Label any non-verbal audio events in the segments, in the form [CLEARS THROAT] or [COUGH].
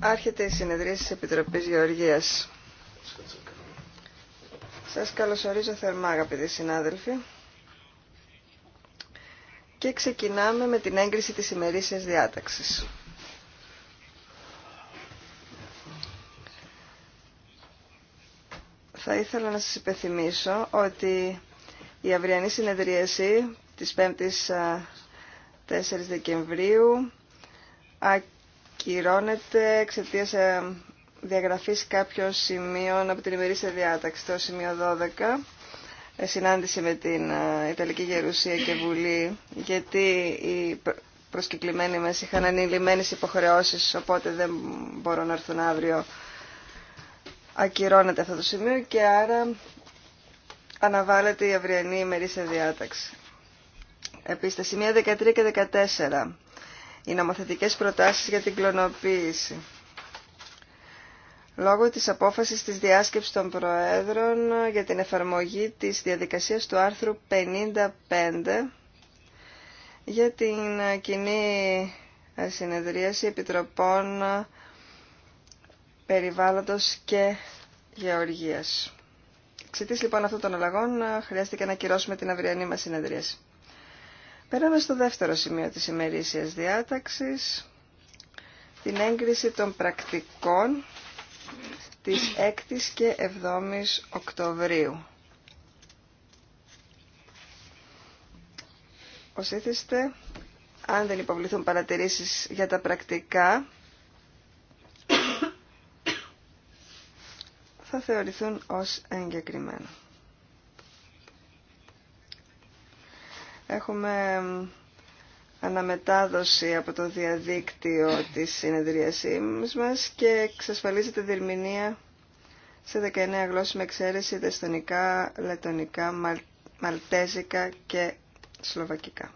Άρχεται η συνεδρία της Επιτροπής Γεωργίας. Σας καλωσορίζω θερμά αγαπητοί συνάδελφοι. Και ξεκινάμε με την έγκριση της ημερήσιας διάταξης. Θα ήθελα να σας υπενθυμίσω ότι η αυριανή συνεδρίαση της 5ης 4 Δεκεμβρίου ακυρώνεται εξαιτία ε, διαγραφή κάποιων σημείων από την σε διάταξη. Το σημείο 12, ε, συνάντηση με την ε, Ιταλική Γερουσία και Βουλή, γιατί οι προσκυκλημένοι μας είχαν ανηλυμένες υποχρεώσεις, οπότε δεν μπορούν να έρθουν αύριο. Ακυρώνεται αυτό το σημείο και άρα αναβάλλεται η αυριανή σε διάταξη. Επίσης, τα σημεία 13 και 14 οι νομοθετικές προτάσεις για την κλωνοποίηση. Λόγω της απόφασης της διάσκεψης των Προέδρων για την εφαρμογή της διαδικασίας του άρθρου 55 για την κοινή συνεδρίαση επιτροπών περιβάλλοντος και γεωργίας. Εξαιτής λοιπόν αυτών των αλλαγών χρειάστηκε να κυρώσουμε την αυριανή μα συνεδρίαση. Περάμε στο δεύτερο σημείο της ημερήσιας διάταξης, την έγκριση των πρακτικών της 6ης και 7ης Οκτωβρίου. Ως ήθιστε, αν δεν υποβληθούν παρατηρήσεις για τα πρακτικά, θα θεωρηθούν ως εγκεκριμένα. Έχουμε αναμετάδοση από το διαδίκτυο της συνεδρίασής μας και εξασφαλίζεται διερμηνία σε 19 γλώσσες με εξαίρεση δεστονικά, λετονικά, μαλτέζικα και σλοβακικά.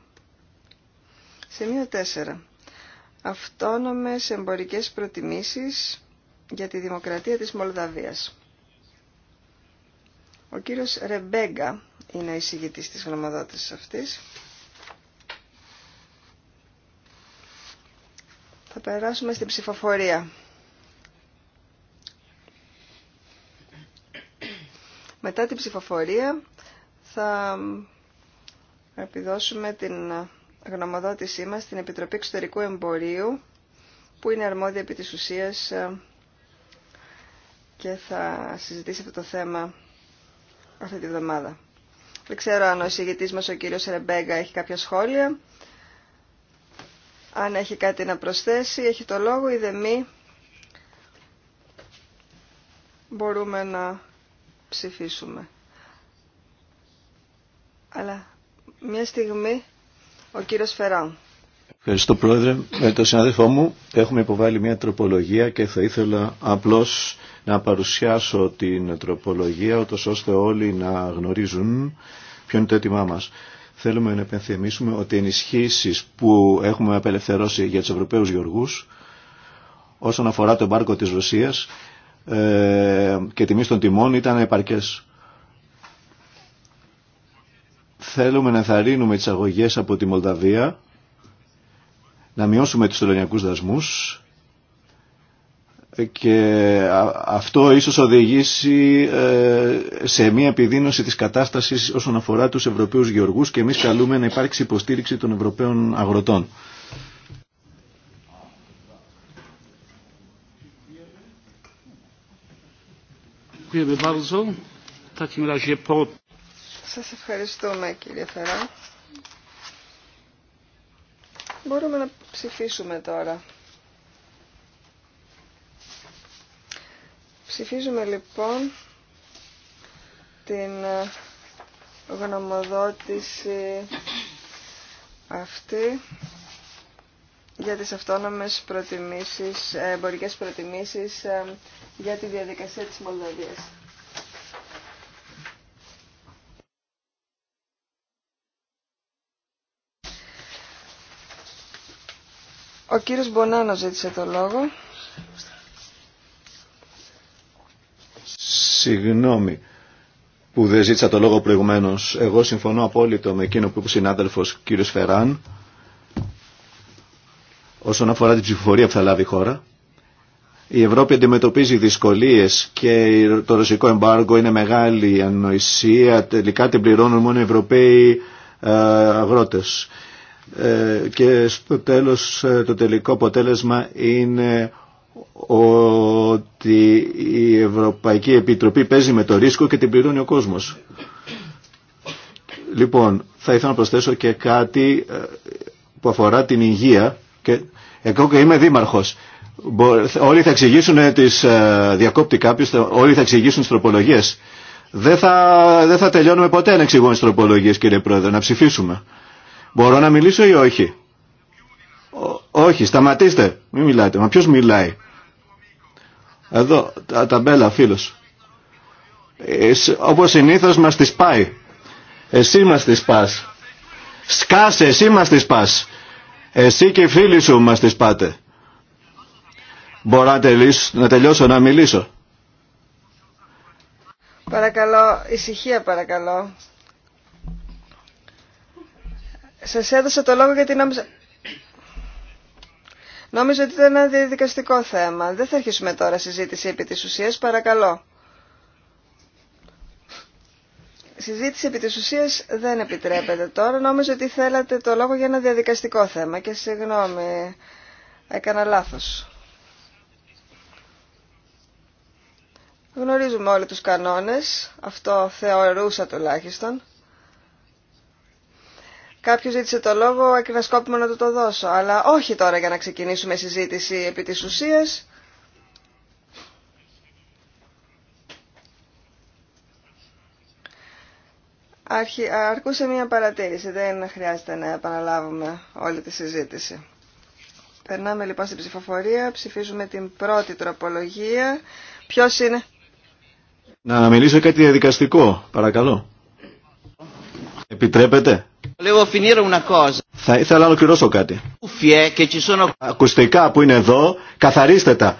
Σημείο 4. Αυτόνομες εμπορικές προτιμήσεις για τη δημοκρατία της Μολδαβίας. Ο κύριος Ρεμπέγκα είναι εισηγητής της γνωμοδότησης αυτής. Θα περάσουμε στην ψηφοφορία. Μετά την ψηφοφορία θα επιδώσουμε την γνωμοδότησή μας στην Επιτροπή Εξωτερικού Εμπορίου που είναι αρμόδια επί της ουσίας ε, και θα συζητήσει αυτό το θέμα αυτή τη βδομάδα. Δεν ξέρω αν ο εισηγητής μας ο κύριος Ρεμπέγκα έχει κάποια σχόλια. Αν έχει κάτι να προσθέσει, έχει το λόγο ή δεν μη. Μπορούμε να ψηφίσουμε. Αλλά μια στιγμή ο κύριος Φεράν. Ευχαριστώ Πρόεδρε. Με τον συνάδελφό μου έχουμε υποβάλει μια τροπολογία και θα ήθελα απλώς να παρουσιάσω την τροπολογία, ούτως ώστε όλοι να γνωρίζουν ποιο είναι το έτοιμά μας. Θέλουμε να επενθυμίσουμε ότι οι ενισχύσει που έχουμε απελευθερώσει για τους Ευρωπαίους Γεωργούς όσον αφορά το πάρκο της Ρωσίας ε, και τιμή των τιμών ήταν επαρκές. Θέλουμε να θαρρύνουμε τις αγωγές από τη Μολδαβία, να μειώσουμε τους τελωνιακούς δασμούς και αυτό ίσως οδηγήσει ε, σε μια επιδείνωση της κατάστασης όσον αφορά τους Ευρωπαίους γεωργούς και εμείς καλούμε να υπάρξει υποστήριξη των Ευρωπαίων αγροτών. Σας ευχαριστούμε κύριε Φερά. Μπορούμε να ψηφίσουμε τώρα. Ψηφίζουμε λοιπόν την ε, γνωμοδότηση αυτή για τις αυτόνομες προτιμήσεις, ε, εμπορικές προτιμήσεις ε, για τη διαδικασία της Μολδαβίας. Ο κύριος Μπονάνο ζήτησε το λόγο. Συγγνώμη που δεν ζήτησα το λόγο προηγουμένω. Εγώ συμφωνώ απόλυτο με εκείνο που είπε ο συνάδελφος κ. Φεράν όσον αφορά την ψηφοφορία που θα λάβει η χώρα. Η Ευρώπη αντιμετωπίζει δυσκολίες και το ρωσικό εμπάργκο είναι μεγάλη ανοησία. Τελικά την πληρώνουν μόνο οι Ευρωπαίοι ε, αγρότες. Ε, και στο τέλος ε, το τελικό αποτέλεσμα είναι ότι η Ευρωπαϊκή Επιτροπή παίζει με το ρίσκο και την πληρώνει ο κόσμος. Λοιπόν, θα ήθελα να προσθέσω και κάτι ε, που αφορά την υγεία και εγώ και είμαι δήμαρχος. Όλοι θα εξηγήσουν ε, τις ε, διακόπτη κάποιους, όλοι θα εξηγήσουν τις τροπολογίες. Δεν θα, δεν θα τελειώνουμε ποτέ να εξηγούμε τις τροπολογίες κύριε Πρόεδρε, να ψηφίσουμε. Μπορώ να μιλήσω ή όχι. όχι, σταματήστε, μην μιλάτε. Μα ποιος μιλάει. Εδώ τα ταμπέλα φίλος. Ε, όπως συνήθως μας τις πάει. Εσύ μας τις πας. Σκάσε, εσύ μας τις πας. Εσύ και οι φίλοι σου μας τις πάτε. Μπορώ να να, τελειώσω, να μιλήσω. Παρακαλώ, ησυχία παρακαλώ. Σας έδωσα το λόγο γιατί νόμιζα... Νόμιζα ότι ήταν ένα διαδικαστικό θέμα. Δεν θα αρχίσουμε τώρα συζήτηση επί της ουσίας, παρακαλώ. Συζήτηση επί της ουσίας δεν επιτρέπεται τώρα. Νόμιζα ότι θέλατε το λόγο για ένα διαδικαστικό θέμα και συγγνώμη, έκανα λάθος. Γνωρίζουμε όλοι τους κανόνες, αυτό θεωρούσα τουλάχιστον. Κάποιο ζήτησε το λόγο, ακριβασκόπημα να του το δώσω. Αλλά όχι τώρα για να ξεκινήσουμε συζήτηση επί της ουσίας. Αρκούσε μία παρατήρηση, δεν χρειάζεται να επαναλάβουμε όλη τη συζήτηση. Περνάμε λοιπόν στην ψηφοφορία, ψηφίζουμε την πρώτη τροπολογία. Ποιος είναι? Να μιλήσω κάτι διαδικαστικό, παρακαλώ. Επιτρέπετε. Θα ήθελα να ολοκληρώσω κάτι. Eh, ακουστικά που είναι εδώ, καθαρίστε τα.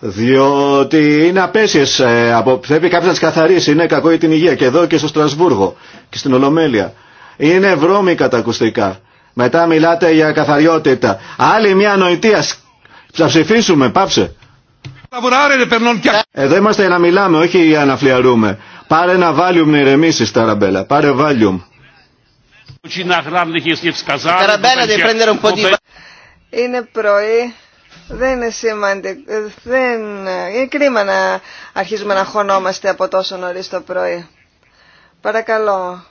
Διότι είναι απέσιες, ε, από, πρέπει κάποιο να τις καθαρίσει, είναι κακό για την υγεία και εδώ και στο Στρασβούργο και στην Ολομέλεια. Είναι βρώμικα τα ακουστικά. Μετά μιλάτε για καθαριότητα. Άλλη μια νοητεία. Θα ψηφίσουμε, πάψε. Εδώ είμαστε για να μιλάμε, όχι για να φλιαρούμε. Πάρε ένα βάλιουμ να ηρεμήσει, ραμπελα, Πάρε βάλιουμ. Είναι πρωί. Δεν είναι σημαντικό. Δεν... Είναι κρίμα να αρχίζουμε να χωνόμαστε από τόσο νωρίς το πρωί. Παρακαλώ,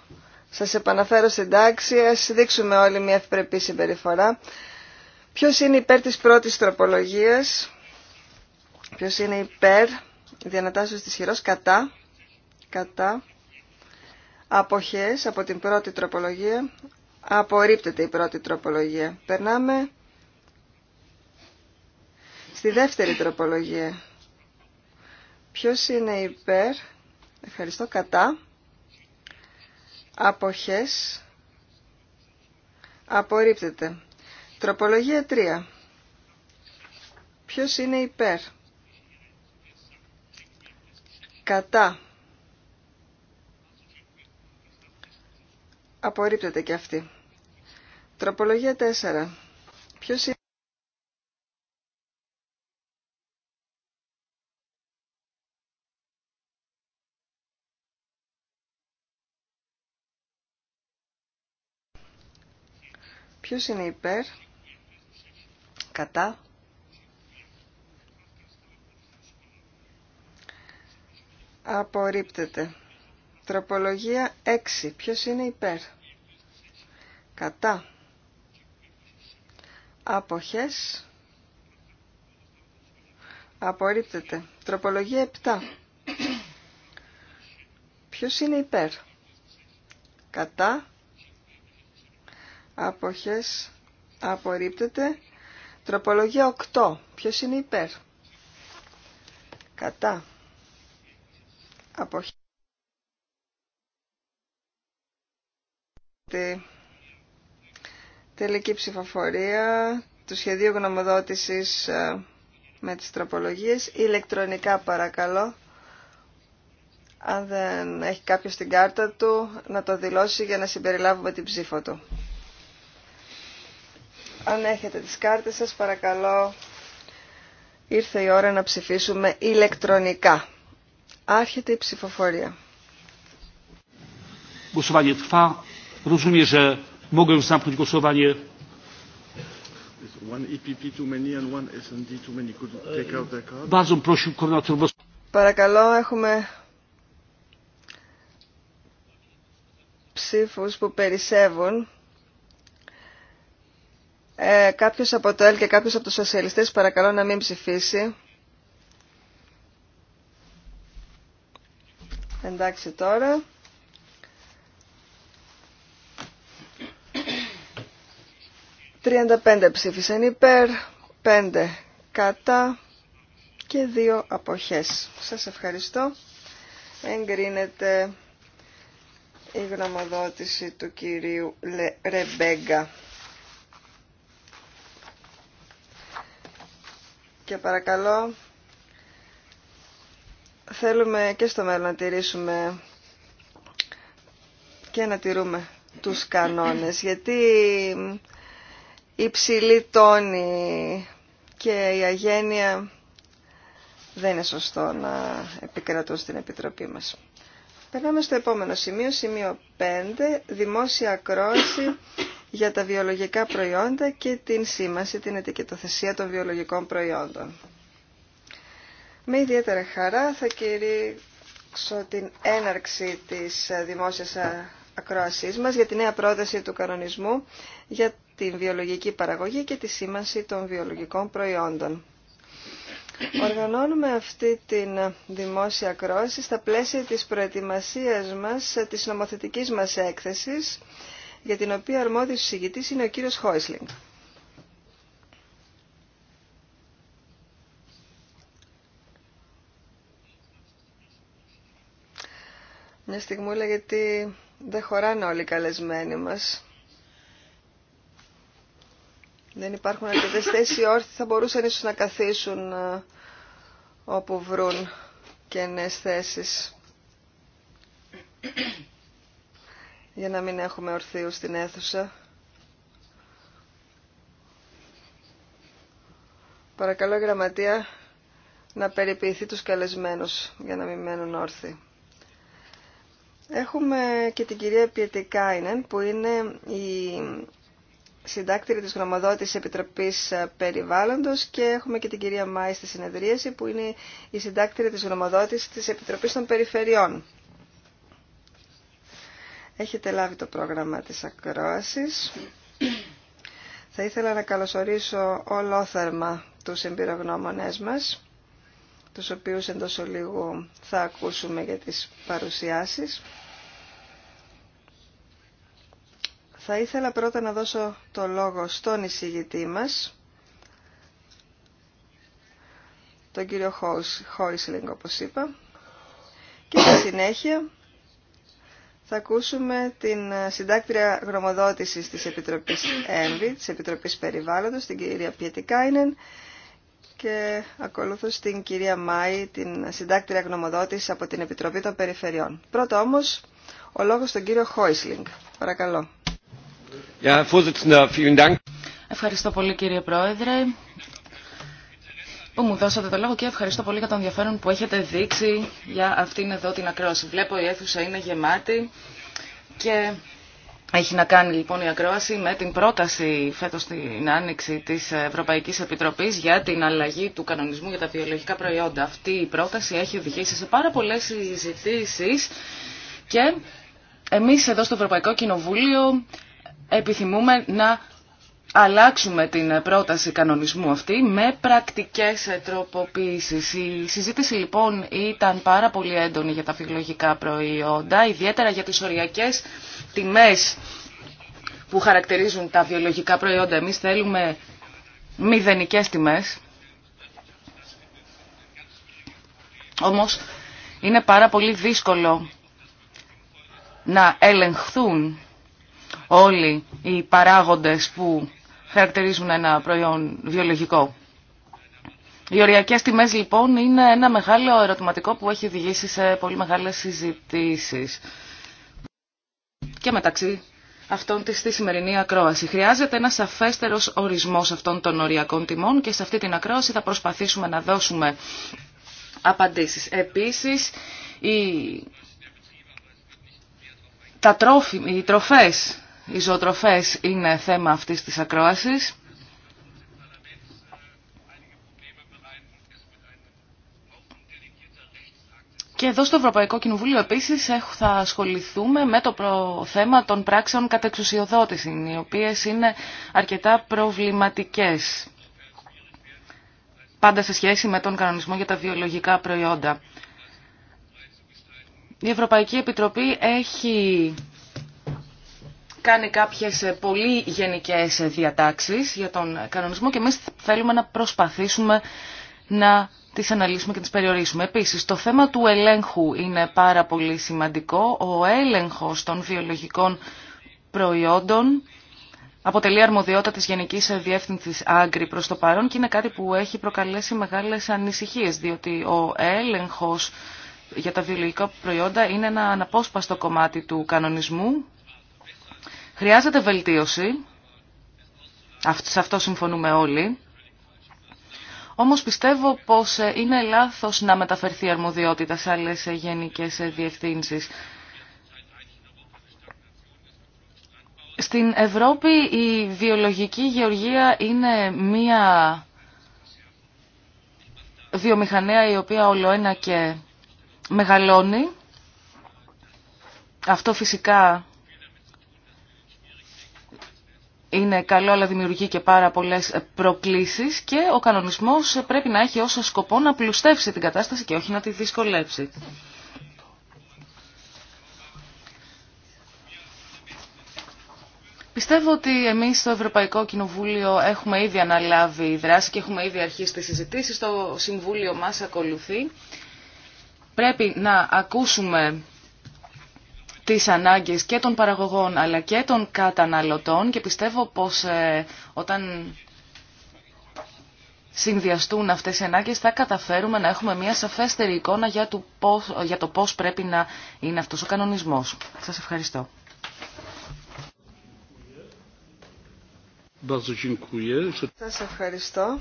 Σα επαναφέρω στην τάξη. Α δείξουμε όλοι μια ευπρεπή συμπεριφορά. Ποιο είναι υπέρ της πρώτης τροπολογία, ποιο είναι υπέρ. Διανατάσσεω της χειρό, Κατά. Κατά. Αποχές από την πρώτη τροπολογία. Απορρίπτεται η πρώτη τροπολογία. Περνάμε στη δεύτερη τροπολογία. Ποιος είναι υπέρ, ευχαριστώ, κατά, αποχές, απορρίπτεται. Τροπολογία 3. Ποιος είναι υπέρ, κατά, Απορρίπτεται και αυτή. Τροπολογία 4. Ποιος είναι... Ποιος είναι υπέρ, κατά, απορρίπτεται. Τροπολογία 6. Ποιος είναι υπέρ. Κατά. Αποχές. Απορρίπτεται. Τροπολογία 7. Ποιος είναι υπέρ. Κατά. Αποχές. Απορρίπτεται. Τροπολογία 8. Ποιος είναι υπέρ. Κατά. Αποχές. τελική ψηφοφορία του σχεδίου γνωμοδότησης ε, με τις τροπολογίες. Ηλεκτρονικά παρακαλώ. Αν δεν έχει κάποιος την κάρτα του, να το δηλώσει για να συμπεριλάβουμε την ψήφο του. Αν έχετε τις κάρτες σας, παρακαλώ, ήρθε η ώρα να ψηφίσουμε ηλεκτρονικά. Άρχεται η ψηφοφορία. Παρακαλώ, έχουμε ψήφους που περισσεύουν. Ε, κάποιος από το ΕΛ και κάποιος από τους σοσιαλιστές παρακαλώ να μην ψηφίσει. Εντάξει τώρα. 35 ψήφισαν υπέρ, 5 κατά και 2 αποχές. Σας ευχαριστώ. Εγκρίνεται η γνωμοδότηση του κυρίου Ρεμπέγκα. Και παρακαλώ, θέλουμε και στο μέλλον να τηρήσουμε και να τηρούμε τους κανόνες, γιατί υψηλή τόνη και η αγένεια δεν είναι σωστό να επικρατούν στην Επιτροπή μας. Περνάμε στο επόμενο σημείο, σημείο 5, δημόσια ακρόαση για τα βιολογικά προϊόντα και την σήμαση, την ετικετοθεσία των βιολογικών προϊόντων. Με ιδιαίτερα χαρά θα κηρύξω την έναρξη της δημόσιας ακρόασής μας για τη νέα πρόταση του κανονισμού για την βιολογική παραγωγή και τη σήμανση των βιολογικών προϊόντων. Οργανώνουμε αυτή την δημόσια κρόση στα πλαίσια της προετοιμασίας μας, της νομοθετικής μας έκθεσης, για την οποία αρμόδιος συγητής είναι ο κύριος Χόισλινγκ. Μια στιγμή γιατί δεν χωράνε όλοι οι καλεσμένοι μας δεν υπάρχουν αρκετές θέσεις όρθιοι θα μπορούσαν ίσως να καθίσουν ε, όπου βρουν και νέες θέσεις για να μην έχουμε ορθίους στην αίθουσα. Παρακαλώ γραμματεία να περιποιηθεί τους καλεσμένους για να μην μένουν όρθιοι. Έχουμε και την κυρία Πιετικάινεν που είναι η συντάκτηρη της γνωμοδότησης Επιτροπής ε, Περιβάλλοντος και έχουμε και την κυρία Μάη στη συνεδρίαση που είναι η συντάκτηρη της γνωμοδότησης της Επιτροπής των Περιφερειών. Έχετε λάβει το πρόγραμμα της ακρόασης. Θα ήθελα να καλωσορίσω ολόθερμα τους εμπειρογνώμονές μας, τους οποίους εντός ολίγου θα ακούσουμε για τις παρουσιάσεις. Θα ήθελα πρώτα να δώσω το λόγο στον εισηγητή μας, τον κύριο Χόισλινγκ όπως είπα, και στη συνέχεια θα ακούσουμε την συντάκτρια γνωμοδότησης της Επιτροπής ΕΜΒΗ, της Επιτροπής Περιβάλλοντος, την κυρία Πιετικάινεν και ακολούθως την κυρία Μάη, την συντάκτρια γνωμοδότηση από την Επιτροπή των Περιφερειών. Πρώτα όμως, ο λόγος στον κύριο Χόισλινγκ. Παρακαλώ. Ευχαριστώ πολύ κύριε Πρόεδρε που μου δώσατε το λόγο και ευχαριστώ πολύ για τον ενδιαφέρον που έχετε δείξει για αυτήν εδώ την ακρόαση. Βλέπω η αίθουσα είναι γεμάτη και έχει να κάνει λοιπόν η ακρόαση με την πρόταση φέτος την άνοιξη της Ευρωπαϊκής Επιτροπής για την αλλαγή του κανονισμού για τα βιολογικά προϊόντα. Αυτή η πρόταση έχει οδηγήσει σε πάρα πολλές συζητήσεις και εμείς εδώ στο Ευρωπαϊκό Κοινοβούλιο επιθυμούμε να αλλάξουμε την πρόταση κανονισμού αυτή με πρακτικές τροποποίησεις. Η συζήτηση λοιπόν ήταν πάρα πολύ έντονη για τα βιολογικά προϊόντα, ιδιαίτερα για τις οριακές τιμές που χαρακτηρίζουν τα βιολογικά προϊόντα. Εμείς θέλουμε μηδενικές τιμές. Όμως είναι πάρα πολύ δύσκολο να ελεγχθούν όλοι οι παράγοντες που χαρακτηρίζουν ένα προϊόν βιολογικό. Οι οριακές τιμές λοιπόν είναι ένα μεγάλο ερωτηματικό που έχει οδηγήσει σε πολύ μεγάλες συζητήσεις. Και μεταξύ αυτών της στη σημερινή ακρόαση. Χρειάζεται ένα σαφέστερος ορισμός αυτών των οριακών τιμών και σε αυτή την ακρόαση θα προσπαθήσουμε να δώσουμε απαντήσεις. Επίσης, οι, τα οι τροφές οι ζωοτροφές είναι θέμα αυτής της ακρόασης. Και εδώ στο Ευρωπαϊκό Κοινοβούλιο επίσης θα ασχοληθούμε με το θέμα των πράξεων κατεξουσιοδότηση, οι οποίες είναι αρκετά προβληματικές. Πάντα σε σχέση με τον κανονισμό για τα βιολογικά προϊόντα. Η Ευρωπαϊκή Επιτροπή έχει κάνει κάποιες ε, πολύ γενικές ε, διατάξεις για τον κανονισμό και εμείς θέλουμε να προσπαθήσουμε να τις αναλύσουμε και τις περιορίσουμε. Επίσης, το θέμα του ελέγχου είναι πάρα πολύ σημαντικό. Ο έλεγχος των βιολογικών προϊόντων αποτελεί αρμοδιότητα της Γενικής Διεύθυνσης Άγκρη προς το παρόν και είναι κάτι που έχει προκαλέσει μεγάλες ανησυχίες, διότι ο έλεγχος για τα βιολογικά προϊόντα είναι ένα αναπόσπαστο κομμάτι του κανονισμού Χρειάζεται βελτίωση, σε αυτό συμφωνούμε όλοι, όμως πιστεύω πως ε, είναι λάθος να μεταφερθεί αρμοδιότητα σε άλλες ε, γενικές ε, διευθύνσεις. Στην Ευρώπη η βιολογική γεωργία είναι μία βιομηχανία η οποία ολοένα και μεγαλώνει. Αυτό φυσικά είναι καλό αλλά δημιουργεί και πάρα πολλές προκλήσεις και ο κανονισμός πρέπει να έχει ως σκοπό να πλουστεύσει την κατάσταση και όχι να τη δυσκολέψει. Πιστεύω ότι εμείς στο Ευρωπαϊκό Κοινοβούλιο έχουμε ήδη αναλάβει δράση και έχουμε ήδη αρχίσει τις συζητήσεις. Το Συμβούλιο μας ακολουθεί. Πρέπει να ακούσουμε τις ανάγκες και των παραγωγών αλλά και των καταναλωτών και πιστεύω πως ε, όταν συνδυαστούν αυτές οι ανάγκες θα καταφέρουμε να έχουμε μια σαφέστερη εικόνα για το πώς, για το πώς πρέπει να είναι αυτός ο κανονισμός. Σας ευχαριστώ. Σας ευχαριστώ.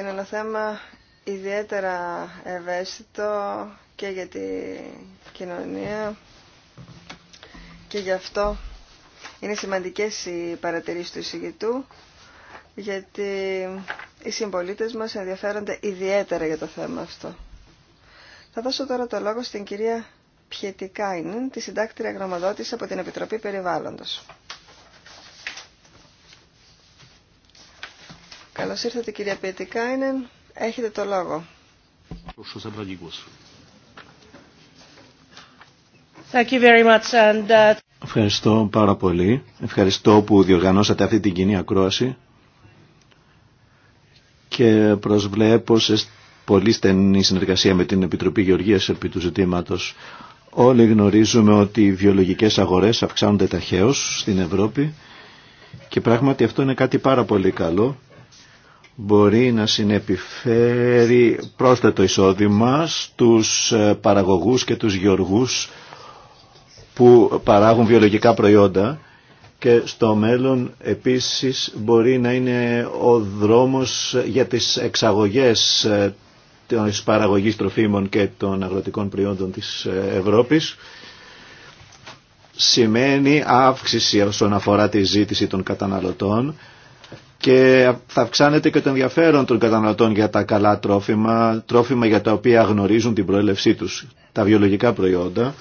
είναι ένα θέμα ιδιαίτερα ευαίσθητο και για την κοινωνία και γι' αυτό είναι σημαντικές οι παρατηρήσεις του εισηγητού γιατί οι συμπολίτες μας ενδιαφέρονται ιδιαίτερα για το θέμα αυτό. Θα δώσω τώρα το λόγο στην κυρία Πιετικάιν τη συντάκτρια γνωμοδότης από την Επιτροπή Περιβάλλοντος. Καλώς ήρθατε κυρία Πιετικάινεν. Έχετε το λόγο. Uh, Ευχαριστώ πάρα πολύ. Ευχαριστώ που διοργανώσατε αυτή την κοινή ακρόαση και προσβλέπω σε πολύ στενή συνεργασία με την Επιτροπή Γεωργίας επί του ζητήματος. Όλοι γνωρίζουμε ότι οι βιολογικές αγορές αυξάνονται ταχαίως στην Ευρώπη και πράγματι αυτό είναι κάτι πάρα πολύ καλό μπορεί να συνεπιφέρει πρόσθετο εισόδημα στους ε, παραγωγούς και τους γεωργούς που παράγουν βιολογικά προϊόντα και στο μέλλον επίσης μπορεί να είναι ο δρόμος για τις εξαγωγές ε, της παραγωγής τροφίμων και των αγροτικών προϊόντων της ε, Ευρώπης σημαίνει αύξηση όσον αφορά τη ζήτηση των καταναλωτών και θα αυξάνεται και το ενδιαφέρον των καταναλωτών για τα καλά τρόφιμα, τρόφιμα για τα οποία γνωρίζουν την προέλευσή τους, τα βιολογικά προϊόντα.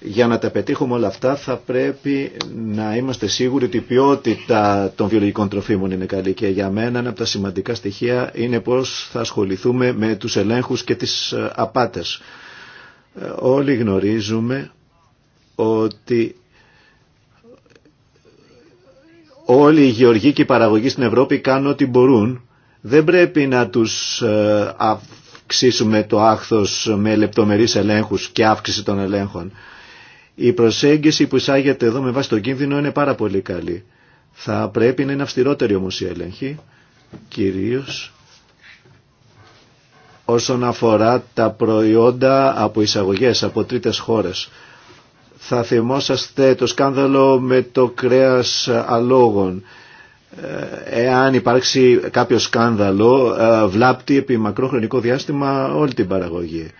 Για να τα πετύχουμε όλα αυτά θα πρέπει να είμαστε σίγουροι ότι η ποιότητα των βιολογικών τροφίμων είναι καλή και για μένα ένα από τα σημαντικά στοιχεία είναι πώς θα ασχοληθούμε με τους ελέγχους και τις ε, απάτες. Ε, όλοι γνωρίζουμε ότι όλοι οι γεωργοί και οι παραγωγοί στην Ευρώπη κάνουν ό,τι μπορούν. Δεν πρέπει να τους ε, αυξήσουμε το άχθος με λεπτομερείς ελέγχους και αύξηση των ελέγχων. Η προσέγγιση που εισάγεται εδώ με βάση τον κίνδυνο είναι πάρα πολύ καλή. Θα πρέπει να είναι αυστηρότερη όμως η έλεγχη, κυρίως όσον αφορά τα προϊόντα από εισαγωγές από τρίτες χώρες θα θυμόσαστε το σκάνδαλο με το κρέας αλόγων. Ε, εάν υπάρξει κάποιο σκάνδαλο, ε, βλάπτει επί μακρό χρονικό διάστημα όλη την παραγωγή.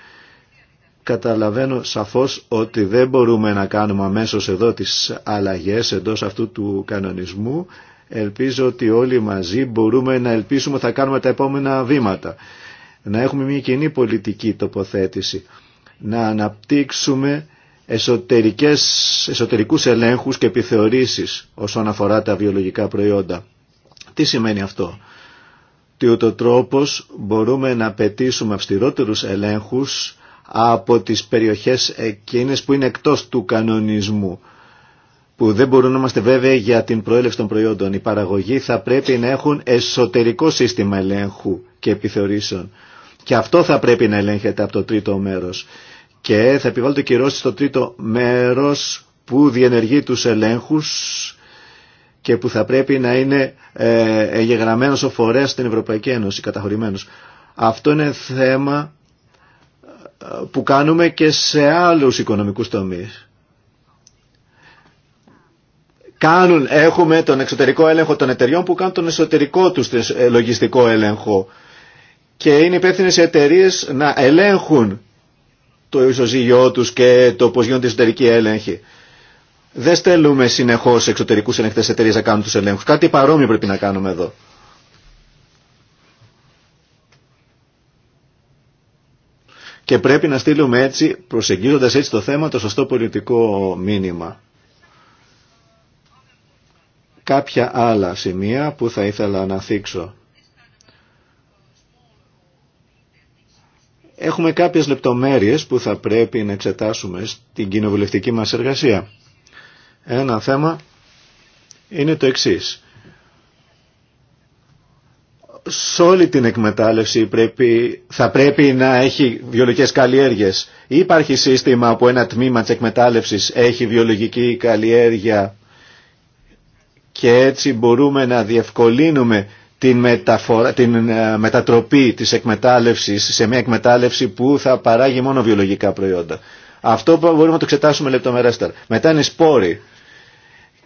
Καταλαβαίνω σαφώς ότι δεν μπορούμε να κάνουμε αμέσως εδώ τις αλλαγές εντός αυτού του κανονισμού. Ελπίζω ότι όλοι μαζί μπορούμε να ελπίσουμε θα κάνουμε τα επόμενα βήματα. Να έχουμε μια κοινή πολιτική τοποθέτηση. Να αναπτύξουμε εσωτερικές, εσωτερικούς ελέγχους και επιθεωρήσεις όσον αφορά τα βιολογικά προϊόντα. Τι σημαίνει αυτό. Τι ούτω τρόπος μπορούμε να πετήσουμε αυστηρότερους ελέγχους από τις περιοχές εκείνες που είναι εκτός του κανονισμού που δεν μπορούν να είμαστε βέβαιοι για την προέλευση των προϊόντων. Οι παραγωγοί θα πρέπει να έχουν εσωτερικό σύστημα ελέγχου και επιθεωρήσεων. Και αυτό θα πρέπει να ελέγχεται από το τρίτο μέρος και θα επιβάλλονται κυρώσει στο τρίτο μέρος που διενεργεί τους ελέγχους και που θα πρέπει να είναι ε, εγγεγραμμένος ο φορέας στην Ευρωπαϊκή Ένωση, καταχωρημένος. Αυτό είναι θέμα ε, που κάνουμε και σε άλλους οικονομικούς τομείς. Κάνουν, έχουμε τον εξωτερικό έλεγχο των εταιριών που κάνουν τον εσωτερικό τους ε, λογιστικό έλεγχο και είναι υπεύθυνε οι εταιρείε να ελέγχουν το ισοζύγιο του και το πώς γίνονται εσωτερικοί έλεγχοι. Δεν στέλνουμε συνεχώς εξωτερικούς ελεγχτέ εταιρείε να κάνουν τους ελέγχους. Κάτι παρόμοιο πρέπει να κάνουμε εδώ. Και πρέπει να στείλουμε έτσι, προσεγγίζοντας έτσι το θέμα, το σωστό πολιτικό μήνυμα. Κάποια άλλα σημεία που θα ήθελα να θίξω. Έχουμε κάποιες λεπτομέρειες που θα πρέπει να εξετάσουμε στην κοινοβουλευτική μας εργασία. Ένα θέμα είναι το εξής. Σε όλη την εκμετάλλευση θα πρέπει να έχει βιολογικές καλλιέργειες. Υπάρχει σύστημα που ένα τμήμα της εκμετάλλευσης έχει βιολογική καλλιέργεια και έτσι μπορούμε να διευκολύνουμε την, ε, μετατροπή της εκμετάλλευσης σε μια εκμετάλλευση που θα παράγει μόνο βιολογικά προϊόντα. Αυτό μπορούμε να το εξετάσουμε λεπτομερέστερα. Μετά είναι οι σπόροι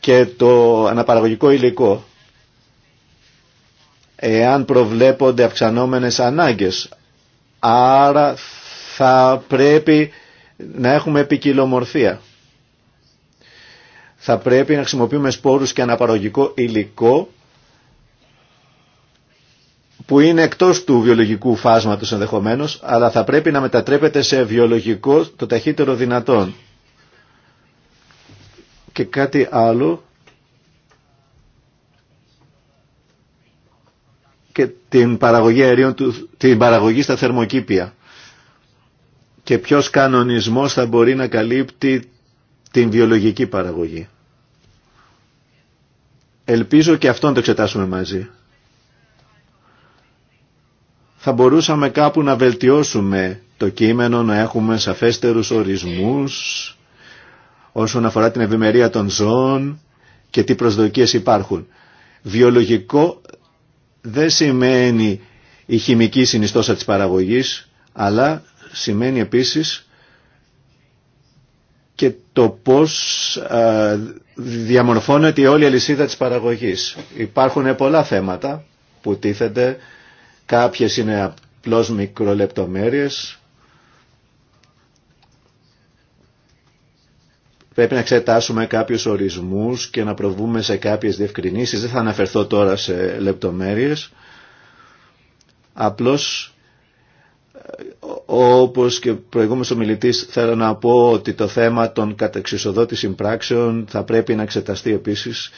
και το αναπαραγωγικό υλικό. Εάν προβλέπονται αυξανόμενες ανάγκες, άρα θα πρέπει να έχουμε επικοιλωμορφία. Θα πρέπει να χρησιμοποιούμε σπόρους και αναπαραγωγικό υλικό που είναι εκτός του βιολογικού φάσματος ενδεχομένως, αλλά θα πρέπει να μετατρέπεται σε βιολογικό το ταχύτερο δυνατόν. Και κάτι άλλο, και την παραγωγή αερίων, την παραγωγή στα θερμοκήπια. Και ποιος κανονισμός θα μπορεί να καλύπτει την βιολογική παραγωγή. Ελπίζω και αυτόν το εξετάσουμε μαζί θα μπορούσαμε κάπου να βελτιώσουμε το κείμενο, να έχουμε σαφέστερους ορισμούς όσον αφορά την ευημερία των ζώων και τι προσδοκίες υπάρχουν. Βιολογικό δεν σημαίνει η χημική συνιστόσα της παραγωγής, αλλά σημαίνει επίσης και το πώς διαμορφώνεται η όλη η αλυσίδα της παραγωγής. Υπάρχουν πολλά θέματα που τίθενται Κάποιες είναι απλώς μικρολεπτομέρειες. Πρέπει να εξετάσουμε κάποιους ορισμούς και να προβούμε σε κάποιες διευκρινήσεις. Δεν θα αναφερθώ τώρα σε λεπτομέρειες. Απλώς ε, όπως και προηγούμενος μιλητής, θέλω να πω ότι το θέμα των κατεξισοδότης συμπράξεων θα πρέπει να εξεταστεί επίσης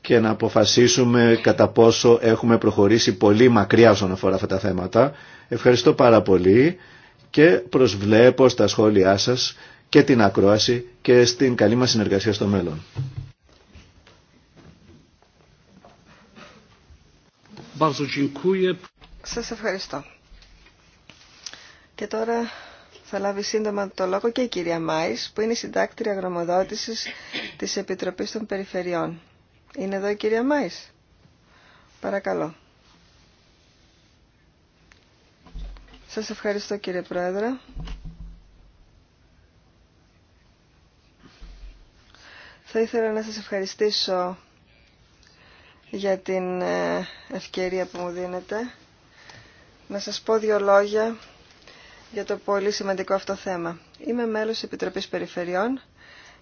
και να αποφασίσουμε κατά πόσο έχουμε προχωρήσει πολύ μακριά όσον αφορά αυτά τα θέματα. Ευχαριστώ πάρα πολύ και προσβλέπω στα σχόλιά σας και την ακρόαση και στην καλή μας συνεργασία στο μέλλον. Σας ευχαριστώ. Και τώρα θα λάβει σύντομα το λόγο και η κυρία Μάης, που είναι συντάκτρια γνωμοδότησης της Επιτροπής των Περιφερειών. Είναι εδώ η κυρία Μάης. Παρακαλώ. Σας ευχαριστώ κύριε Πρόεδρε. Θα ήθελα να σας ευχαριστήσω για την ε, ευκαιρία που μου δίνετε. Να σας πω δύο λόγια για το πολύ σημαντικό αυτό θέμα. Είμαι μέλος της Επιτροπής Περιφερειών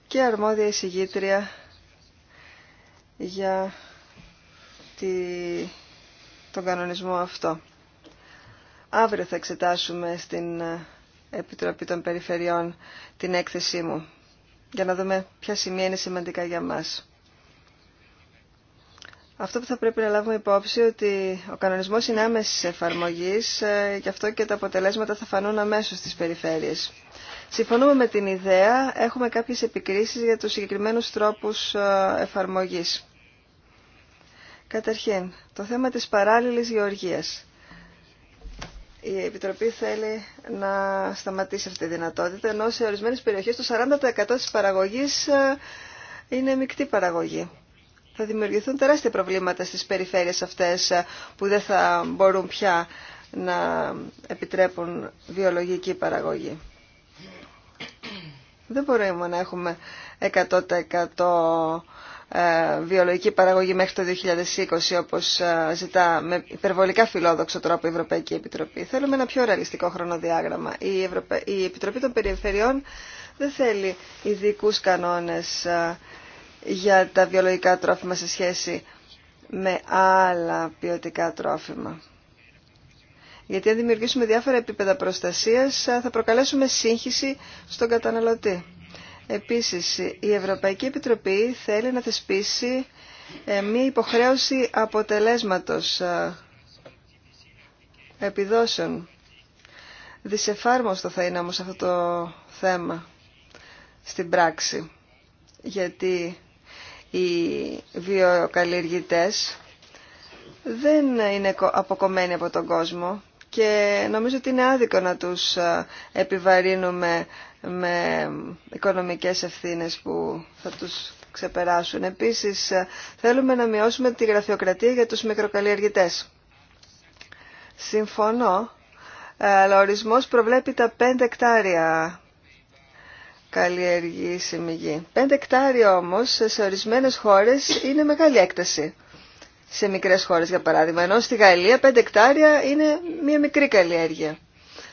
και αρμόδια εισηγήτρια για τη... τον κανονισμό αυτό. Αύριο θα εξετάσουμε στην ε, Επιτροπή των Περιφερειών την έκθεσή μου για να δούμε ποια σημεία είναι σημαντικά για μας. Αυτό που θα πρέπει να λάβουμε υπόψη ότι ο κανονισμός είναι άμεση εφαρμογής, ε, γι' αυτό και τα αποτελέσματα θα φανούν αμέσως στις περιφέρειες. Συμφωνούμε με την ιδέα, έχουμε κάποιες επικρίσεις για τους συγκεκριμένους τρόπους ε, εφαρμογής. Καταρχήν, το θέμα της παράλληλης γεωργίας. Η Επιτροπή θέλει να σταματήσει αυτή τη δυνατότητα, ενώ σε ορισμένες περιοχές το 40% της παραγωγής ε, είναι μεικτή παραγωγή. Θα δημιουργηθούν τεράστια προβλήματα στις περιφέρειες αυτές ε, που δεν θα μπορούν πια να επιτρέπουν βιολογική παραγωγή. Δεν μπορούμε να έχουμε 100% ε, βιολογική παραγωγή μέχρι το 2020 όπως ε, ζητά με υπερβολικά φιλόδοξο τρόπο η Ευρωπαϊκή Επιτροπή. Θέλουμε ένα πιο ρεαλιστικό χρονοδιάγραμμα. Η, η Επιτροπή των Περιφερειών δεν θέλει ειδικού κανόνες ε, για τα βιολογικά τρόφιμα σε σχέση με άλλα ποιοτικά τρόφιμα. Γιατί αν δημιουργήσουμε διάφορα επίπεδα προστασίας θα προκαλέσουμε σύγχυση στον καταναλωτή. Επίσης, η Ευρωπαϊκή Επιτροπή θέλει να θεσπίσει ε, μία υποχρέωση αποτελέσματος ε, επιδόσεων. Δυσεφάρμοστο θα είναι όμως αυτό το θέμα στην πράξη, γιατί οι βιοκαλλιεργητές δεν είναι αποκομμένοι από τον κόσμο και νομίζω ότι είναι άδικο να τους ε, επιβαρύνουμε με οικονομικές ευθύνες που θα τους ξεπεράσουν. Επίσης, θέλουμε να μειώσουμε τη γραφειοκρατία για τους μικροκαλλιεργητές. Συμφωνώ, αλλά ο ορισμός προβλέπει τα 5 εκτάρια καλλιεργήσιμη γη. 5 εκτάρια όμως σε ορισμένες χώρες είναι μεγάλη έκταση. Σε μικρές χώρες για παράδειγμα, ενώ στη Γαλλία 5 εκτάρια είναι μια μικρή καλλιέργεια.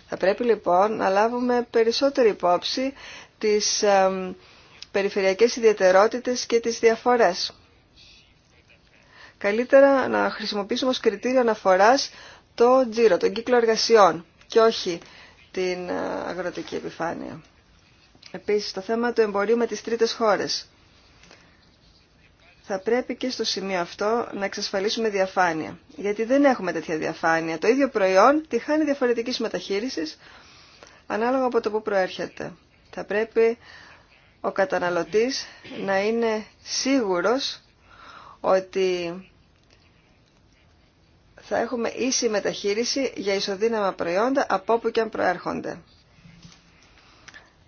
Θα πρέπει λοιπόν να λάβουμε περισσότερη υπόψη τις περιφερειακές ιδιαιτερότητες και τις διαφορές. Καλύτερα να χρησιμοποιήσουμε ως κριτήριο αναφοράς το τζίρο, τον κύκλο εργασιών και όχι την ε, αγροτική επιφάνεια. Επίσης, το θέμα του εμπορίου με τις τρίτες χώρες θα πρέπει και στο σημείο αυτό να εξασφαλίσουμε διαφάνεια. Γιατί δεν έχουμε τέτοια διαφάνεια. Το ίδιο προϊόν τη χάνει διαφορετική μεταχείρισης ανάλογα από το που προέρχεται. Θα πρέπει ο καταναλωτής να είναι σίγουρος ότι θα έχουμε ίση μεταχείριση για ισοδύναμα προϊόντα από όπου και αν προέρχονται.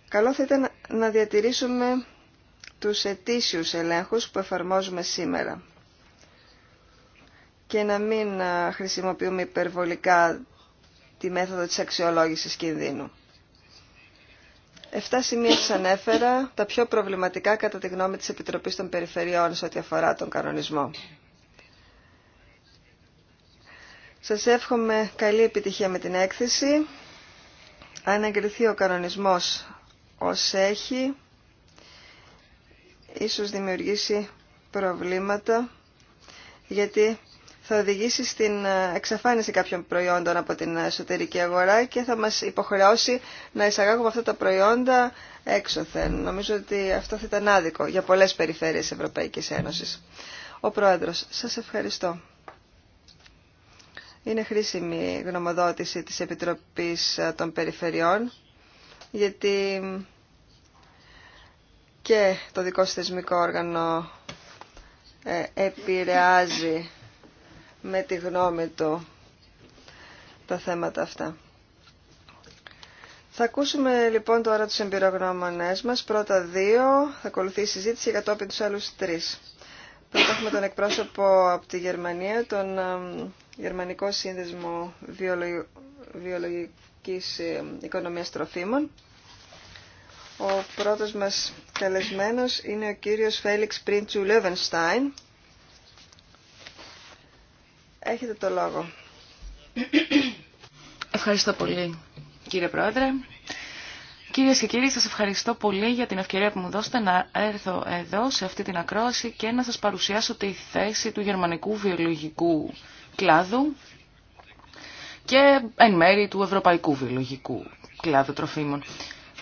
Καλό θα ήταν να διατηρήσουμε τους ετήσιους ελέγχους που εφαρμόζουμε σήμερα και να μην χρησιμοποιούμε υπερβολικά τη μέθοδο της αξιολόγησης κινδύνου. Εφτά σημεία ανέφερα, τα πιο προβληματικά κατά τη γνώμη της Επιτροπής των Περιφερειών σε ό,τι αφορά τον κανονισμό. Σας εύχομαι καλή επιτυχία με την έκθεση. Αν εγκριθεί ο κανονισμός ως έχει, ίσως δημιουργήσει προβλήματα γιατί θα οδηγήσει στην ε, εξαφάνιση κάποιων προϊόντων από την εσωτερική αγορά και θα μας υποχρεώσει να εισαγάγουμε αυτά τα προϊόντα έξωθεν. Νομίζω ότι αυτό θα ήταν άδικο για πολλές περιφέρειες Ευρωπαϊκής Ένωσης. Ο Πρόεδρος, σας ευχαριστώ. Είναι χρήσιμη η γνωμοδότηση της Επιτροπής ε, των Περιφερειών γιατί και το δικό σας θεσμικό όργανο ε, επηρεάζει με τη γνώμη του τα θέματα αυτά. Θα ακούσουμε λοιπόν τώρα τους εμπειρογνώμονές μας. Πρώτα δύο, θα ακολουθεί η συζήτηση για κατόπιν τους άλλους τρεις. Πρώτα έχουμε τον εκπρόσωπο από τη Γερμανία, τον Γερμανικό Σύνδεσμο Βιολογικής Οικονομίας Τροφίμων. Ο πρώτος μας καλεσμένος είναι ο κύριος Φέλιξ Πρίντσου Λεβενστάιν. Έχετε το λόγο. Ευχαριστώ πολύ κύριε Πρόεδρε. Κυρίες και κύριοι, σας ευχαριστώ πολύ για την ευκαιρία που μου δώσετε να έρθω εδώ σε αυτή την ακρόαση και να σας παρουσιάσω τη θέση του γερμανικού βιολογικού κλάδου και εν μέρη του ευρωπαϊκού βιολογικού κλάδου τροφίμων.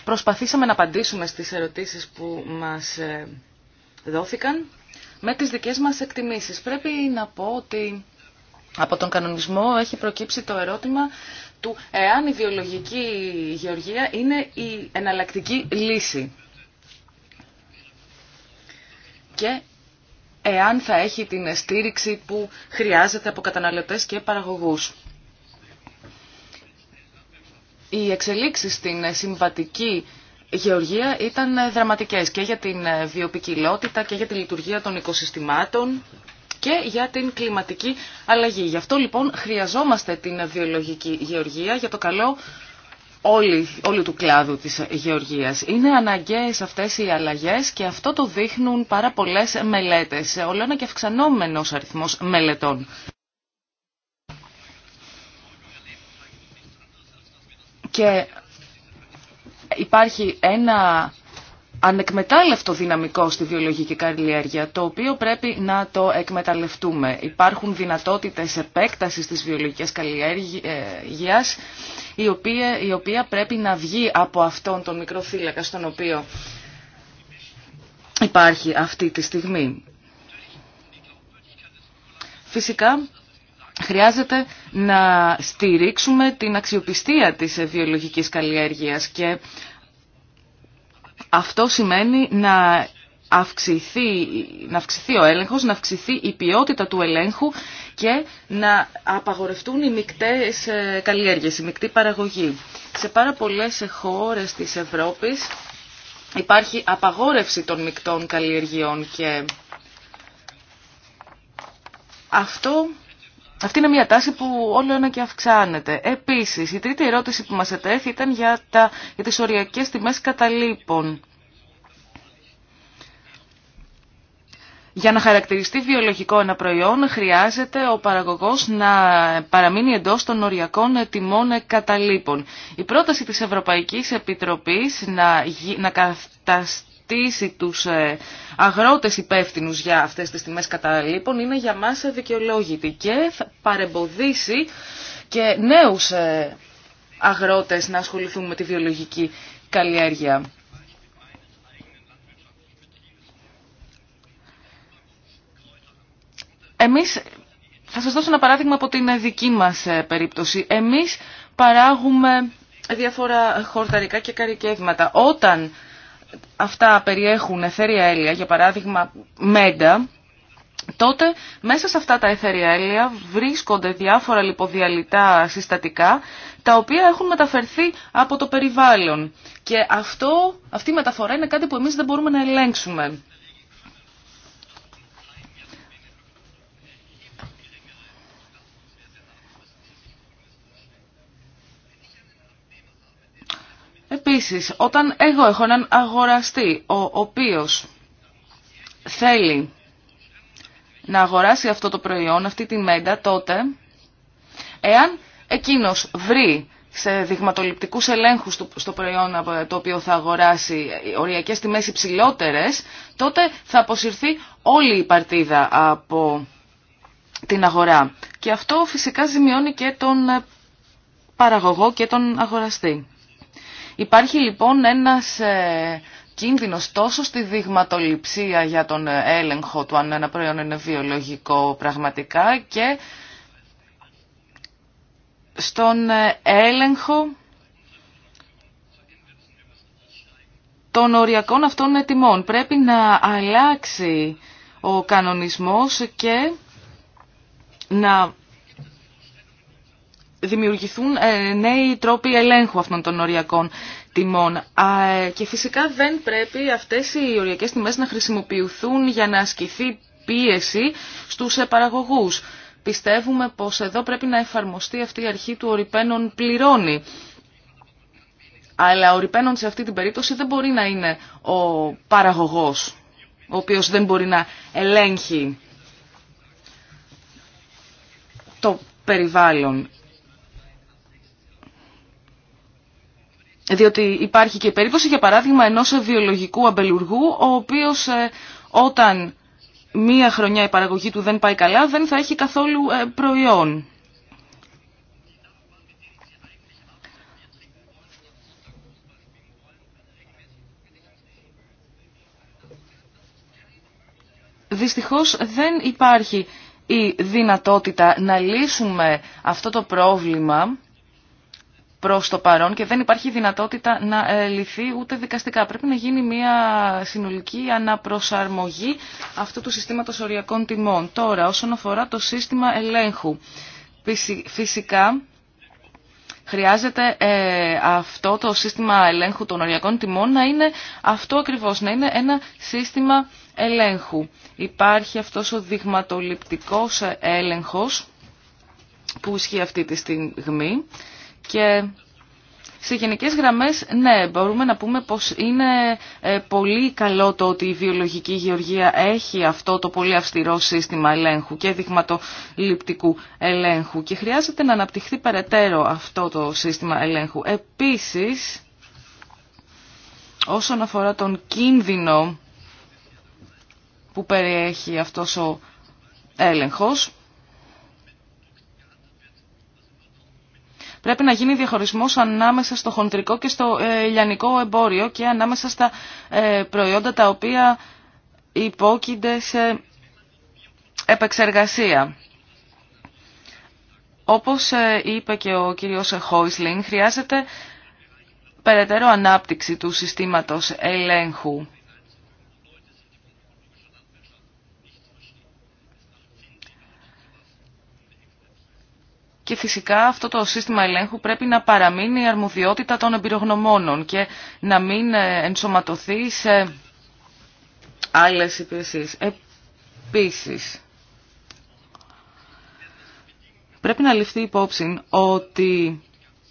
Προσπαθήσαμε να απαντήσουμε στις ερωτήσεις που μας ε, δόθηκαν με τις δικές μας εκτιμήσεις. Πρέπει να πω ότι από τον κανονισμό έχει προκύψει το ερώτημα του εάν η βιολογική γεωργία είναι η εναλλακτική λύση. Και εάν θα έχει την στήριξη που χρειάζεται από καταναλωτές και παραγωγούς οι εξελίξεις στην συμβατική γεωργία ήταν ε, δραματικές και για την ε, βιοπικιλότητα και για τη λειτουργία των οικοσυστημάτων και για την κλιματική αλλαγή. Γι' αυτό λοιπόν χρειαζόμαστε την βιολογική γεωργία για το καλό όλη, όλου του κλάδου της γεωργίας. Είναι αναγκαίες αυτές οι αλλαγές και αυτό το δείχνουν πάρα πολλές μελέτες, ένα και αυξανόμενος αριθμός μελετών. και υπάρχει ένα ανεκμετάλλευτο δυναμικό στη βιολογική καλλιέργεια, το οποίο πρέπει να το εκμεταλλευτούμε. Υπάρχουν δυνατότητες επέκτασης της βιολογικής καλλιέργειας, η οποία, η οποία πρέπει να βγει από αυτόν τον μικρό θύλακα στον οποίο υπάρχει αυτή τη στιγμή. Φυσικά, χρειάζεται να στηρίξουμε την αξιοπιστία της βιολογικής καλλιέργειας και αυτό σημαίνει να αυξηθεί, να αυξηθεί ο έλεγχος, να αυξηθεί η ποιότητα του ελέγχου και να απαγορευτούν οι μικτές ε, καλλιέργειες, η μεικτή παραγωγή. Σε πάρα πολλές χώρες της Ευρώπης υπάρχει απαγόρευση των μεικτών καλλιεργειών και αυτό αυτή είναι μια τάση που όλο ένα και αυξάνεται. Επίσης, η τρίτη ερώτηση που μας ετέθη ήταν για, τα, για τις οριακές τιμές καταλήπων. Για να χαρακτηριστεί βιολογικό ένα προϊόν χρειάζεται ο παραγωγός να παραμείνει εντός των οριακών τιμών καταλήπων. Η πρόταση της Ευρωπαϊκής Επιτροπής να, να του τους ε, αγρότες υπεύθυνου για αυτές τις τιμέ καταλήπων είναι για μας δικαιολόγητη και θα παρεμποδίσει και νέους ε, αγρότες να ασχοληθούν με τη βιολογική καλλιέργεια. Εμείς, θα σας δώσω ένα παράδειγμα από την δική μας ε, περίπτωση. Εμείς παράγουμε διάφορα χορταρικά και καρικεύματα. Όταν αυτά περιέχουν εθέρια έλαια, για παράδειγμα μέντα, τότε μέσα σε αυτά τα εθέρια έλαια βρίσκονται διάφορα λιποδιαλυτά συστατικά, τα οποία έχουν μεταφερθεί από το περιβάλλον. Και αυτό, αυτή η μεταφορά είναι κάτι που εμείς δεν μπορούμε να ελέγξουμε. επίσης, όταν εγώ έχω έναν αγοραστή, ο οποίος θέλει να αγοράσει αυτό το προϊόν, αυτή τη μέντα, τότε, εάν εκείνος βρει σε δειγματοληπτικούς ελέγχους στο προϊόν ε, το οποίο θα αγοράσει ε, οριακές τιμές υψηλότερες, τότε θα αποσυρθεί όλη η παρτίδα από την αγορά. Και αυτό φυσικά ζημιώνει και τον ε, παραγωγό και τον αγοραστή. Υπάρχει λοιπόν ένας ε, κίνδυνος τόσο στη δειγματοληψία για τον ε, έλεγχο του αν ένα προϊόν είναι βιολογικό πραγματικά και στον ε, έλεγχο των οριακών αυτών ετοιμών. Πρέπει να αλλάξει ο κανονισμός και να δημιουργηθούν ε, νέοι τρόποι ελέγχου αυτών των οριακών τιμών. Ε, και φυσικά δεν πρέπει αυτές οι οριακές τιμές να χρησιμοποιηθούν για να ασκηθεί πίεση στους παραγωγούς. Πιστεύουμε πως εδώ πρέπει να εφαρμοστεί αυτή η αρχή του οριπένων πληρώνει. Αλλά οριπένων σε αυτή την περίπτωση δεν μπορεί να είναι ο παραγωγός, ο οποίος δεν μπορεί να ελέγχει το περιβάλλον. Διότι υπάρχει και περίπτωση, για παράδειγμα, ενός βιολογικού αμπελουργού, ο οποίος ε, όταν μία χρονιά η παραγωγή του δεν πάει καλά, δεν θα έχει καθόλου ε, προϊόν. Δυστυχώς δεν υπάρχει η δυνατότητα να λύσουμε αυτό το πρόβλημα προς το παρόν και δεν υπάρχει δυνατότητα να ε, λυθεί ούτε δικαστικά. Πρέπει να γίνει μια συνολική αναπροσαρμογή αυτού του συστήματος οριακών τιμών. Τώρα, όσον αφορά το σύστημα ελέγχου, φυσικά χρειάζεται ε, αυτό το σύστημα ελέγχου των οριακών τιμών να είναι αυτό ακριβώς, να είναι ένα σύστημα ελέγχου. Υπάρχει αυτός ο δειγματοληπτικός ε, έλεγχος που ισχύει αυτή τη στιγμή και σε γενικές γραμμές, ναι, μπορούμε να πούμε πως είναι ε, πολύ καλό το ότι η βιολογική γεωργία έχει αυτό το πολύ αυστηρό σύστημα ελέγχου και δειγματοληπτικού ελέγχου και χρειάζεται να αναπτυχθεί περαιτέρω αυτό το σύστημα ελέγχου. Επίσης, όσον αφορά τον κίνδυνο που περιέχει αυτός ο έλεγχος, Πρέπει να γίνει διαχωρισμός ανάμεσα στο χοντρικό και στο ε, λιανικό εμπόριο και ανάμεσα στα ε, προϊόντα τα οποία υπόκεινται σε επεξεργασία. Όπως ε, είπε και ο κύριος Χόισλιν, χρειάζεται περαιτέρω ανάπτυξη του συστήματος ελέγχου και φυσικά αυτό το σύστημα ελέγχου πρέπει να παραμείνει η αρμοδιότητα των εμπειρογνωμόνων και να μην ε, ενσωματωθεί σε άλλες υπηρεσίες. Επίσης, πρέπει να ληφθεί υπόψη ότι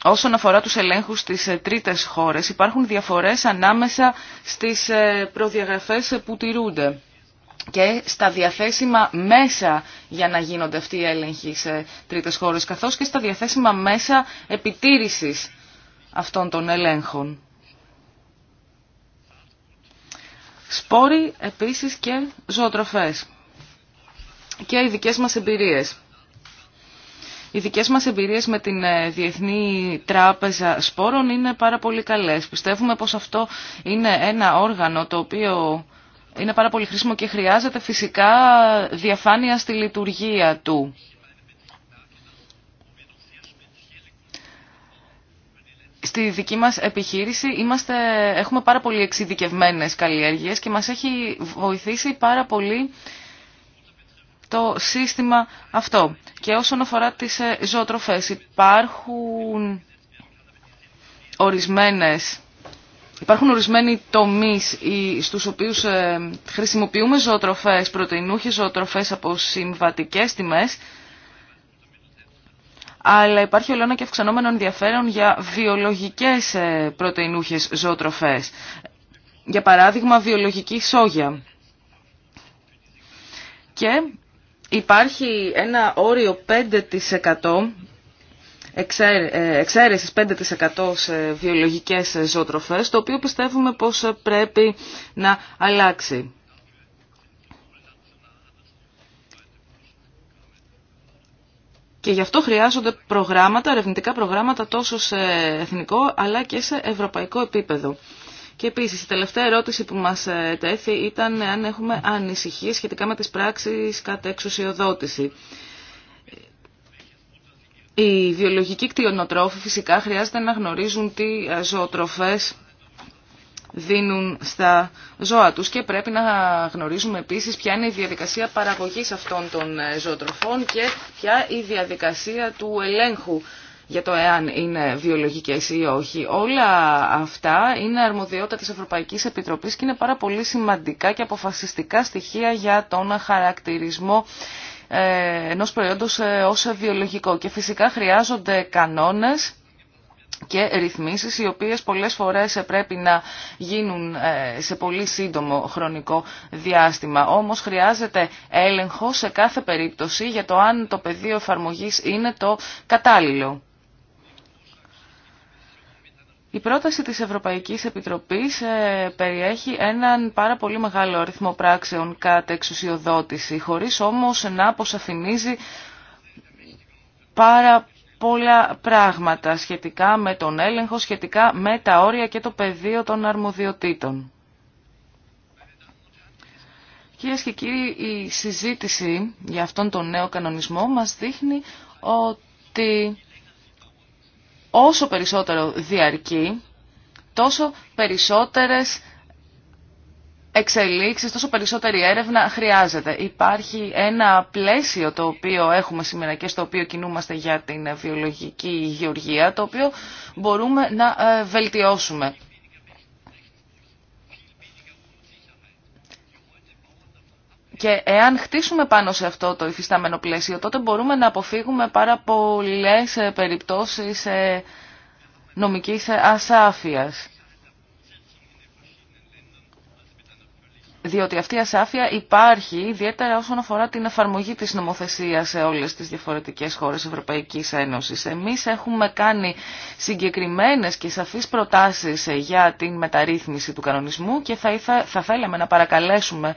όσον αφορά τους ελέγχους στις ε, τρίτες χώρες υπάρχουν διαφορές ανάμεσα στις ε, προδιαγραφές που τηρούνται και στα διαθέσιμα μέσα για να γίνονται αυτοί οι έλεγχοι σε τρίτες χώρες, καθώς και στα διαθέσιμα μέσα επιτήρησης αυτών των ελέγχων. Σπόροι επίσης και ζωοτροφές και οι δικές μας εμπειρίες. Οι δικές μας εμπειρίες με την ε, Διεθνή Τράπεζα Σπόρων είναι πάρα πολύ καλές. Πιστεύουμε πως αυτό είναι ένα όργανο το οποίο είναι πάρα πολύ χρήσιμο και χρειάζεται φυσικά διαφάνεια στη λειτουργία του. Στη δική μας επιχείρηση είμαστε, έχουμε πάρα πολύ εξειδικευμένες καλλιέργειες και μας έχει βοηθήσει πάρα πολύ το σύστημα αυτό. Και όσον αφορά τις ε, ζωοτροφές υπάρχουν ορισμένες Υπάρχουν ορισμένοι τομείς στους οποίους ε, χρησιμοποιούμε ζωοτροφές πρωτεϊνούχες, ζωοτροφές από συμβατικές τιμές, αλλά υπάρχει ολόνα και αυξανόμενο ενδιαφέρον για βιολογικές ε, πρωτεϊνούχες ζωοτροφές. Για παράδειγμα, βιολογική σόγια. Και υπάρχει ένα όριο 5% ε, εξαίρεσης 5% σε βιολογικές ζωοτροφές, το οποίο πιστεύουμε πως πρέπει να αλλάξει. Και γι' αυτό χρειάζονται προγράμματα, ερευνητικά προγράμματα τόσο σε εθνικό αλλά και σε ευρωπαϊκό επίπεδο. Και επίσης η τελευταία ερώτηση που μας ε, τέθη ήταν αν έχουμε ανησυχίες σχετικά με τις πράξεις κατά εξουσιοδότηση. Οι βιολογικοί κτηνοτρόφοι φυσικά χρειάζεται να γνωρίζουν τι ε, ζωοτροφές δίνουν στα ζώα τους και πρέπει να γνωρίζουμε επίσης ποια είναι η διαδικασία παραγωγής αυτών των ε, ζωοτροφών και ποια η διαδικασία του ελέγχου για το εάν είναι βιολογικές ή όχι. Όλα αυτά είναι αρμοδιότητα της Ευρωπαϊκής Επιτροπής και είναι πάρα πολύ σημαντικά και αποφασιστικά στοιχεία για τον χαρακτηρισμό ε, ενός προϊόντος ε, ως βιολογικό. Και φυσικά χρειάζονται κανόνες και ρυθμίσεις οι οποίες πολλές φορές πρέπει να γίνουν ε, σε πολύ σύντομο χρονικό διάστημα. Όμως χρειάζεται έλεγχο σε κάθε περίπτωση για το αν το πεδίο εφαρμογής είναι το κατάλληλο. Η πρόταση της Ευρωπαϊκής Επιτροπής ε, περιέχει έναν πάρα πολύ μεγάλο αριθμό πράξεων κατά εξουσιοδότηση, χωρίς όμως να αποσαφηνίζει πάρα πολλά πράγματα σχετικά με τον έλεγχο, σχετικά με τα όρια και το πεδίο των αρμοδιοτήτων. Κυρίε και κύριοι, η συζήτηση για αυτόν τον νέο κανονισμό μας δείχνει ότι όσο περισσότερο διαρκεί, τόσο περισσότερες εξελίξεις, τόσο περισσότερη έρευνα χρειάζεται. Υπάρχει ένα πλαίσιο το οποίο έχουμε σήμερα και στο οποίο κινούμαστε για την βιολογική γεωργία, το οποίο μπορούμε να ε, βελτιώσουμε. Και εάν χτίσουμε πάνω σε αυτό το υφιστάμενο πλαίσιο, τότε μπορούμε να αποφύγουμε πάρα πολλέ ε, περιπτώσει ε, νομικής ε, ασάφειας. Διότι αυτή η ασάφεια υπάρχει ιδιαίτερα όσον αφορά την εφαρμογή της νομοθεσίας σε όλες τις διαφορετικές χώρες Ευρωπαϊκής Ένωσης. Εμείς έχουμε κάνει συγκεκριμένες και σαφείς προτάσεις για την μεταρρύθμιση του κανονισμού και θα, θα θέλαμε να παρακαλέσουμε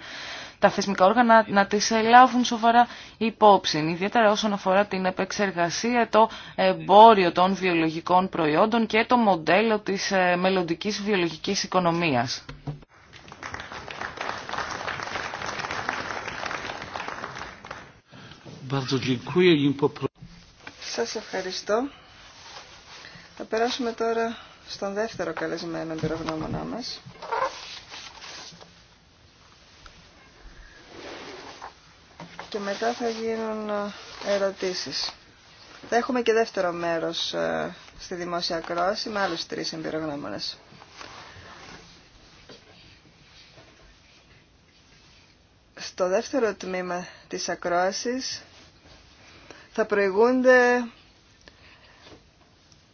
τα θεσμικά όργανα να τις ε, λάβουν σοβαρά υπόψη, ιδιαίτερα όσον αφορά την επεξεργασία, το εμπόριο των βιολογικών προϊόντων και το μοντέλο της ε, μελλοντική βιολογικής οικονομίας. Σας ευχαριστώ. Θα περάσουμε τώρα στον δεύτερο καλεσμένο πυρογνώμονά μας. και μετά θα γίνουν ε, ερωτήσεις. Θα έχουμε και δεύτερο μέρος ε, στη δημόσια Ακρόαση, με άλλους τρεις εμπειρογνώμονες. Στο δεύτερο τμήμα της ακρόασης θα προηγούνται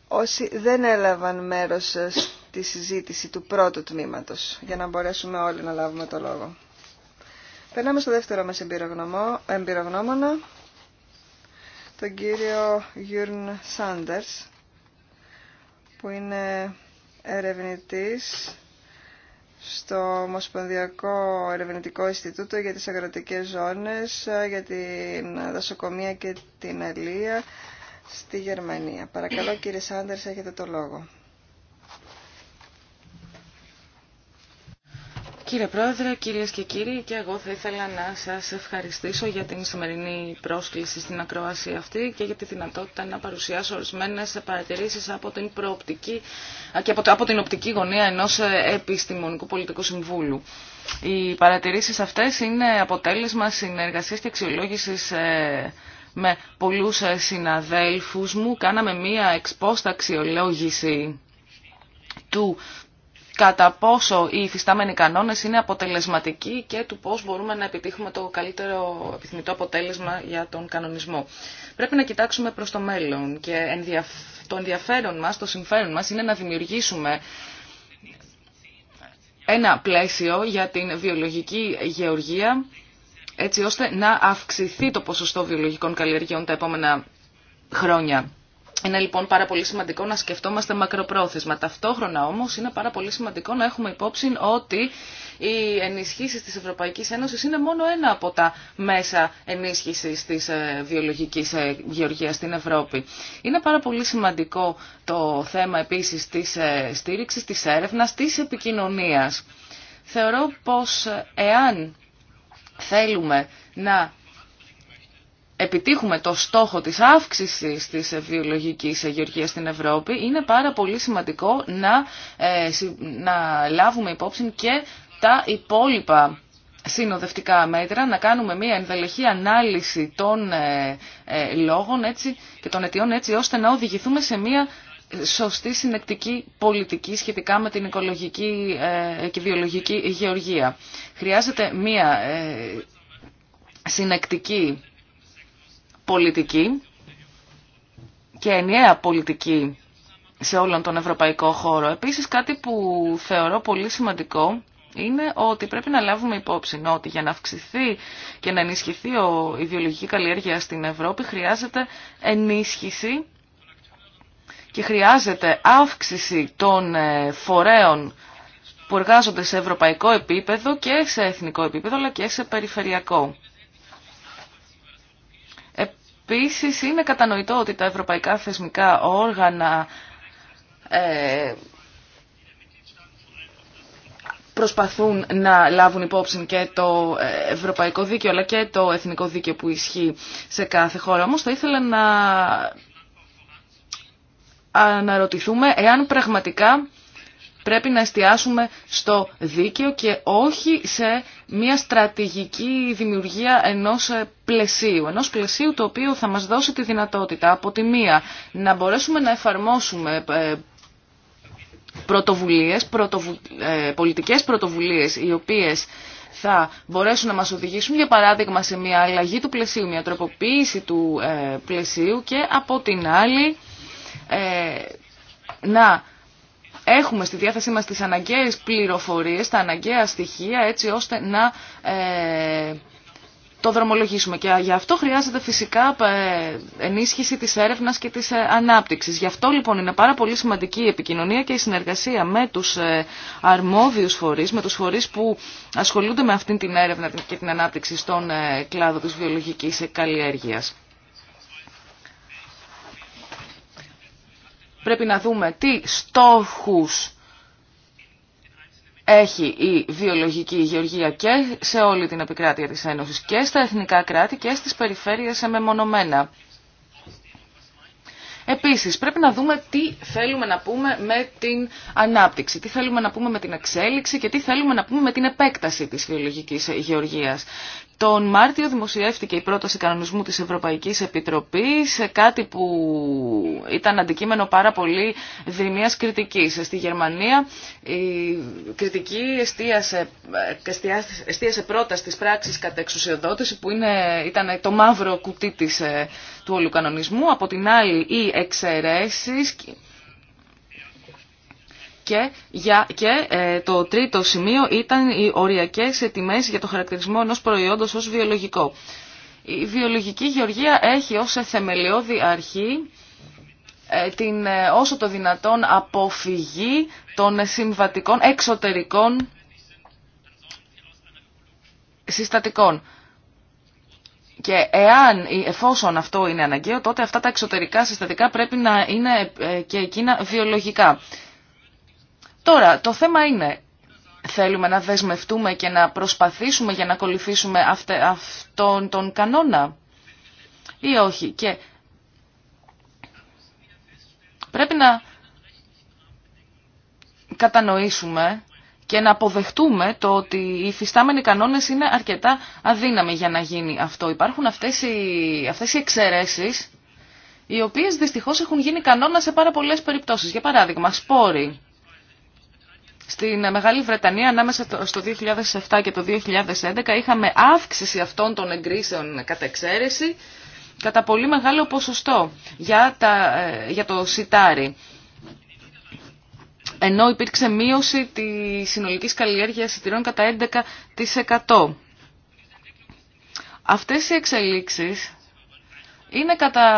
όσοι δεν έλαβαν μέρος ε, στη συζήτηση του πρώτου τμήματος, για να μπορέσουμε όλοι να λάβουμε το λόγο. Περνάμε στο δεύτερο μας εμπειρογνώμονα, τον κύριο Γιούρν Σάντερς, που είναι ερευνητής στο Ομοσπονδιακό Ερευνητικό Ινστιτούτο για τις Αγροτικές Ζώνες, για την δασοκομεία και την αλία στη Γερμανία. Παρακαλώ κύριε Σάντερς, έχετε το λόγο. Κύριε Πρόεδρε, κυρίες και κύριοι, και εγώ θα ήθελα να σας ευχαριστήσω για την σημερινή πρόσκληση στην ακρόαση αυτή και για τη δυνατότητα να παρουσιάσω ορισμένες παρατηρήσεις από την προοπτική και από, την οπτική γωνία ενός επιστημονικού πολιτικού συμβούλου. Οι παρατηρήσεις αυτές είναι αποτέλεσμα συνεργασίας και αξιολόγησης ε, με πολλούς ε, συναδέλφους μου. Κάναμε μία εξπόστα αξιολόγηση του κατά πόσο οι υφιστάμενοι κανόνες είναι αποτελεσματικοί και του πώς μπορούμε να επιτύχουμε το καλύτερο επιθυμητό αποτέλεσμα για τον κανονισμό. Πρέπει να κοιτάξουμε προς το μέλλον και το ενδιαφέρον μας, το συμφέρον μας είναι να δημιουργήσουμε ένα πλαίσιο για την βιολογική γεωργία έτσι ώστε να αυξηθεί το ποσοστό βιολογικών καλλιεργειών τα επόμενα χρόνια. Είναι λοιπόν πάρα πολύ σημαντικό να σκεφτόμαστε μακροπρόθεσμα. Ταυτόχρονα όμως είναι πάρα πολύ σημαντικό να έχουμε υπόψη ότι οι ενισχύσεις της Ευρωπαϊκής Ένωσης είναι μόνο ένα από τα μέσα ενίσχυσης της ε, βιολογικής ε, γεωργίας στην Ευρώπη. Είναι πάρα πολύ σημαντικό το θέμα επίσης της ε, στήριξης, της έρευνας, της επικοινωνίας. Θεωρώ πως εάν θέλουμε να επιτύχουμε το στόχο της αύξησης της βιολογικής γεωργία στην Ευρώπη, είναι πάρα πολύ σημαντικό να, ε, να λάβουμε υπόψη και τα υπόλοιπα συνοδευτικά μέτρα, να κάνουμε μια ενδελεχή ανάλυση των ε, ε, λόγων έτσι, και των αιτιών έτσι ώστε να οδηγηθούμε σε μια σωστή συνεκτική πολιτική σχετικά με την οικολογική και βιολογική γεωργία. Χρειάζεται μια συνεκτική πολιτική και ενιαία πολιτική σε όλον τον ευρωπαϊκό χώρο. Επίσης κάτι που θεωρώ πολύ σημαντικό είναι ότι πρέπει να λάβουμε υπόψη ότι για να αυξηθεί και να ενισχυθεί η βιολογική καλλιέργεια στην Ευρώπη χρειάζεται ενίσχυση και χρειάζεται αύξηση των ε, φορέων που εργάζονται σε ευρωπαϊκό επίπεδο και σε εθνικό επίπεδο αλλά και σε περιφερειακό. Επίσης είναι κατανοητό ότι τα ευρωπαϊκά θεσμικά όργανα ε, προσπαθούν να λάβουν υπόψη και το ε, ευρωπαϊκό δίκαιο αλλά και το εθνικό δίκαιο που ισχύει σε κάθε χώρα. Όμως θα ήθελα να αναρωτηθούμε εάν πραγματικά πρέπει να εστιάσουμε στο δίκαιο και όχι σε μια στρατηγική δημιουργία ενός ε, πλαισίου. Ενός πλαισίου το οποίο θα μας δώσει τη δυνατότητα από τη μία να μπορέσουμε να εφαρμόσουμε ε, πρωτοβουλίες, πρωτοβου... Ε, πολιτικές πρωτοβουλίες οι οποίες θα μπορέσουν να μας οδηγήσουν για παράδειγμα σε μια αλλαγή του πλαισίου, μια τροποποίηση του πλαισίου και από την άλλη να έχουμε στη διάθεσή μας τις αναγκαίες πληροφορίες, τα αναγκαία στοιχεία έτσι ώστε να ε, το δρομολογήσουμε. Και γι' αυτό χρειάζεται φυσικά ε, ενίσχυση της έρευνας και της ε, ανάπτυξης. Γι' αυτό λοιπόν είναι πάρα πολύ σημαντική η επικοινωνία και η συνεργασία με τους αρμόδιους φορείς, με τους φορείς που ασχολούνται με αυτή την έρευνα και την ανάπτυξη στον κλάδο της βιολογικής καλλιέργειας. Πρέπει να δούμε τι στόχους έχει η βιολογική γεωργία και σε όλη την επικράτεια της Ένωσης και στα εθνικά κράτη και στις περιφέρειες μεμονωμένα. Επίσης, πρέπει να δούμε τι θέλουμε να πούμε με την ανάπτυξη, τι θέλουμε να πούμε με την εξέλιξη και τι θέλουμε να πούμε με την επέκταση της φιλολογικής γεωργίας. Τον Μάρτιο δημοσιεύτηκε η πρόταση κανονισμού της Ευρωπαϊκής Επιτροπής, κάτι που ήταν αντικείμενο πάρα πολύ δημιας κριτικής. Στη Γερμανία η κριτική εστίασε, πρώτα στις πράξεις κατά εξουσιοδότηση, που ήταν το μαύρο κουτί της ε, του όλου κανονισμού, από την άλλη οι εξαιρέσεις και, για, και ε, το τρίτο σημείο ήταν οι οριακές τιμές για το χαρακτηρισμό ενός προϊόντος ως βιολογικό. Η βιολογική γεωργία έχει ως θεμελιώδη αρχή ε, την ε, όσο το δυνατόν αποφυγή των συμβατικών εξωτερικών συστατικών. Και εάν εφόσον αυτό είναι αναγκαίο, τότε αυτά τα εξωτερικά συστατικά πρέπει να είναι ε, και εκείνα βιολογικά. Τώρα, το θέμα είναι, θέλουμε να δεσμευτούμε και να προσπαθήσουμε για να ακολουθήσουμε αυτε, αυτόν τον κανόνα ή όχι. Και πρέπει να κατανοήσουμε και να αποδεχτούμε το ότι οι φυστάμενοι κανόνες είναι αρκετά αδύναμοι για να γίνει αυτό. Υπάρχουν αυτές οι, αυτές οι εξαιρέσεις οι οποίες δυστυχώς έχουν γίνει κανόνα σε πάρα πολλές περιπτώσεις. Για παράδειγμα, σπόροι. Στην Μεγάλη Βρετανία ανάμεσα στο 2007 και το 2011 είχαμε αύξηση αυτών των εγκρίσεων κατά εξαίρεση κατά πολύ μεγάλο ποσοστό για, τα, ε, για το σιτάρι ενώ υπήρξε μείωση τη συνολική καλλιέργεια σιτηρών κατά 11%. Αυτές οι εξελίξεις είναι κατά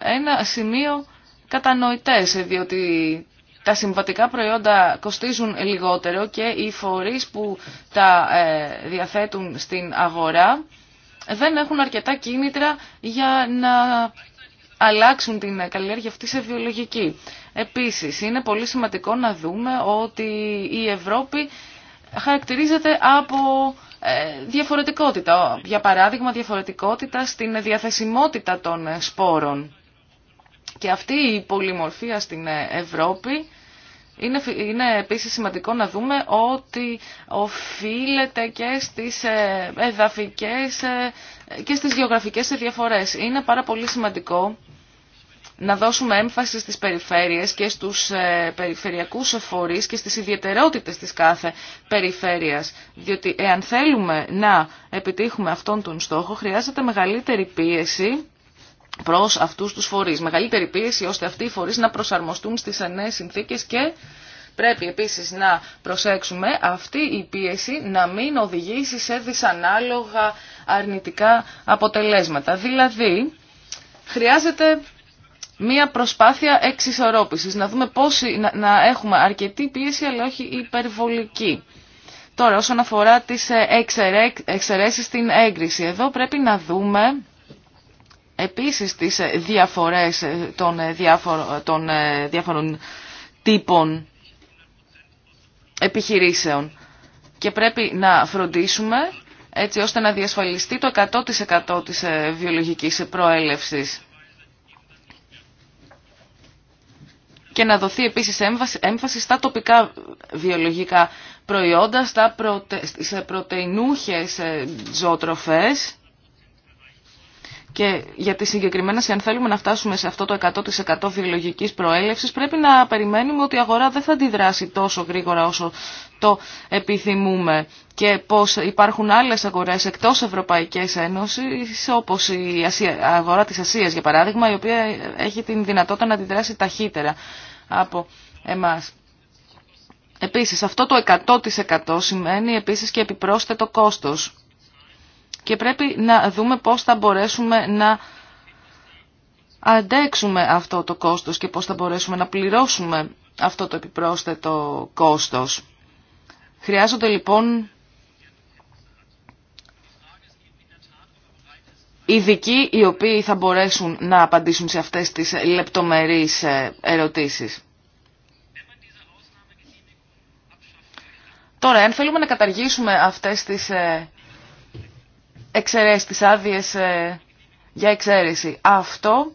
ένα σημείο κατανοητές, διότι τα συμβατικά προϊόντα κοστίζουν λιγότερο και οι φορείς που τα ε, διαθέτουν στην αγορά δεν έχουν αρκετά κίνητρα για να αλλάξουν την καλλιέργεια αυτή σε βιολογική. Επίσης, είναι πολύ σημαντικό να δούμε ότι η Ευρώπη χαρακτηρίζεται από ε, διαφορετικότητα. Για παράδειγμα, διαφορετικότητα στην διαθεσιμότητα των σπόρων. Και αυτή η πολυμορφία στην Ευρώπη είναι, είναι επίσης σημαντικό να δούμε ότι οφείλεται και στις ε, εδαφικές ε, και στις γεωγραφικές διαφορές. Είναι πάρα πολύ σημαντικό να δώσουμε έμφαση στις περιφέρειες και στους ε, περιφερειακούς φορείς και στις ιδιαιτερότητες της κάθε περιφέρειας. Διότι εάν θέλουμε να επιτύχουμε αυτόν τον στόχο χρειάζεται μεγαλύτερη πίεση προς αυτούς τους φορείς. Μεγαλύτερη πίεση ώστε αυτοί οι φορείς να προσαρμοστούν στις νέες συνθήκες και πρέπει επίσης να προσέξουμε αυτή η πίεση να μην οδηγήσει σε δυσανάλογα αρνητικά αποτελέσματα. Δηλαδή, χρειάζεται μία προσπάθεια εξισορρόπησης, να δούμε πώς να, έχουμε αρκετή πίεση αλλά όχι υπερβολική. Τώρα, όσον αφορά τις ε, εξαιρέσεις στην έγκριση, εδώ πρέπει να δούμε επίσης τις ε, διαφορές ε, των, διάφορων, των διάφορων τύπων επιχειρήσεων και πρέπει να φροντίσουμε έτσι ώστε να διασφαλιστεί το 100% της βιολογικής προέλευσης. και να δοθεί επίσης έμφαση στα τοπικά βιολογικά προϊόντα, στα πρωτε, σε πρωτεϊνούχες ε, ζωοτροφές και για γιατί συγκεκριμένα, αν θέλουμε να φτάσουμε σε αυτό το 100% βιολογική προέλευση, πρέπει να περιμένουμε ότι η αγορά δεν θα αντιδράσει τόσο γρήγορα όσο το επιθυμούμε και πως υπάρχουν άλλες αγορές εκτός Ευρωπαϊκής Ένωσης, όπως η αγορά της Ασίας για παράδειγμα, η οποία έχει την δυνατότητα να αντιδράσει ταχύτερα από εμάς. Επίσης, αυτό το 100% σημαίνει επίσης και επιπρόσθετο κόστος και πρέπει να δούμε πώς θα μπορέσουμε να αντέξουμε αυτό το κόστος και πώς θα μπορέσουμε να πληρώσουμε αυτό το επιπρόσθετο κόστος. Χρειάζονται λοιπόν ειδικοί οι οποίοι θα μπορέσουν να απαντήσουν σε αυτές τις λεπτομερείς ε, ερωτήσεις. Τώρα, αν θέλουμε να καταργήσουμε αυτές τις ε, εξαιρέσει τις άδειες ε, για εξαίρεση. Αυτό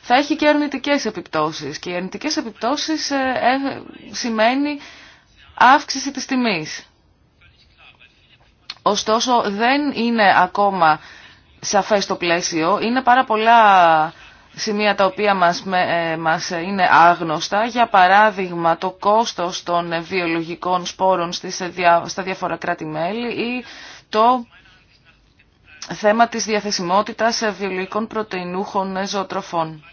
θα έχει και αρνητικές επιπτώσεις και οι αρνητικές επιπτώσεις ε, ε, σημαίνει αύξηση της τιμής. Ωστόσο δεν είναι ακόμα σαφές το πλαίσιο, είναι πάρα πολλά σημεία τα οποία μας, μας είναι άγνωστα. Για παράδειγμα το κόστος των βιολογικών σπόρων στα διάφορα κράτη-μέλη ή το θέμα της διαθεσιμότητας βιολογικών πρωτεϊνούχων ζωοτροφών.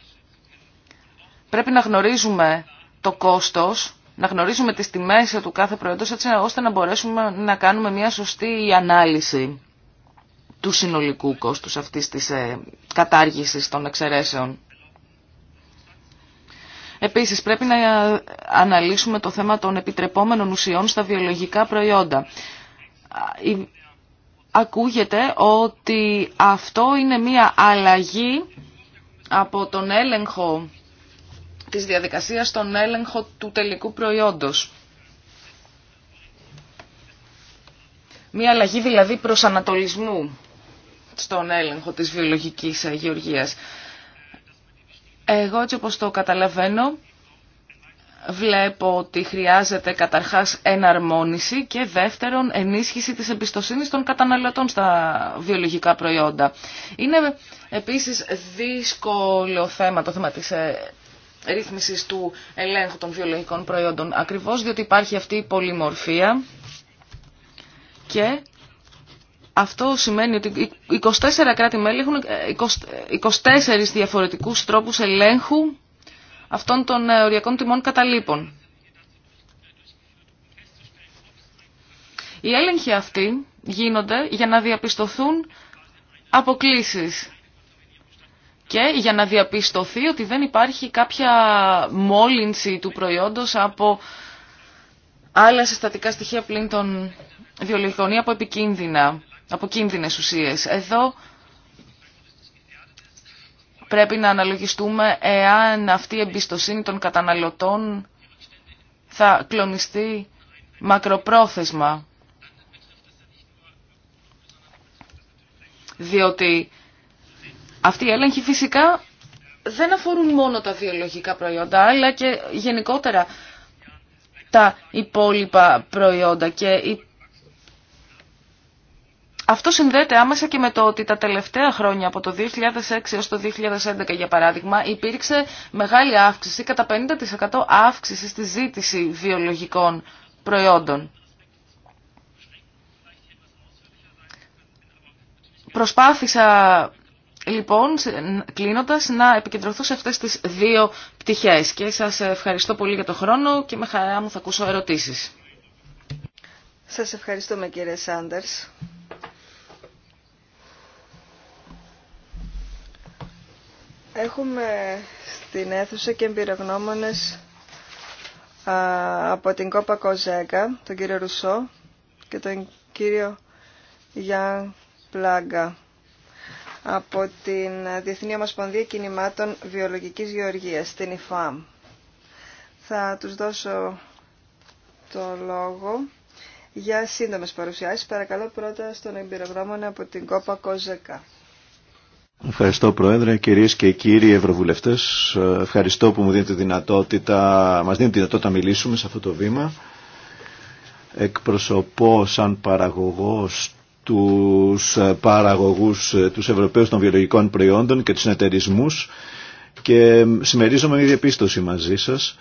Πρέπει να γνωρίζουμε το κόστος, να γνωρίζουμε τις τιμές του κάθε προϊόντος, έτσι ώστε να μπορέσουμε να κάνουμε μια σωστή ανάλυση του συνολικού κόστους αυτής της ε, κατάργησης των εξαιρέσεων. Επίσης πρέπει να ε, αναλύσουμε το θέμα των επιτρεπόμενων ουσιών στα βιολογικά προϊόντα ακούγεται ότι αυτό είναι μία αλλαγή από τον έλεγχο της διαδικασίας στον έλεγχο του τελικού προϊόντος. Μία αλλαγή δηλαδή προς ανατολισμού στον έλεγχο της βιολογικής ε, γεωργίας. Εγώ έτσι όπως το καταλαβαίνω βλέπω ότι χρειάζεται καταρχάς εναρμόνιση και δεύτερον ενίσχυση της εμπιστοσύνης των καταναλωτών στα βιολογικά προϊόντα. Είναι επίσης δύσκολο θέμα το θέμα της ε, ρύθμισης του ελέγχου των βιολογικών προϊόντων ακριβώς διότι υπάρχει αυτή η πολυμορφία και αυτό σημαίνει ότι 24 κράτη-μέλη έχουν 24 ε, διαφορετικούς τρόπους ελέγχου αυτών των ε, οριακών τιμών καταλήπων. Οι έλεγχοι αυτοί γίνονται για να διαπιστωθούν αποκλήσεις και για να διαπιστωθεί ότι δεν υπάρχει κάποια μόλυνση του προϊόντος από άλλα συστατικά στοιχεία πλήν των βιολογικών ή από επικίνδυνα, από κίνδυνες ουσίες. Εδώ πρέπει να αναλογιστούμε εάν αυτή η εμπιστοσύνη των καταναλωτών θα κλονιστεί μακροπρόθεσμα. Διότι αυτοί οι έλεγχοι φυσικά δεν αφορούν μόνο τα βιολογικά προϊόντα, αλλά και γενικότερα τα υπόλοιπα προϊόντα και αυτό συνδέεται άμεσα και με το ότι τα τελευταία χρόνια, από το 2006 έως το 2011 για παράδειγμα, υπήρξε μεγάλη αύξηση, κατά 50% αύξηση στη ζήτηση βιολογικών προϊόντων. Προσπάθησα λοιπόν, κλείνοντας, να επικεντρωθώ σε αυτές τις δύο πτυχές και σας ευχαριστώ πολύ για το χρόνο και με χαρά μου θα ακούσω ερωτήσεις. Σας ευχαριστούμε κύριε Σάντερς. Έχουμε στην αίθουσα και εμπειρογνώμονες από την Κόπα Κοζέκα, τον κύριο Ρουσό και τον κύριο Γιάν Πλάγκα από την Διεθνή Ομοσπονδία Κινημάτων Βιολογικής Γεωργίας, την ΙΦΑΜ. Θα τους δώσω το λόγο για σύντομες παρουσιάσεις. Παρακαλώ πρώτα στον εμπειρογνώμονα από την Κόπα Κοζέκα. Ευχαριστώ Πρόεδρε, κυρίες και κύριοι Ευρωβουλευτές. Ευχαριστώ που μου δίνετε δυνατότητα, μας δίνετε δυνατότητα να μιλήσουμε σε αυτό το βήμα. Εκπροσωπώ σαν παραγωγός τους παραγωγούς, τους Ευρωπαίους των βιολογικών προϊόντων και τους συνεταιρισμού και συμμερίζομαι με διαπίστωση μαζί σας,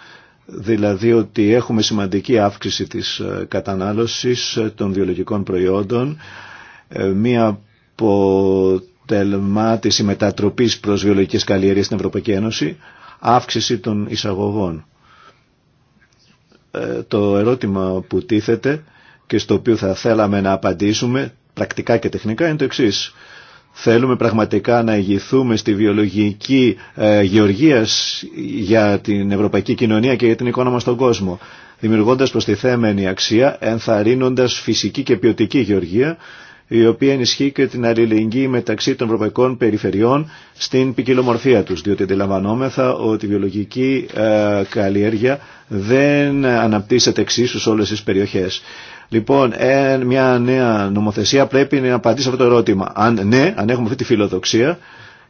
δηλαδή ότι έχουμε σημαντική αύξηση της κατανάλωσης των βιολογικών προϊόντων, ε, μία από τέλμα της μετατροπής προς βιολογικές καλλιέργειες στην Ευρωπαϊκή Ένωση, αύξηση των εισαγωγών. Ε, το ερώτημα που τίθεται και στο οποίο θα θέλαμε να απαντήσουμε πρακτικά και τεχνικά είναι το εξής. Θέλουμε πραγματικά να ηγηθούμε στη βιολογική ε, για την ευρωπαϊκή κοινωνία και για την εικόνα μας στον κόσμο, δημιουργώντας προστιθέμενη αξία, ενθαρρύνοντας φυσική και ποιοτική γεωργία η οποία ενισχύει και την αλληλεγγύη μεταξύ των ευρωπαϊκών περιφερειών στην ποικιλομορφία τους, διότι αντιλαμβανόμεθα ότι η βιολογική ε, καλλιέργεια δεν αναπτύσσεται εξίσου σε όλες τις περιοχές. Λοιπόν, μια νέα νομοθεσία πρέπει να απαντήσει αυτό το ερώτημα. Αν ναι, αν έχουμε αυτή τη φιλοδοξία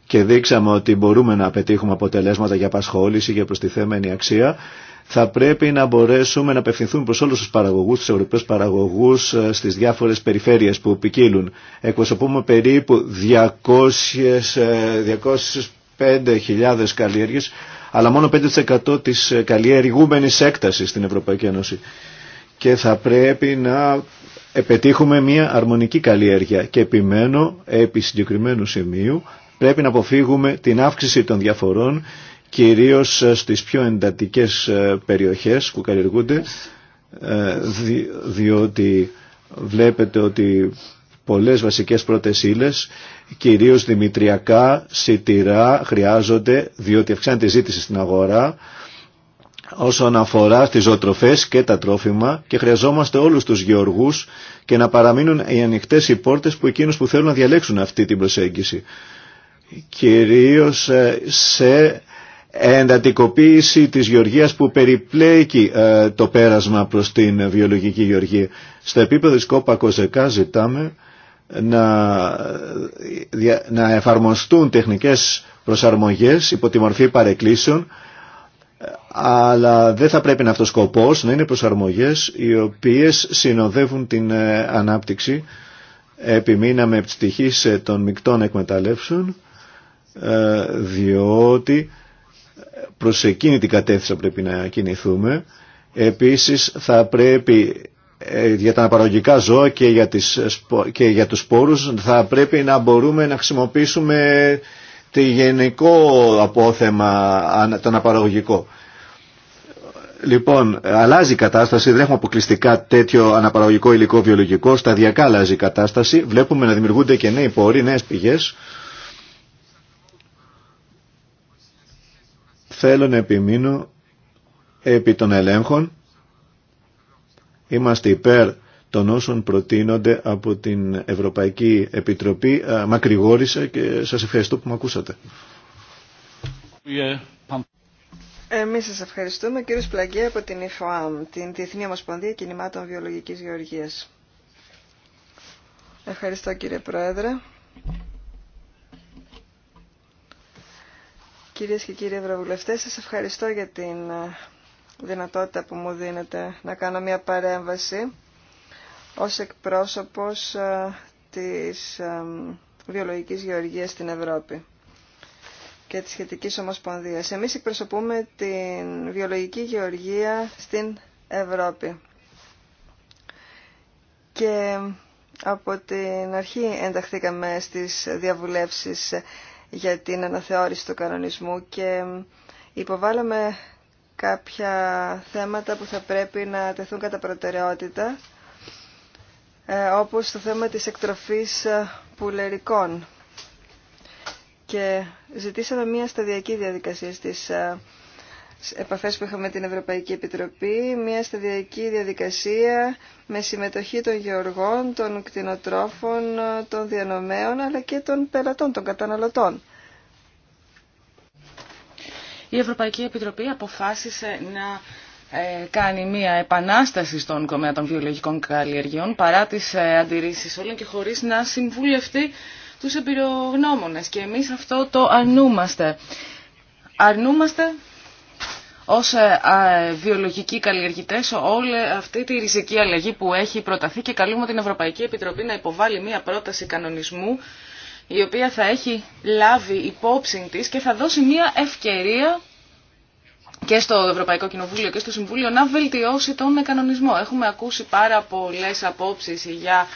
και δείξαμε ότι μπορούμε να πετύχουμε αποτελέσματα για απασχόληση, για προστιθέμενη αξία, θα πρέπει να μπορέσουμε να απευθυνθούμε προς όλους τους παραγωγούς, τους ευρωπαίους παραγωγούς ε, στις διάφορες περιφέρειες που επικύλουν. Εκπροσωπούμε περίπου 200, 205.000 ε, καλλιέργειες, αλλά μόνο 5% της καλλιεργούμενης έκτασης στην Ευρωπαϊκή Ένωση. Και θα πρέπει να επιτύχουμε μια αρμονική καλλιέργεια και επιμένω επί συγκεκριμένου σημείου πρέπει να αποφύγουμε την αύξηση των διαφορών κυρίως ε, στις πιο εντατικές ε, περιοχές που καλλιεργούνται, ε, διότι βλέπετε ότι πολλές βασικές πρώτες ύλες, κυρίως δημητριακά, σιτηρά, χρειάζονται, διότι αυξάνεται η ζήτηση στην αγορά, όσον αφορά τις ζωοτροφές και τα τρόφιμα και χρειαζόμαστε όλους τους γεωργούς και να παραμείνουν οι ανοιχτέ οι πόρτες που εκείνους που θέλουν να διαλέξουν αυτή την προσέγγιση. Κυρίως σε εντατικοποίηση της γεωργίας που περιπλέκει ε, το πέρασμα προς την βιολογική γεωργία. Στο επίπεδο της κόπα κοζεκά ζητάμε να, ε, να εφαρμοστούν τεχνικές προσαρμογές υπό τη μορφή παρεκκλήσεων αλλά δεν θα πρέπει να αυτός σκοπός να είναι προσαρμογές οι οποίες συνοδεύουν την ε, ανάπτυξη επιμείναμε ευτυχής των μεικτών εκμεταλλεύσεων διότι προς εκείνη την κατεύθυνση πρέπει να κινηθούμε. Επίσης θα πρέπει ε, για τα αναπαραγωγικά ζώα και για, τις, και για τους σπόρους θα πρέπει να μπορούμε να χρησιμοποιήσουμε το γενικό απόθεμα το αναπαραγωγικό. Λοιπόν, αλλάζει η κατάσταση, δεν έχουμε αποκλειστικά τέτοιο αναπαραγωγικό υλικό βιολογικό, σταδιακά αλλάζει η κατάσταση, βλέπουμε να δημιουργούνται και νέοι πόροι, νέες πηγές Θέλω να επιμείνω επί των ελέγχων. Είμαστε υπέρ των όσων προτείνονται από την Ευρωπαϊκή Επιτροπή. Μακρηγόρησα και σας ευχαριστώ που με ακούσατε. Εμείς σας ευχαριστούμε κύριο Πλαγκέ από την ΙΦΟΑΜ, την Διεθνή Ομοσπονδία Κινημάτων Βιολογικής Γεωργίας. Ευχαριστώ κύριε Πρόεδρε. Κυρίες και κύριοι Ευρωβουλευτές, σας ευχαριστώ για την ε, δυνατότητα που μου δίνετε να κάνω μια παρέμβαση ως εκπρόσωπος ε, της ε, βιολογικής γεωργίας στην Ευρώπη και της σχετικής ομοσπονδίας. Εμείς εκπροσωπούμε την βιολογική γεωργία στην Ευρώπη. Και από την αρχή ενταχθήκαμε στις διαβουλεύσεις για την αναθεώρηση του κανονισμού και υποβάλαμε κάποια θέματα που θα πρέπει να τεθούν κατά προτεραιότητα ε, όπως το θέμα της εκτροφής ε, πουλερικών και ζητήσαμε μια σταδιακή διαδικασία στις ε, επαφές που είχαμε με την Ευρωπαϊκή Επιτροπή, μια σταδιακή διαδικασία με συμμετοχή των γεωργών, των κτηνοτρόφων, των διανομέων, αλλά και των πελατών, των καταναλωτών. Η Ευρωπαϊκή Επιτροπή αποφάσισε να ε, κάνει μια επανάσταση στον κομμάτι των βιολογικών καλλιεργειών παρά τις ε, αντιρρήσεις όλων και χωρίς να συμβουλευτεί τους εμπειρογνώμονες. Και εμείς αυτό το αρνούμαστε. Αρνούμαστε ως ε, βιολογικοί καλλιεργητές όλη αυτή τη ριζική αλλαγή που έχει προταθεί και καλούμε την Ευρωπαϊκή Επιτροπή να υποβάλει μία πρόταση κανονισμού η οποία θα έχει λάβει υπόψη της και θα δώσει μία ευκαιρία και στο Ευρωπαϊκό Κοινοβούλιο και στο Συμβούλιο να βελτιώσει τον κανονισμό. Έχουμε ακούσει πάρα πολλές απόψεις για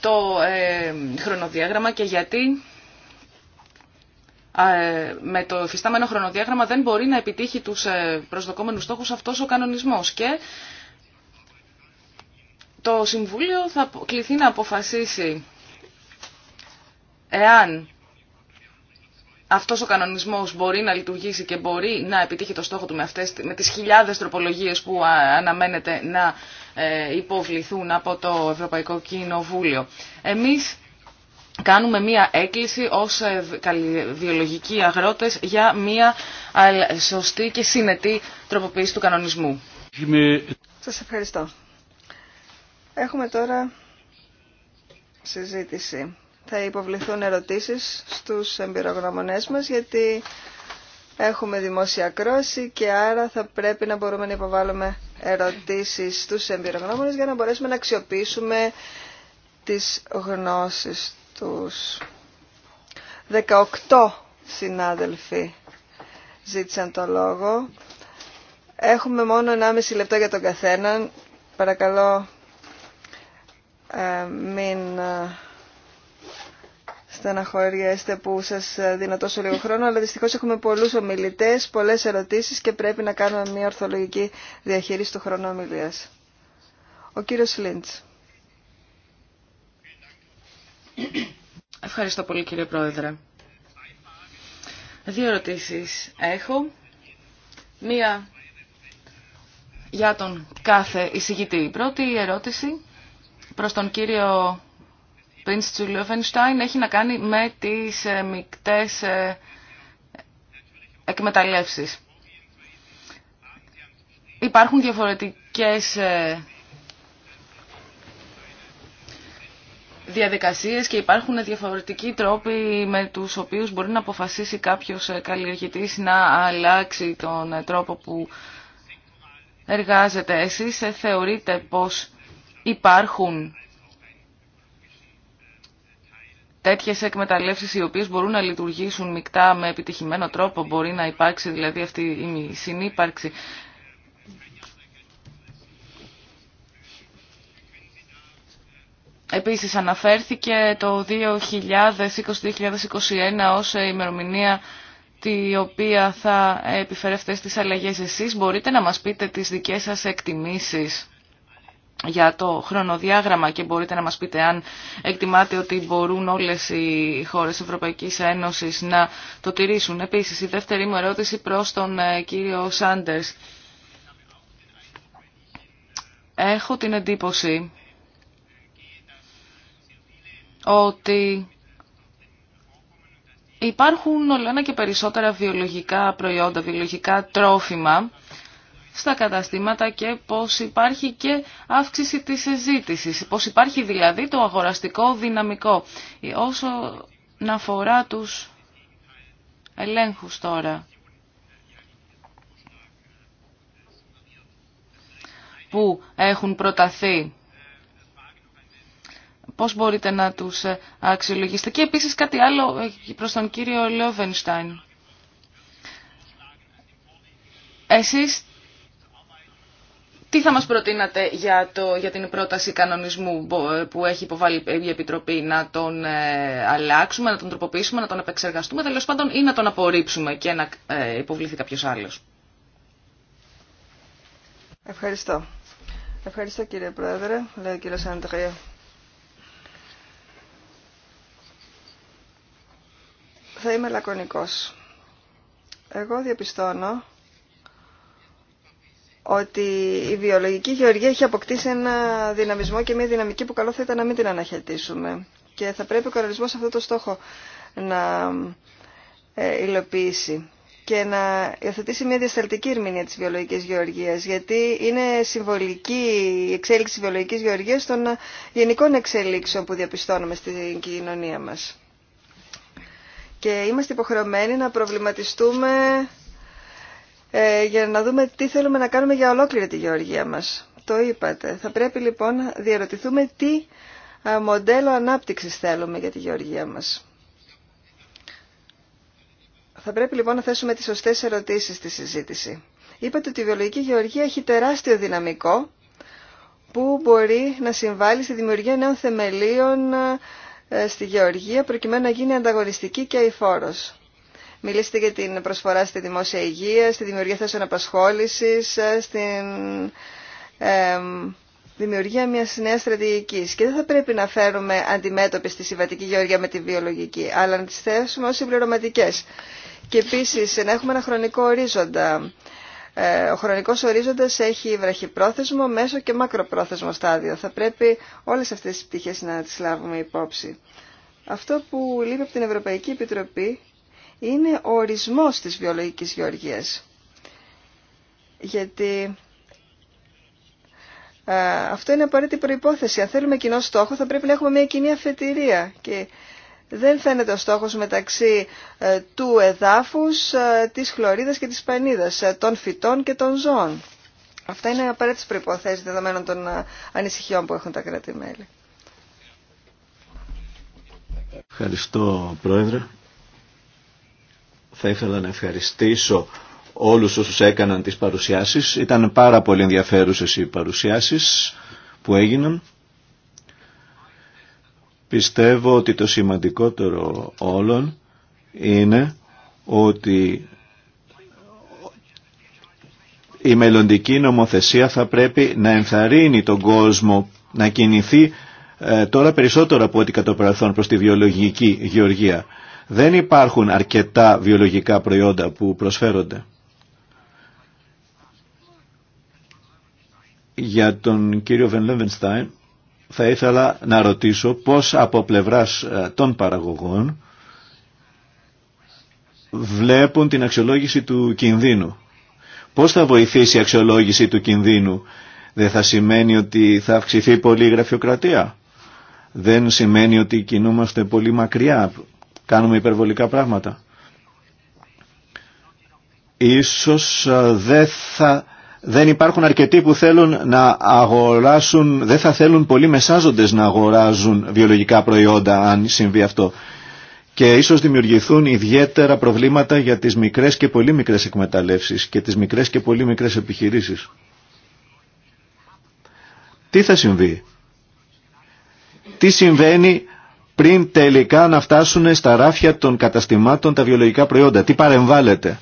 το ε, χρονοδιάγραμμα και γιατί ε, με το φυστάμενο χρονοδιάγραμμα δεν μπορεί να επιτύχει τους ε, προσδοκόμενους στόχους αυτός ο κανονισμός και το Συμβούλιο θα κληθεί να αποφασίσει εάν αυτός ο κανονισμός μπορεί να λειτουργήσει και μπορεί να επιτύχει το στόχο του με, αυτές, με τις χιλιάδες τροπολογίες που αναμένεται να ε, υποβληθούν από το Ευρωπαϊκό Κοινοβούλιο. Εμείς κάνουμε μία έκκληση ως ε, βιολογικοί αγρότες για μία σωστή και συνετή τροποποίηση του κανονισμού. Σας ευχαριστώ. Έχουμε τώρα συζήτηση. Θα υποβληθούν ερωτήσεις στους εμπειρογνωμονές μας γιατί έχουμε δημόσια κρόση και άρα θα πρέπει να μπορούμε να υποβάλουμε ερωτήσεις στους εμπειρογνώμονες για να μπορέσουμε να αξιοποιήσουμε τις γνώσεις τους 18 συνάδελφοι ζήτησαν το λόγο. Έχουμε μόνο 1,5 λεπτό για τον καθέναν. Παρακαλώ ε, μην ε, στεναχωριέστε που σας δίνω τόσο λίγο χρόνο, αλλά δυστυχώς έχουμε πολλούς ομιλητές, πολλές ερωτήσεις και πρέπει να κάνουμε μια ορθολογική διαχείριση του χρόνου Ο κύριος Λίντς. Ευχαριστώ πολύ κύριε Πρόεδρε. Δύο ερωτήσεις έχω. Μία για τον κάθε εισηγητή. Η πρώτη ερώτηση προς τον κύριο Πίντς Τσουλιόφενστάιν έχει να κάνει με τις ε, μικτές ε, εκμεταλλεύσεις. Υπάρχουν διαφορετικές ε, διαδικασίες και υπάρχουν διαφορετικοί τρόποι με τους οποίους μπορεί να αποφασίσει κάποιος ε, καλλιεργητής να αλλάξει τον ε, τρόπο που εργάζεται. Εσείς ε, θεωρείτε πως υπάρχουν τέτοιες εκμεταλλεύσεις οι οποίες μπορούν να λειτουργήσουν μεικτά με επιτυχημένο τρόπο, μπορεί να υπάρξει δηλαδή αυτή η συνύπαρξη Επίσης αναφέρθηκε το 2020-2021 ως ημερομηνία τη οποία θα επιφερεύτε στις αλλαγές εσείς. Μπορείτε να μας πείτε τις δικές σας εκτιμήσεις για το χρονοδιάγραμμα και μπορείτε να μας πείτε αν εκτιμάτε ότι μπορούν όλες οι χώρες Ευρωπαϊκής Ένωσης να το τηρήσουν. Επίσης, η δεύτερη μου ερώτηση προς τον ε, κύριο Σάντερς. Έχω την εντύπωση ότι υπάρχουν όλο και περισσότερα βιολογικά προϊόντα, βιολογικά τρόφιμα στα καταστήματα και πως υπάρχει και αύξηση της συζήτησης, πως υπάρχει δηλαδή το αγοραστικό δυναμικό. Όσο να αφορά τους ελέγχους τώρα, που έχουν προταθεί Πώς μπορείτε να τους ε, αξιολογήσετε. Και επίσης κάτι άλλο ε, προς τον κύριο Λεόβενστάιν. Εσείς τι θα μας προτείνατε για, το, για την πρόταση κανονισμού ε, που έχει υποβάλει η Επιτροπή να τον αλλάξουμε, να τον τροποποιήσουμε, να τον επεξεργαστούμε τέλο πάντων ή να τον απορρίψουμε και να υποβληθεί κάποιος άλλος. Ευχαριστώ. Ευχαριστώ κύριε Πρόεδρε, λέει ο Θα είμαι λακωνικός. Εγώ διαπιστώνω ότι η βιολογική γεωργία έχει αποκτήσει ένα δυναμισμό και μια δυναμική που καλό θα ήταν να μην την αναχαιτήσουμε. Και θα πρέπει ο κανονισμός αυτό το στόχο να ε, υλοποιήσει και να υιοθετήσει μια διασταλτική ερμηνεία της βιολογικής γεωργίας, γιατί είναι συμβολική η εξέλιξη της βιολογικής γεωργίας των γενικών εξελίξεων που διαπιστώνουμε στην κοινωνία μας και είμαστε υποχρεωμένοι να προβληματιστούμε ε, για να δούμε τι θέλουμε να κάνουμε για ολόκληρη τη γεωργία μας. Το είπατε. Θα πρέπει λοιπόν να διαρωτηθούμε τι ε, μοντέλο ανάπτυξης θέλουμε για τη γεωργία μας. Θα πρέπει λοιπόν να θέσουμε τις σωστές ερωτήσεις στη συζήτηση. Είπατε ότι η βιολογική γεωργία έχει τεράστιο δυναμικό που μπορεί να συμβάλλει στη δημιουργία νέων θεμελίων ε, στη γεωργία προκειμένου να γίνει ανταγωνιστική και αηφόρος. Μιλήσετε για την προσφορά στη δημόσια υγεία, στη δημιουργία θέσεων απασχόλησης, ε, στην ε, δημιουργία μιας νέας στρατηγικής. Και δεν θα πρέπει να φέρουμε αντιμέτωπη στη συμβατική γεωργία με τη βιολογική, αλλά να τις θέσουμε ως συμπληρωματικέ. Και επίσης να έχουμε ένα χρονικό ορίζοντα ε, ο χρονικός ορίζοντας έχει βραχυπρόθεσμο, μέσο και μακροπρόθεσμο στάδιο. Θα πρέπει όλες αυτές τις πτυχές να τις λάβουμε υπόψη. Αυτό που λείπει από την Ευρωπαϊκή Επιτροπή είναι ο ορισμός της βιολογικής γεωργίας. Γιατί ε, αυτό είναι απαραίτητη προϋπόθεση. Αν θέλουμε κοινό στόχο θα πρέπει να έχουμε μια κοινή αφετηρία. Και δεν φαίνεται ο στόχος μεταξύ ε, του εδάφους, ε, της χλωρίδας και της πανίδας, ε, των φυτών και των ζώων. Αυτά είναι απαραίτητες προϋποθέσεις δεδομένων των ανησυχιών που έχουν τα κράτη-μέλη. Ευχαριστώ, Πρόεδρε. Θα ήθελα να ευχαριστήσω όλους όσους έκαναν τις παρουσιάσεις. Ήταν πάρα πολύ ενδιαφέρουσες οι παρουσιάσεις που έγιναν. Πιστεύω ότι το σημαντικότερο όλων είναι ότι η μελλοντική νομοθεσία θα πρέπει να ενθαρρύνει τον κόσμο να κινηθεί ε, τώρα περισσότερο από ό,τι κατά προς τη βιολογική γεωργία. Δεν υπάρχουν αρκετά βιολογικά προϊόντα που προσφέρονται. Για τον κύριο Βεν Λεβενστάιν θα ήθελα να ρωτήσω πώς από πλευράς ε, των παραγωγών βλέπουν την αξιολόγηση του κινδύνου. Πώς θα βοηθήσει η αξιολόγηση του κινδύνου. Δεν θα σημαίνει ότι θα αυξηθεί πολύ η γραφειοκρατία. Δεν σημαίνει ότι κινούμαστε πολύ μακριά. Κάνουμε υπερβολικά πράγματα. Ίσως ε, δεν θα δεν υπάρχουν αρκετοί που θέλουν να αγοράσουν, δεν θα θέλουν πολλοί μεσάζοντες να αγοράζουν βιολογικά προϊόντα αν συμβεί αυτό. Και ίσως δημιουργηθούν ιδιαίτερα προβλήματα για τις μικρές και πολύ μικρές εκμεταλλεύσεις και τις μικρές και πολύ μικρές επιχειρήσεις. Τι θα συμβεί. Τι συμβαίνει πριν τελικά να φτάσουν στα ράφια των καταστημάτων τα βιολογικά προϊόντα. Τι παρεμβάλλεται.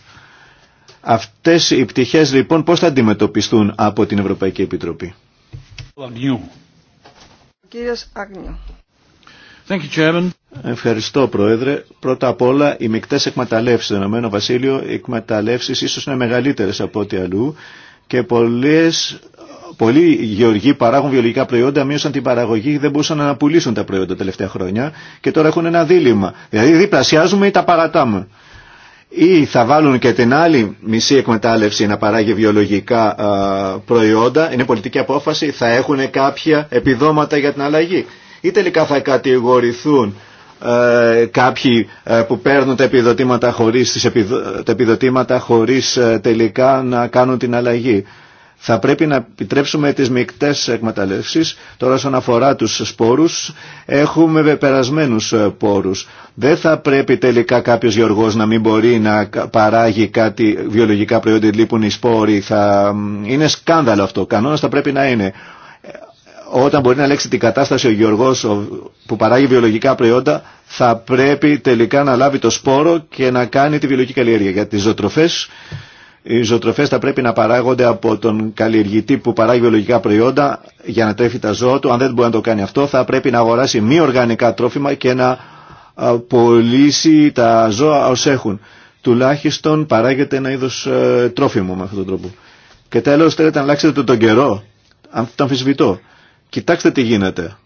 Αυτές οι πτυχές λοιπόν πώς θα αντιμετωπιστούν από την Ευρωπαϊκή Επιτροπή. Ευχαριστώ Πρόεδρε. Πρώτα απ' όλα οι μεικτές εκμεταλλεύσεις στο Ηνωμένο Βασίλειο, οι εκμεταλλεύσεις ίσως είναι μεγαλύτερες από ό,τι αλλού και πολλές, πολλοί γεωργοί παράγουν βιολογικά προϊόντα, μείωσαν την παραγωγή, δεν μπορούσαν να πουλήσουν τα προϊόντα τα τελευταία χρόνια και τώρα έχουν ένα δίλημα. Δηλαδή διπλασιάζουμε ή τα παρατάμε ή θα βάλουν και την άλλη μισή εκμετάλλευση να παράγει βιολογικά προϊόντα, είναι πολιτική απόφαση, θα έχουν κάποια επιδόματα για την αλλαγή. Ή τελικά θα κατηγορηθούν κάποιοι που παίρνουν τα επιδοτήματα χωρίς, τις τα επιδοτήματα χωρίς τελικά να κάνουν την αλλαγή θα πρέπει να επιτρέψουμε τις μεικτές εκμεταλλεύσεις. Τώρα όσον αφορά τους σπόρους έχουμε περασμένους ε, πόρους. Δεν θα πρέπει τελικά κάποιος γεωργός να μην μπορεί να παράγει κάτι βιολογικά προϊόντα, λείπουν οι σπόροι. Θα... Είναι σκάνδαλο αυτό. Κανόνα θα πρέπει να είναι. Ε, όταν μπορεί να λέξει την κατάσταση ο γεωργός που παράγει βιολογικά προϊόντα θα πρέπει τελικά να λάβει το σπόρο και να κάνει τη βιολογική καλλιέργεια. Για τις ζωοτροφές οι ζωοτροφέ θα πρέπει να παράγονται από τον καλλιεργητή που παράγει βιολογικά προϊόντα για να τρέφει τα ζώα του. Αν δεν μπορεί να το κάνει αυτό, θα πρέπει να αγοράσει μη οργανικά τρόφιμα και να πωλήσει τα ζώα ως έχουν. Τουλάχιστον παράγεται ένα είδος ε, τρόφιμο με αυτόν τον τρόπο. Και τέλος θέλετε να αλλάξετε τον, καιρό, αν το αμφισβητώ. Κοιτάξτε τι γίνεται.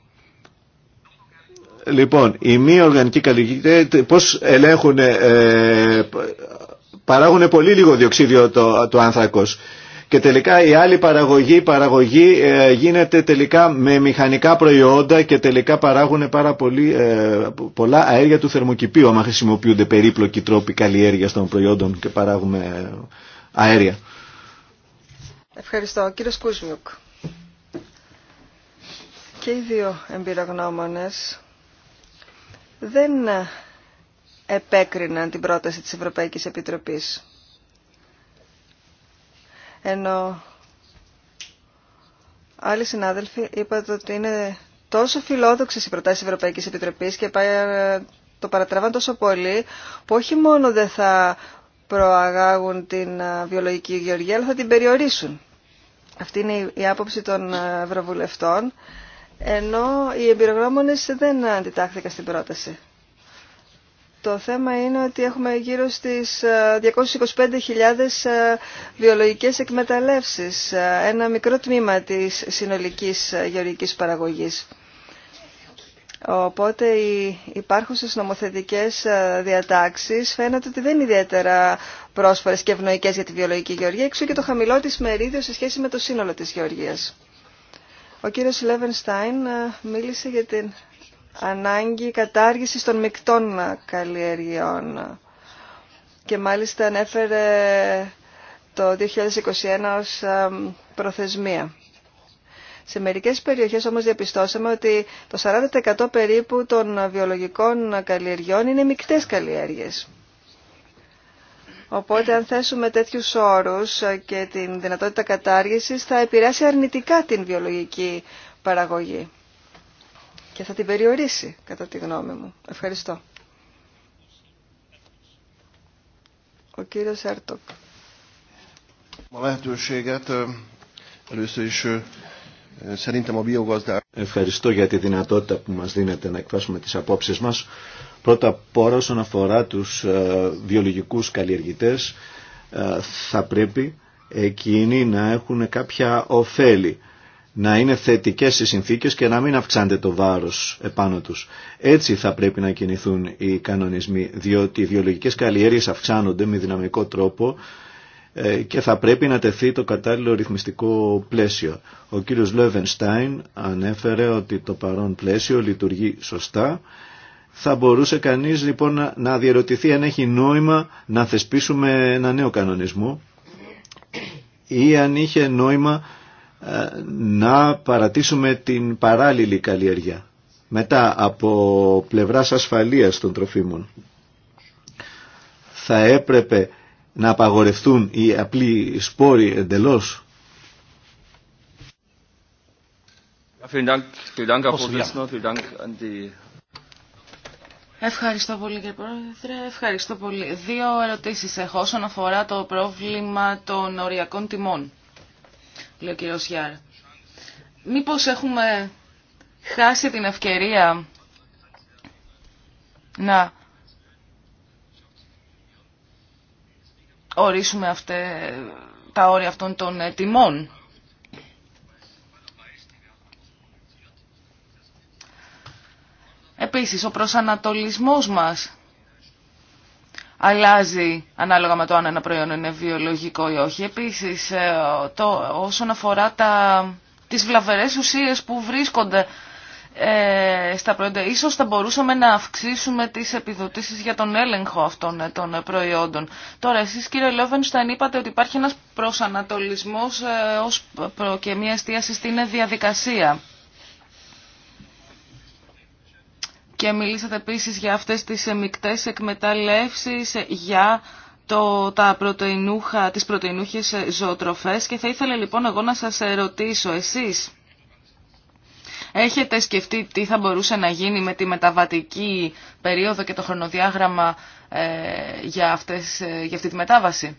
Λοιπόν, οι μη οργανικοί καλλιεργητές πώς ελέγχουν ε, παράγουν πολύ λίγο διοξίδιο το, το άνθρακος. Και τελικά η άλλη παραγωγή, παραγωγή ε, γίνεται τελικά με μηχανικά προϊόντα και τελικά παράγουν πάρα ε, πολλά αέρια του θερμοκηπίου άμα χρησιμοποιούνται περίπλοκοι τρόποι καλλιέργειας των προϊόντων και παράγουμε αέρια. Ευχαριστώ. Κύριος Κούσμιουκ. Και οι δύο εμπειρογνώμονες δεν επέκριναν την πρόταση της Ευρωπαϊκής Επιτροπής. Ενώ άλλοι συνάδελφοι είπατε ότι είναι τόσο φιλόδοξες οι προτάσεις της Ευρωπαϊκής Επιτροπής και το παρατραβάν τόσο πολύ που όχι μόνο δεν θα προαγάγουν την βιολογική γεωργία αλλά θα την περιορίσουν. Αυτή είναι η άποψη των Ευρωβουλευτών ενώ οι εμπειρογνώμονες δεν αντιτάχθηκαν στην πρόταση. Το θέμα είναι ότι έχουμε γύρω στις 225.000 ε, ε, βιολογικές εκμεταλλεύσεις, ε, ένα μικρό τμήμα της συνολικής γεωργικής παραγωγής. Οπότε οι υπάρχουσες νομοθετικές διατάξεις φαίνεται ότι δεν είναι ιδιαίτερα πρόσφορες και ευνοϊκές για τη βιολογική γεωργία, εξού και το χαμηλό της μερίδιο σε σχέση με το σύνολο της γεωργίας. Ο κύριος Λεβενστάιν μίλησε για την ανάγκη κατάργησης των μεικτών καλλιεργειών. Και μάλιστα ανέφερε το 2021 ως ε, προθεσμία. Σε μερικές περιοχές όμως διαπιστώσαμε ότι το 40% περίπου των βιολογικών καλλιεργειών είναι μικτές καλλιέργειες. Οπότε αν θέσουμε τέτοιους όρους ε, και την δυνατότητα κατάργησης θα επηρεάσει αρνητικά την βιολογική παραγωγή θα την περιορίσει, κατά τη γνώμη μου. Ευχαριστώ. Ο κύριος Έρτοκ. Ευχαριστώ για τη δυνατότητα που μας δίνεται να εκφράσουμε τις απόψεις μας. Πρώτα απ' όλα όσον αφορά τους ε, βιολογικούς καλλιεργητές ε, θα πρέπει εκείνοι να έχουν κάποια ωφέλη να είναι θετικές οι συνθήκες και να μην αυξάνεται το βάρος επάνω τους. Έτσι θα πρέπει να κινηθούν οι κανονισμοί, διότι οι βιολογικές καλλιέργειες αυξάνονται με δυναμικό τρόπο ε, και θα πρέπει να τεθεί το κατάλληλο ρυθμιστικό πλαίσιο. Ο κύριος Λεβενστάιν ανέφερε ότι το παρόν πλαίσιο λειτουργεί σωστά. Θα μπορούσε κανείς λοιπόν να διαρωτηθεί αν έχει νόημα να θεσπίσουμε ένα νέο κανονισμό ή αν είχε νόημα ε, να παρατήσουμε την παράλληλη καλλιέργεια μετά από πλευράς ασφαλείας των τροφίμων. Θα έπρεπε να απαγορευτούν οι απλοί σπόροι εντελώς. Ευχαριστώ πολύ κύριε Πρόεδρε. Ευχαριστώ πολύ. Δύο ερωτήσεις έχω όσον αφορά το πρόβλημα των οριακών τιμών λέει ο κύριος Γιάρ. Μήπως έχουμε χάσει την ευκαιρία να ορίσουμε αυτέ, τα όρια αυτών των ε, τιμών. Επίσης, ο προσανατολισμός μας αλλάζει ανάλογα με το αν ένα προϊόν είναι βιολογικό ή όχι. Επίσης, ε, το, όσον αφορά τα, τις βλαβερές ουσίες που βρίσκονται ε, στα προϊόντα, ίσως θα μπορούσαμε να αυξήσουμε τις επιδοτήσεις για τον έλεγχο αυτών ε, των ε, προϊόντων. Τώρα, εσείς κύριε Λόβενσταν είπατε ότι υπάρχει ένας προσανατολισμός ε, ως, προ, και μια εστίαση στην διαδικασία. και μιλήσατε επίσης για αυτές τις εμικτές εκμεταλλεύσεις, για το, τα πρωτεϊνούχα, τις πρωτεϊνούχες ζωοτροφές και θα ήθελα λοιπόν εγώ να σας ερωτήσω εσείς. Έχετε σκεφτεί τι θα μπορούσε να γίνει με τη μεταβατική περίοδο και το χρονοδιάγραμμα ε, για, αυτές, ε, αυτή τη μετάβαση.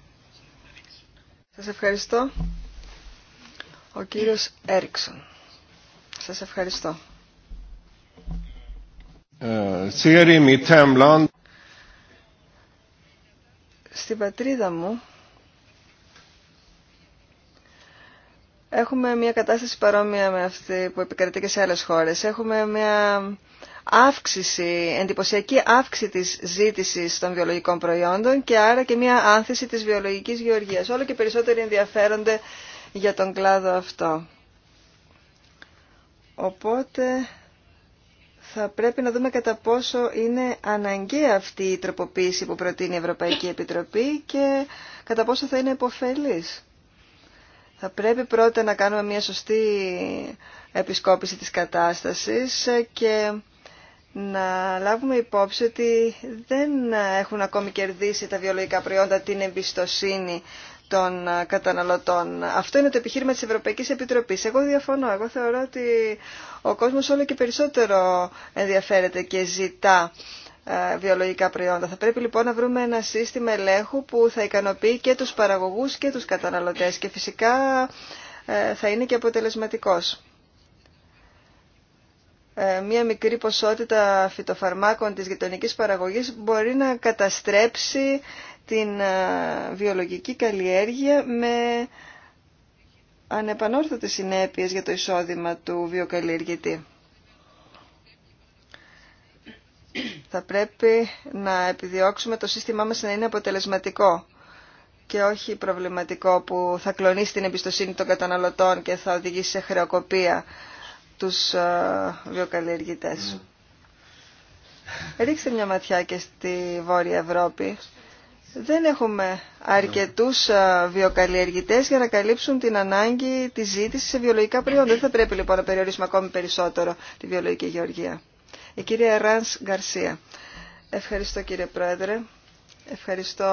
Σας ευχαριστώ. Ο κύριος Έριξον. Σας ευχαριστώ. Στην πατρίδα μου έχουμε μια κατάσταση παρόμοια με αυτή που επικρατεί και σε άλλες χώρες. Έχουμε μια αύξηση, εντυπωσιακή αύξηση της ζήτησης των βιολογικών προϊόντων και άρα και μια άνθηση της βιολογικής γεωργίας. Όλο και περισσότεροι ενδιαφέρονται για τον κλάδο αυτό. Οπότε θα πρέπει να δούμε κατά πόσο είναι αναγκαία αυτή η τροποποίηση που προτείνει η Ευρωπαϊκή Επιτροπή και κατά πόσο θα είναι υποφελής. Θα πρέπει πρώτα να κάνουμε μια σωστή επισκόπηση της κατάστασης και να λάβουμε υπόψη ότι δεν έχουν ακόμη κερδίσει τα βιολογικά προϊόντα την εμπιστοσύνη των ε, καταναλωτών. Αυτό είναι το επιχείρημα της Ευρωπαϊκής Επιτροπής. Εγώ διαφωνώ. Εγώ θεωρώ ότι ο κόσμος όλο και περισσότερο ενδιαφέρεται και ζητά ε, βιολογικά προϊόντα. Θα πρέπει λοιπόν να βρούμε ένα σύστημα ελέγχου που θα ικανοποιεί και τους παραγωγούς και τους καταναλωτές και φυσικά ε, θα είναι και αποτελεσματικός. Μία μικρή ποσότητα φυτοφαρμάκων της γειτονικής παραγωγής μπορεί να καταστρέψει την ε, βιολογική καλλιέργεια με ανεπανόρθωτες συνέπειες για το εισόδημα του βιοκαλλιεργητή. Θα πρέπει να επιδιώξουμε το σύστημά μας να είναι αποτελεσματικό και όχι προβληματικό που θα κλονίσει την εμπιστοσύνη των καταναλωτών και θα οδηγήσει σε χρεοκοπία τους ε, βιοκαλλιεργητές. Ναι. Ρίξτε μια ματιά και στη Βόρεια Ευρώπη δεν έχουμε αρκετούς ε, βιοκαλλιεργητές για να καλύψουν την ανάγκη τη ζήτηση σε βιολογικά προϊόντα. Δεν θα πρέπει λοιπόν να περιορίσουμε ακόμη περισσότερο τη βιολογική γεωργία. Η κυρία Ράνς Γκαρσία. Ευχαριστώ κύριε Πρόεδρε. Ευχαριστώ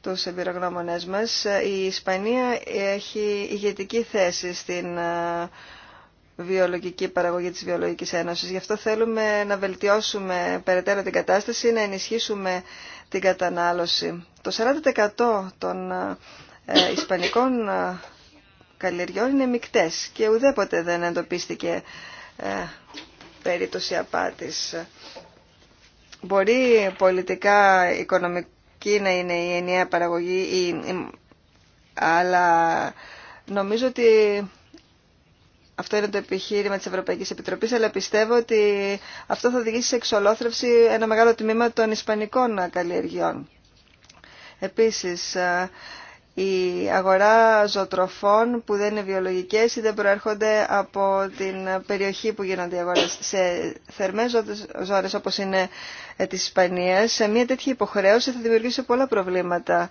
τους εμπειρογνώμονές μας. Η Ισπανία έχει ηγετική θέση στην ε, βιολογική παραγωγή της Βιολογικής Ένωσης. Γι' αυτό θέλουμε να βελτιώσουμε περαιτέρω την κατάσταση, να ενισχύσουμε την κατανάλωση. Το 40% των ε, ισπανικών ε, καλλιεργιών είναι μικτές και ουδέποτε δεν εντοπίστηκε ε, περίπτωση απάτης. Μπορεί πολιτικά, οικονομική να είναι η ενιαία παραγωγή, αλλά νομίζω ότι αυτό είναι το επιχείρημα της Ευρωπαϊκής Επιτροπής, αλλά πιστεύω ότι αυτό θα οδηγήσει σε εξολόθρευση ένα μεγάλο τμήμα των ισπανικών καλλιεργιών. Επίσης, ε, η αγορά ζωοτροφών που δεν είναι βιολογικές ή δεν προέρχονται από την περιοχή που γίνονται οι αγορές. Σε θερμές ζώρες όπως είναι ε, της Ισπανίας, σε μια τέτοια υποχρέωση θα δημιουργήσει πολλά προβλήματα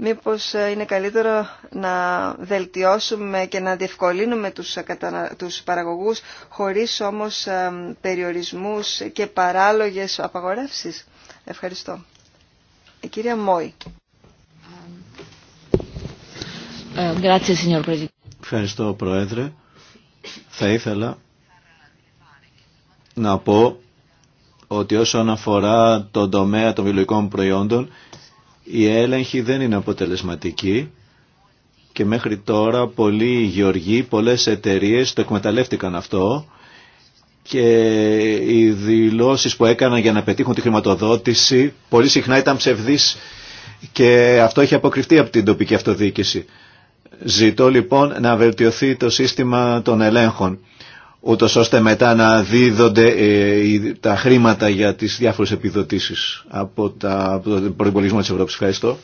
Μήπως ε, είναι καλύτερο να βελτιώσουμε και να διευκολύνουμε τους, ε, τους παραγωγούς χωρίς όμως ε, περιορισμούς και παράλογες απαγορεύσεις. Ευχαριστώ. Η κυρία Μόη. Ευχαριστώ Πρόεδρε. Θα ήθελα να πω ότι όσον αφορά τον τομέα των βιολογικών προϊόντων οι έλεγχοι δεν είναι αποτελεσματικοί και μέχρι τώρα πολλοί γεωργοί, πολλές εταιρείες το εκμεταλλεύτηκαν αυτό και οι δηλώσεις που έκαναν για να πετύχουν τη χρηματοδότηση πολύ συχνά ήταν ψευδείς και αυτό έχει αποκρυφτεί από την τοπική αυτοδιοίκηση. Ζητώ λοιπόν να βελτιωθεί το σύστημα των ελέγχων ούτως ώστε μετά να δίδονται ε, τα χρήματα για τις διάφορες επιδοτήσεις από, τα, από τον προϋπολογισμό της Ευρώπης. Ευχαριστώ.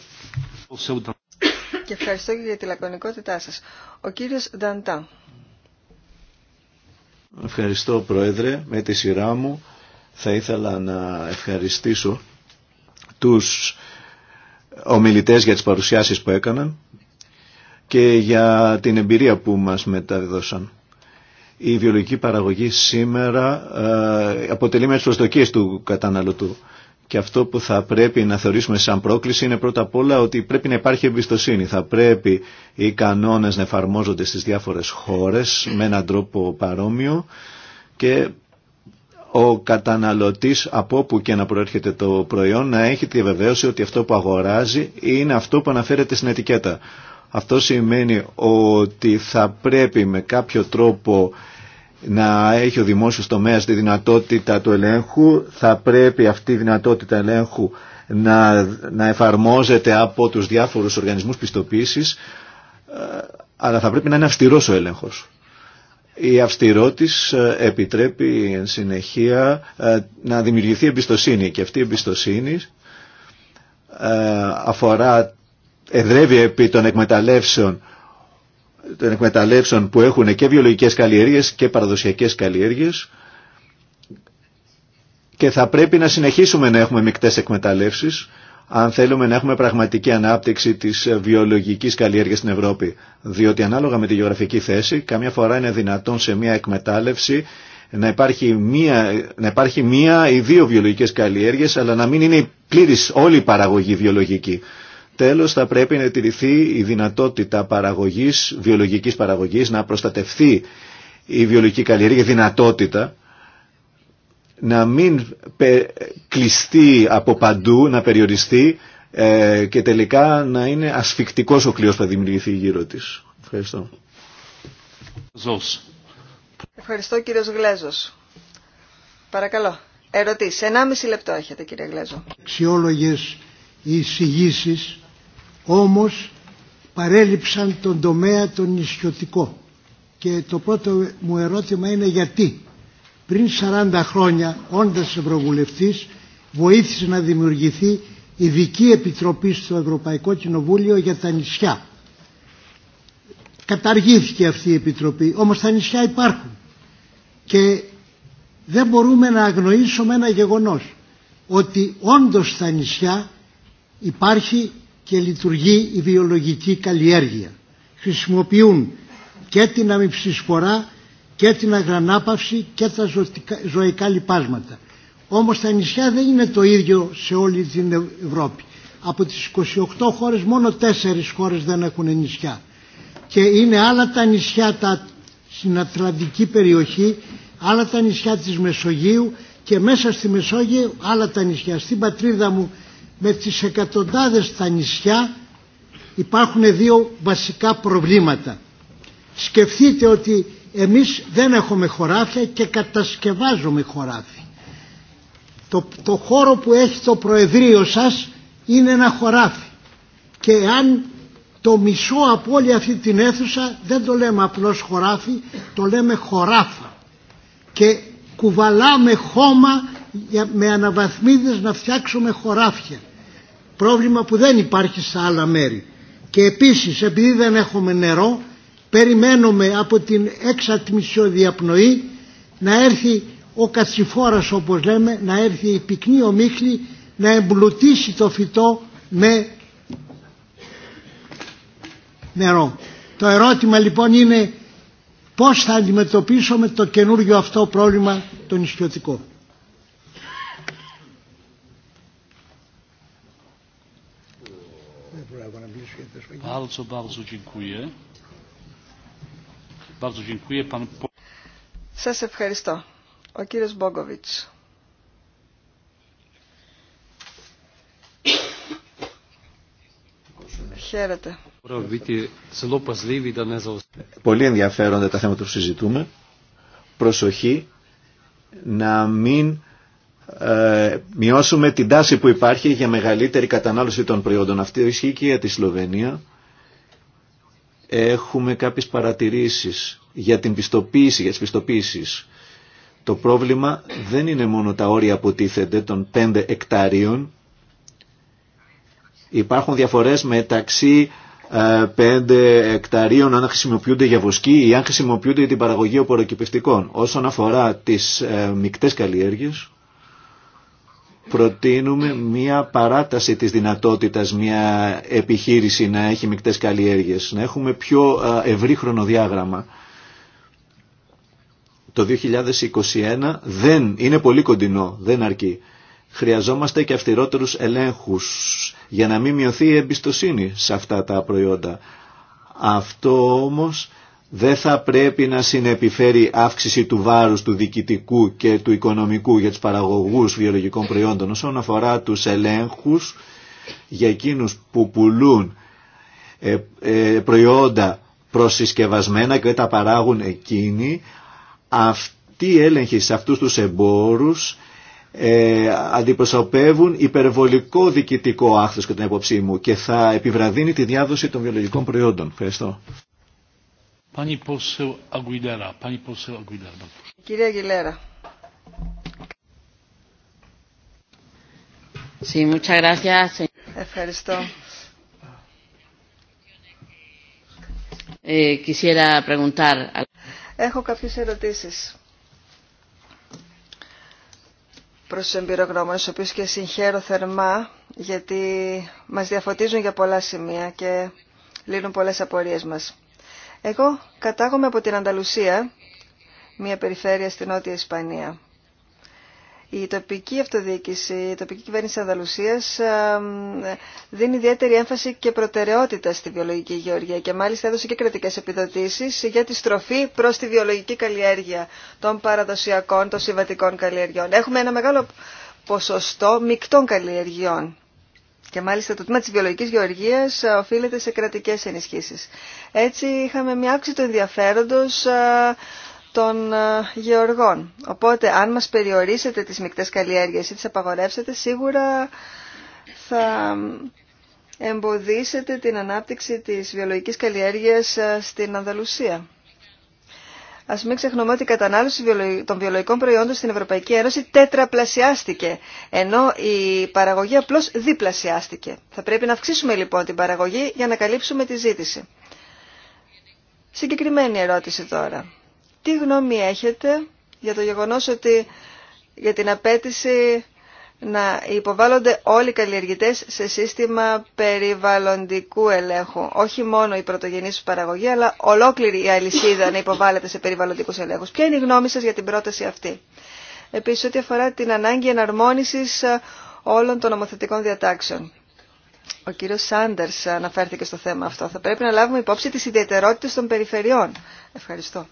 Και ευχαριστώ και για τη λακωνικότητά σας. Ο κύριος Νταντά. Ευχαριστώ Πρόεδρε. Με τη σειρά μου θα ήθελα να ευχαριστήσω τους ομιλητές για τις παρουσιάσεις που έκαναν και για την εμπειρία που μας μεταδίδωσαν η βιολογική παραγωγή σήμερα ε, αποτελεί με τις προσδοκίες του καταναλωτού. Και αυτό που θα πρέπει να θεωρήσουμε σαν πρόκληση είναι πρώτα απ' όλα ότι πρέπει να υπάρχει εμπιστοσύνη. Θα πρέπει οι κανόνες να εφαρμόζονται στις διάφορες χώρες με έναν τρόπο παρόμοιο και ο καταναλωτής από όπου και να προέρχεται το προϊόν να έχει τη βεβαίωση ότι αυτό που αγοράζει είναι αυτό που αναφέρεται στην ετικέτα. Αυτό σημαίνει ότι θα πρέπει με κάποιο τρόπο να έχει ο δημόσιος τομέας τη δυνατότητα του ελέγχου, θα πρέπει αυτή η δυνατότητα ελέγχου να, να εφαρμόζεται από τους διάφορους οργανισμούς πιστοποίησης, ε, αλλά θα πρέπει να είναι αυστηρός ο έλεγχος. Η αυστηρότης ε, επιτρέπει εν συνεχεία ε, να δημιουργηθεί εμπιστοσύνη και αυτή η εμπιστοσύνη αφορά εδρεύει επί των εκμεταλλεύσεων, των εκμεταλλεύσεων που έχουν και βιολογικές καλλιέργειες και παραδοσιακές καλλιέργειες και θα πρέπει να συνεχίσουμε να έχουμε μικτές εκμεταλλεύσεις αν θέλουμε να έχουμε πραγματική ανάπτυξη της βιολογικής καλλιέργειας στην Ευρώπη. Διότι ανάλογα με τη γεωγραφική θέση, καμιά φορά είναι δυνατόν σε μια εκμετάλλευση να υπάρχει μία, να υπάρχει μία ή δύο βιολογικές καλλιέργειες, αλλά να μην είναι πλήρης όλη η παραγωγή βιολογική. Τέλος, θα πρέπει να τηρηθεί η δυνατότητα παραγωγής, βιολογικής παραγωγής, να προστατευθεί η βιολογική καλλιέργεια δυνατότητα, να μην κλειστεί από παντού, να περιοριστεί ε, και τελικά να είναι ασφικτικός ο κλειός που θα δημιουργηθεί γύρω της. Ευχαριστώ. Ευχαριστώ κύριος Γλέζος. Παρακαλώ. Ερωτήσεις. 1,5 λεπτό έχετε κύριε Γλέζο. Αξιόλογες εισηγήσεις όμως παρέλειψαν τον τομέα τον νησιωτικό. Και το πρώτο μου ερώτημα είναι γιατί. Πριν 40 χρόνια, όντας Ευρωβουλευτής, βοήθησε να δημιουργηθεί ειδική επιτροπή στο Ευρωπαϊκό Κοινοβούλιο για τα νησιά. Καταργήθηκε αυτή η επιτροπή, όμως τα νησιά υπάρχουν. Και δεν μπορούμε να αγνοήσουμε ένα γεγονός, ότι όντως στα νησιά υπάρχει και λειτουργεί η βιολογική καλλιέργεια. Χρησιμοποιούν και την αμυψισφορά και την αγρανάπαυση και τα ζωικά λοιπάσματα. Όμως τα νησιά δεν είναι το ίδιο σε όλη την Ευρώπη. Από τις 28 χώρες μόνο 4 χώρες δεν έχουν νησιά. Και είναι άλλα τα νησιά τα, στην Ατλαντική περιοχή, άλλα τα νησιά της Μεσογείου και μέσα στη Μεσόγειο άλλα τα νησιά. Στην πατρίδα μου με τις εκατοντάδες στα νησιά υπάρχουν δύο βασικά προβλήματα. Σκεφτείτε ότι εμείς δεν έχουμε χωράφια και κατασκευάζουμε χωράφι. Το, το χώρο που έχει το Προεδρείο σας είναι ένα χωράφι και αν το μισό από όλη αυτή την αίθουσα δεν το λέμε απλώς χωράφι, το λέμε χωράφα και κουβαλάμε χώμα με αναβαθμίδες να φτιάξουμε χωράφια πρόβλημα που δεν υπάρχει στα άλλα μέρη. Και επίσης επειδή δεν έχουμε νερό περιμένουμε από την έξατμισιο διαπνοή να έρθει ο κατσιφόρας όπως λέμε, να έρθει η πυκνή ομίχλη να εμπλουτίσει το φυτό με νερό. Το ερώτημα λοιπόν είναι πώς θα αντιμετωπίσουμε το καινούργιο αυτό πρόβλημα το νησιωτικό. Bardzo, bardzo dziękuję. Bardzo dziękuję pan... ευχαριστώ. Ο Bogowicz. Χαίρετε. Πολύ ενδιαφέροντα τα θέματα που συζητούμε. Προσοχή να μην ε, μειώσουμε την τάση που υπάρχει για μεγαλύτερη κατανάλωση των προϊόντων. Αυτή ισχύει και για τη Σλοβενία Έχουμε κάποιες παρατηρήσεις για την πιστοποίηση, για τις πιστοποίησεις. Το πρόβλημα δεν είναι μόνο τα όρια που τίθενται των 5 εκτάριων. Υπάρχουν διαφορές μεταξύ 5 ε, εκταρίων αν χρησιμοποιούνται για βοσκή ή αν χρησιμοποιούνται για την παραγωγή οποροκυπευτικών. Όσον αφορά τις ε, μικτές καλλιέργειες, προτείνουμε μία παράταση της δυνατότητας μια επιχείρηση να έχει μικτές καλλιέργειες, να έχουμε πιο ευρύ χρονοδιάγραμμα. Το 2021 δεν είναι πολύ κοντινό, δεν αρκεί. Χρειαζόμαστε και αυστηρότερους ελέγχους για να μην μειωθεί η εμπιστοσύνη σε αυτά τα προϊόντα. Αυτό όμως δεν θα πρέπει να συνεπιφέρει αύξηση του βάρους του διοικητικού και του οικονομικού για τους παραγωγούς βιολογικών προϊόντων όσον αφορά τους ελέγχους για εκείνους που πουλούν ε, ε, προϊόντα προσυσκευασμένα και τα παράγουν εκείνοι αυτοί οι έλεγχοι σε αυτούς τους εμπόρους ε, αντιπροσωπεύουν υπερβολικό διοικητικό άχθος κατά την μου και θα επιβραδύνει τη διάδοση των βιολογικών προϊόντων. Ευχαριστώ. Κυρία Αγγιλέρα. Ευχαριστώ. Ε, Έχω κάποιε ερωτήσει. Προ του εμπειρογνώμονε, του οποίου και συγχαίρω θερμά, γιατί μα διαφωτίζουν για πολλά σημεία και λύνουν πολλέ απορίε μα. Εγώ κατάγομαι από την Ανταλουσία, μια περιφέρεια στην Νότια Ισπανία. Η τοπική αυτοδιοίκηση, η τοπική κυβέρνηση Ανταλουσίας δίνει ιδιαίτερη έμφαση και προτεραιότητα στη βιολογική γεωργία και μάλιστα έδωσε και κρατικές επιδοτήσεις για τη στροφή προς τη βιολογική καλλιέργεια των παραδοσιακών, των συμβατικών καλλιεργιών. Έχουμε ένα μεγάλο ποσοστό μεικτών καλλιεργιών και μάλιστα το τμήμα της βιολογικής γεωργίας ε, οφείλεται σε κρατικές ενισχύσεις. Έτσι είχαμε μια αύξηση του ενδιαφέροντος ε, των ε, γεωργών. Οπότε αν μας περιορίσετε τις μικτές καλλιέργειες ή τις απαγορεύσετε, σίγουρα θα εμποδίσετε την ανάπτυξη της βιολογικής καλλιέργειας στην Ανδαλουσία. Α μην ξεχνούμε ότι η κατανάλωση των βιολογικών προϊόντων στην Ευρωπαϊκή Ένωση τετραπλασιάστηκε, ενώ η παραγωγή απλώς διπλασιάστηκε. Θα πρέπει να αυξήσουμε λοιπόν την παραγωγή για να καλύψουμε τη ζήτηση. Συγκεκριμένη ερώτηση τώρα. Τι γνώμη έχετε για το γεγονός ότι για την απέτηση να υποβάλλονται όλοι οι καλλιεργητές σε σύστημα περιβαλλοντικού ελέγχου. Όχι μόνο η πρωτογενής παραγωγή, αλλά ολόκληρη η αλυσίδα να υποβάλλεται σε περιβαλλοντικούς ελέγχους. Ποια είναι η γνώμη σας για την πρόταση αυτή. Επίσης, ό,τι αφορά την ανάγκη εναρμόνισης ε, όλων των νομοθετικών διατάξεων. Ο κύριος Σάντερς αναφέρθηκε στο θέμα αυτό. Θα πρέπει να λάβουμε υπόψη τις ιδιαιτερότητες των περιφερειών. Ευχαριστώ.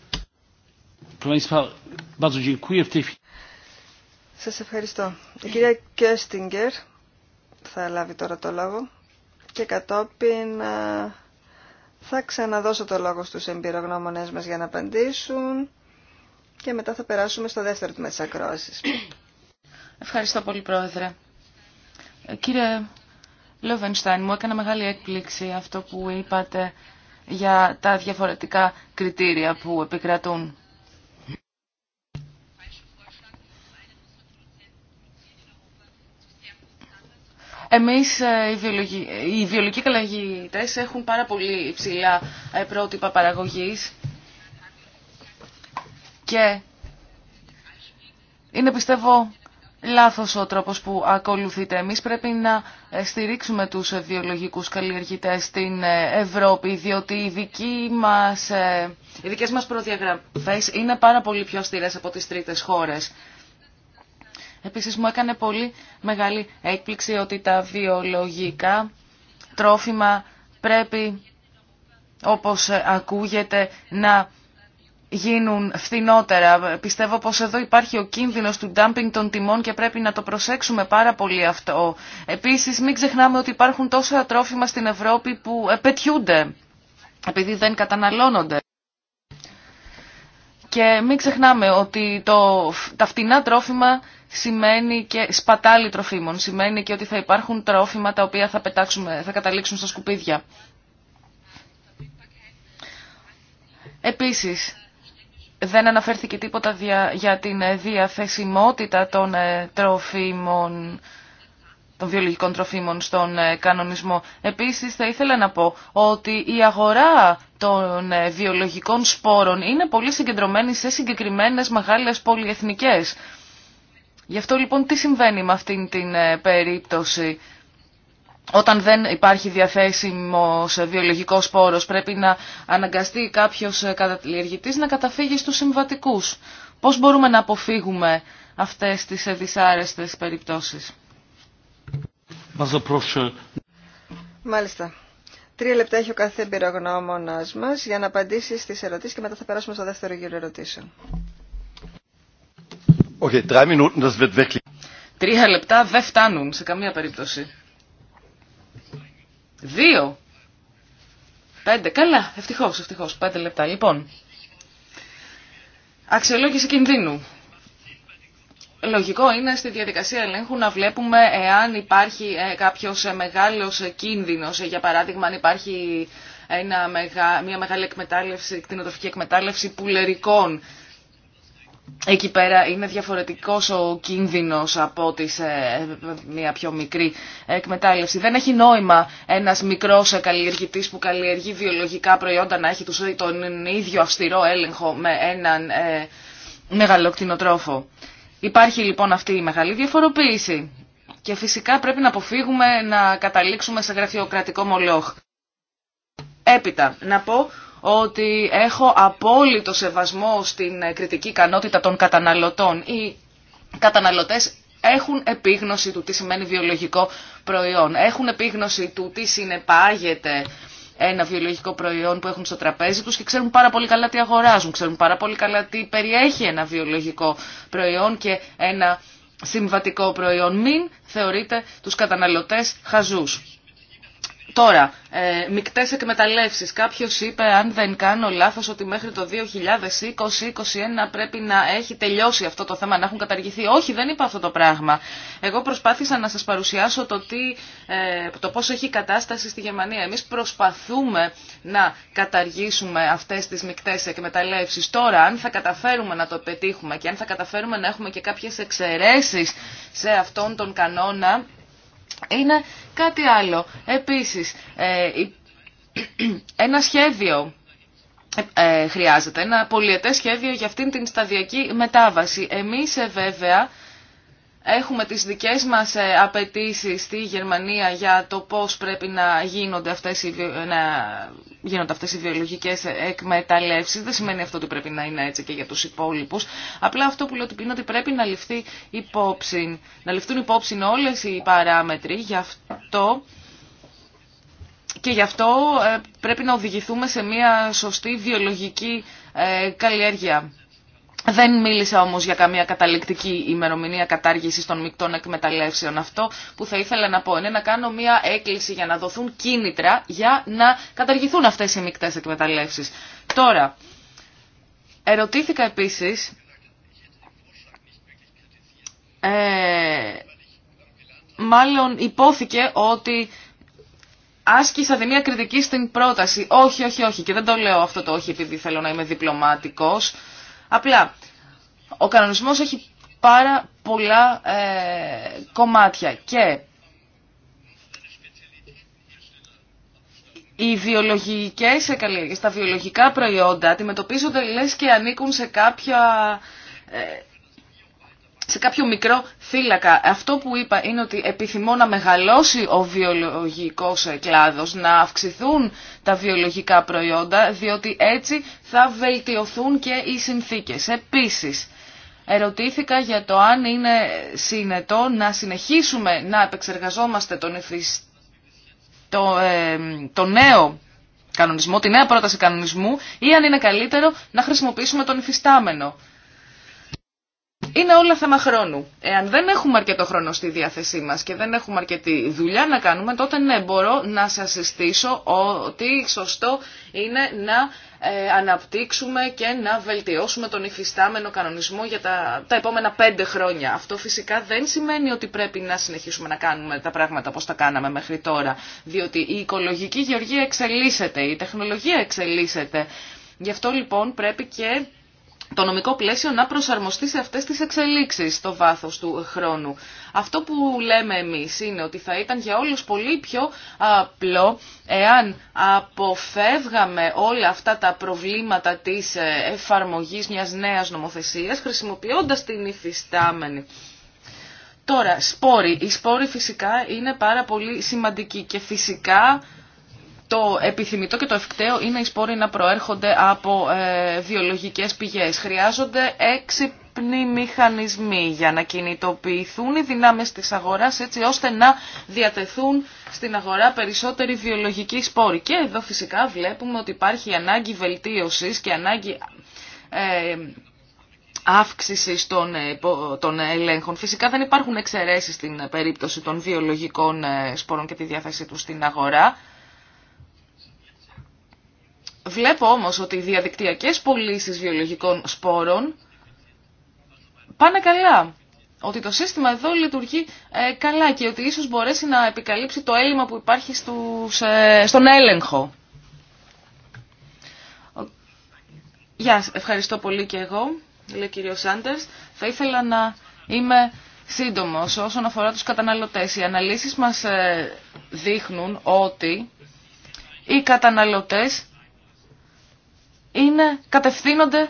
Σας ευχαριστώ. Η κυρία Κέστιγκερ θα λάβει τώρα το λόγο και κατόπιν θα ξαναδώσω το λόγο στους εμπειρογνώμονές μας για να απαντήσουν και μετά θα περάσουμε στο δεύτερο τμήμα της ακρόασης. Ευχαριστώ πολύ Πρόεδρε. Ε, κύριε Λόβενστάιν, μου έκανα μεγάλη έκπληξη αυτό που είπατε για τα διαφορετικά κριτήρια που επικρατούν Εμείς ε, οι, οι βιολογικοί καλλιεργητές έχουν πάρα πολύ υψηλά ε, πρότυπα παραγωγής και είναι πιστεύω λάθος ο τρόπος που ακολουθείτε. Εμείς πρέπει να ε, στηρίξουμε τους βιολογικούς καλλιεργητές στην Ευρώπη, διότι οι, δικοί μας, οι δικές μας προδιαγραφές είναι πάρα πολύ πιο αστηρές από τις τρίτες χώρες. Επίσης μου έκανε πολύ μεγάλη έκπληξη ότι τα βιολογικά τρόφιμα πρέπει, όπως ακούγεται, να γίνουν φθηνότερα. Πιστεύω πως εδώ υπάρχει ο κίνδυνος του ντάμπινγκ των τιμών και πρέπει να το προσέξουμε πάρα πολύ αυτό. Επίσης μην ξεχνάμε ότι υπάρχουν τόσα τρόφιμα στην Ευρώπη που πετιούνται επειδή δεν καταναλώνονται. Και μην ξεχνάμε ότι το, τα φτηνά τρόφιμα σημαίνει και σπατάλη τροφίμων, σημαίνει και ότι θα υπάρχουν τρόφιμα τα οποία θα, πετάξουμε, θα καταλήξουν στα σκουπίδια. Επίσης, δεν αναφέρθηκε τίποτα για την ε, διαθεσιμότητα των ε, τροφίμων των βιολογικών τροφίμων στον ε, κανονισμό. Επίσης θα ήθελα να πω ότι η αγορά των βιολογικών σπόρων είναι πολύ συγκεντρωμένη σε συγκεκριμένες μεγάλες πολυεθνικές. Γι' αυτό λοιπόν τι συμβαίνει με αυτήν την ε, περίπτωση. Όταν δεν υπάρχει διαθέσιμος ε, βιολογικός πόρος πρέπει να αναγκαστεί κάποιος ε, κατατηλεργητής να καταφύγει στους συμβατικούς. Πώς μπορούμε να αποφύγουμε αυτές τις δυσάρεστες περιπτώσεις. Μάλιστα. Τρία λεπτά έχει ο κάθε εμπειρογνώμονα μας για να απαντήσει στις ερωτήσεις και μετά θα περάσουμε στο δεύτερο γύρο ερωτήσεων. Τρία λεπτά δεν φτάνουν σε καμία περίπτωση. Δύο. Πέντε. Καλά. Ευτυχώ, ευτυχώ, Πέντε λεπτά. Λοιπόν, αξιολόγηση κινδύνου. Λογικό είναι στη διαδικασία ελέγχου να βλέπουμε εάν υπάρχει ε, κάποιος ε, μεγάλος κίνδυνος. Ε, για παράδειγμα, αν υπάρχει ένα μια μεγάλη εκμετάλλευση, κτηνοτροφική εκμετάλλευση πουλερικών εκεί πέρα είναι διαφορετικός ο κίνδυνος από τις, ε, μια πιο μικρή εκμετάλλευση. Δεν έχει νόημα ένας μικρός καλλιεργητής που καλλιεργεί βιολογικά προϊόντα να έχει τον ίδιο αυστηρό έλεγχο με έναν ε, μεγαλοκτηνοτρόφο. Υπάρχει λοιπόν αυτή η μεγάλη διαφοροποίηση και φυσικά πρέπει να αποφύγουμε να καταλήξουμε σε γραφειοκρατικό μολόχ. Έπειτα, να πω ότι έχω απόλυτο σεβασμό στην ε, κριτική ικανότητα των καταναλωτών. Οι καταναλωτές έχουν επίγνωση του τι σημαίνει βιολογικό προϊόν. Έχουν επίγνωση του τι συνεπάγεται ένα βιολογικό προϊόν που έχουν στο τραπέζι τους και ξέρουν πάρα πολύ καλά τι αγοράζουν, ξέρουν πάρα πολύ καλά τι περιέχει ένα βιολογικό προϊόν και ένα συμβατικό προϊόν. Μην θεωρείτε τους καταναλωτές χαζούς. Τώρα, ε, μικτές εκμεταλλεύσεις. Κάποιος είπε, αν δεν κάνω λάθος, ότι μέχρι το 2020-2021 πρέπει να έχει τελειώσει αυτό το θέμα, να έχουν καταργηθεί. Όχι, δεν είπα αυτό το πράγμα. Εγώ προσπάθησα να σας παρουσιάσω το, τι, ε, το πώς έχει η κατάσταση στη Γερμανία. Εμείς προσπαθούμε να καταργήσουμε αυτές τις μικτές εκμεταλλεύσεις. Τώρα, αν θα καταφέρουμε να το πετύχουμε και αν θα καταφέρουμε να έχουμε και κάποιες εξαιρέσεις σε αυτόν τον κανόνα, είναι κάτι άλλο. Επίσης, ε, ένα σχέδιο ε, χρειάζεται, ένα πολυετές σχέδιο για αυτήν την σταδιακή μετάβαση. Εμείς ε, βέβαια έχουμε τις δικές μας ε, απαιτήσει στη Γερμανία για το πώς πρέπει να γίνονται αυτές οι, να γίνονται αυτές οι βιολογικές ε, εκμεταλλεύσεις. Δεν σημαίνει αυτό ότι πρέπει να είναι έτσι και για τους υπόλοιπους. Απλά αυτό που λέω είναι ότι πρέπει να, ληφθεί υπόψη, να ληφθούν υπόψη όλες οι παράμετροι. Γι' αυτό και γι' αυτό ε, πρέπει να οδηγηθούμε σε μια σωστή βιολογική καλλιέργεια. Δεν μίλησα όμως για καμία καταληκτική ημερομηνία κατάργηση των μεικτών εκμεταλλεύσεων. Αυτό που θα ήθελα να πω είναι να κάνω μία έκκληση για να δοθούν κίνητρα για να καταργηθούν αυτές οι μεικτέ εκμεταλλεύσεις. Τώρα, ερωτήθηκα επίσης ε, μάλλον υπόθηκε ότι άσκησα μια κριτική στην πρόταση. Όχι, όχι, όχι. Και δεν το λέω αυτό το όχι επειδή θέλω να είμαι διπλωμάτικος. Απλά, ο κανονισμός έχει πάρα πολλά ε, κομμάτια και οι βιολογικές και τα βιολογικά προϊόντα αντιμετωπίζονται λες και ανήκουν σε κάποια... Ε, σε κάποιο μικρό θύλακα. Αυτό που είπα είναι ότι επιθυμώ να μεγαλώσει ο βιολογικός κλάδος, να αυξηθούν τα βιολογικά προϊόντα, διότι έτσι θα βελτιωθούν και οι συνθήκες. Επίσης, ερωτήθηκα για το αν είναι συνετό να συνεχίσουμε να επεξεργαζόμαστε τον το, ε, το νέο κανονισμό, τη νέα πρόταση κανονισμού, ή αν είναι καλύτερο να χρησιμοποιήσουμε τον υφιστάμενο. Είναι όλα θέμα χρόνου. Εάν δεν έχουμε αρκετό χρόνο στη διάθεσή μα και δεν έχουμε αρκετή δουλειά να κάνουμε, τότε ναι, μπορώ να σα συστήσω ότι σωστό είναι να ε, αναπτύξουμε και να βελτιώσουμε τον υφιστάμενο κανονισμό για τα, τα επόμενα πέντε χρόνια. Αυτό φυσικά δεν σημαίνει ότι πρέπει να συνεχίσουμε να κάνουμε τα πράγματα όπως τα κάναμε μέχρι τώρα, διότι η οικολογική γεωργία εξελίσσεται, η τεχνολογία εξελίσσεται. Γι' αυτό λοιπόν πρέπει και το νομικό πλαίσιο να προσαρμοστεί σε αυτές τις εξελίξεις στο βάθος του χρόνου. Αυτό που λέμε εμείς είναι ότι θα ήταν για όλους πολύ πιο απλό εάν αποφεύγαμε όλα αυτά τα προβλήματα της εφαρμογής μιας νέας νομοθεσίας χρησιμοποιώντας την υφιστάμενη. Τώρα, σπόροι. Οι σπόροι φυσικά είναι πάρα πολύ σημαντικοί και φυσικά το επιθυμητό και το ευκταίο είναι οι σπόροι να προέρχονται από ε, βιολογικές πηγές. Χρειάζονται έξυπνοι μηχανισμοί για να κινητοποιηθούν οι δυνάμεις της αγοράς έτσι ώστε να διατεθούν στην αγορά περισσότεροι βιολογικοί σπόροι. Και εδώ φυσικά βλέπουμε ότι υπάρχει ανάγκη βελτίωσης και ανάγκη... Ε, αύξηση των, ε, των ελέγχων. Φυσικά δεν υπάρχουν εξαιρέσεις στην περίπτωση των βιολογικών ε, σπόρων και τη διάθεσή τους στην αγορά. Βλέπω όμως ότι οι διαδικτυακές πωλήσει βιολογικών σπόρων πάνε καλά. Ότι το σύστημα εδώ λειτουργεί ε, καλά και ότι ίσως μπορέσει να επικαλύψει το έλλειμμα που υπάρχει στους, ε, στον έλεγχο. Γεια, ευχαριστώ πολύ και εγώ, λέει ο κύριος Σάντερς. Θα ήθελα να είμαι σύντομος όσον αφορά τους καταναλωτές. Οι αναλύσεις μας ε, δείχνουν ότι οι καταναλωτές είναι κατευθύνονται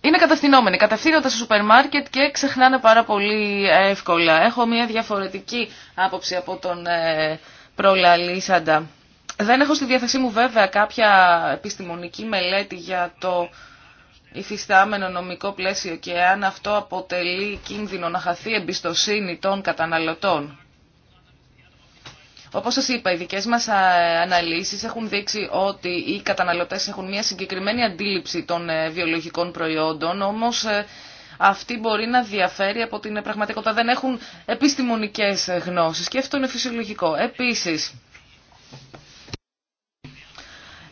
είναι κατευθυνόμενοι, κατευθύνονται στο σούπερ μάρκετ και ξεχνάνε πάρα πολύ εύκολα. Έχω μια διαφορετική άποψη από τον ε, προλαλήσαντα. Δεν έχω στη διάθεσή μου βέβαια κάποια επιστημονική μελέτη για το υφιστάμενο νομικό πλαίσιο και αν αυτό αποτελεί κίνδυνο να χαθεί εμπιστοσύνη των καταναλωτών. Όπω σα είπα, οι δικέ μας αναλύσεις έχουν δείξει ότι οι καταναλωτές έχουν μια συγκεκριμένη αντίληψη των ε, βιολογικών προϊόντων, όμως ε, αυτή μπορεί να διαφέρει από την πραγματικότητα. Δεν έχουν επιστημονικές γνώσεις και αυτό είναι φυσιολογικό. Επίσης,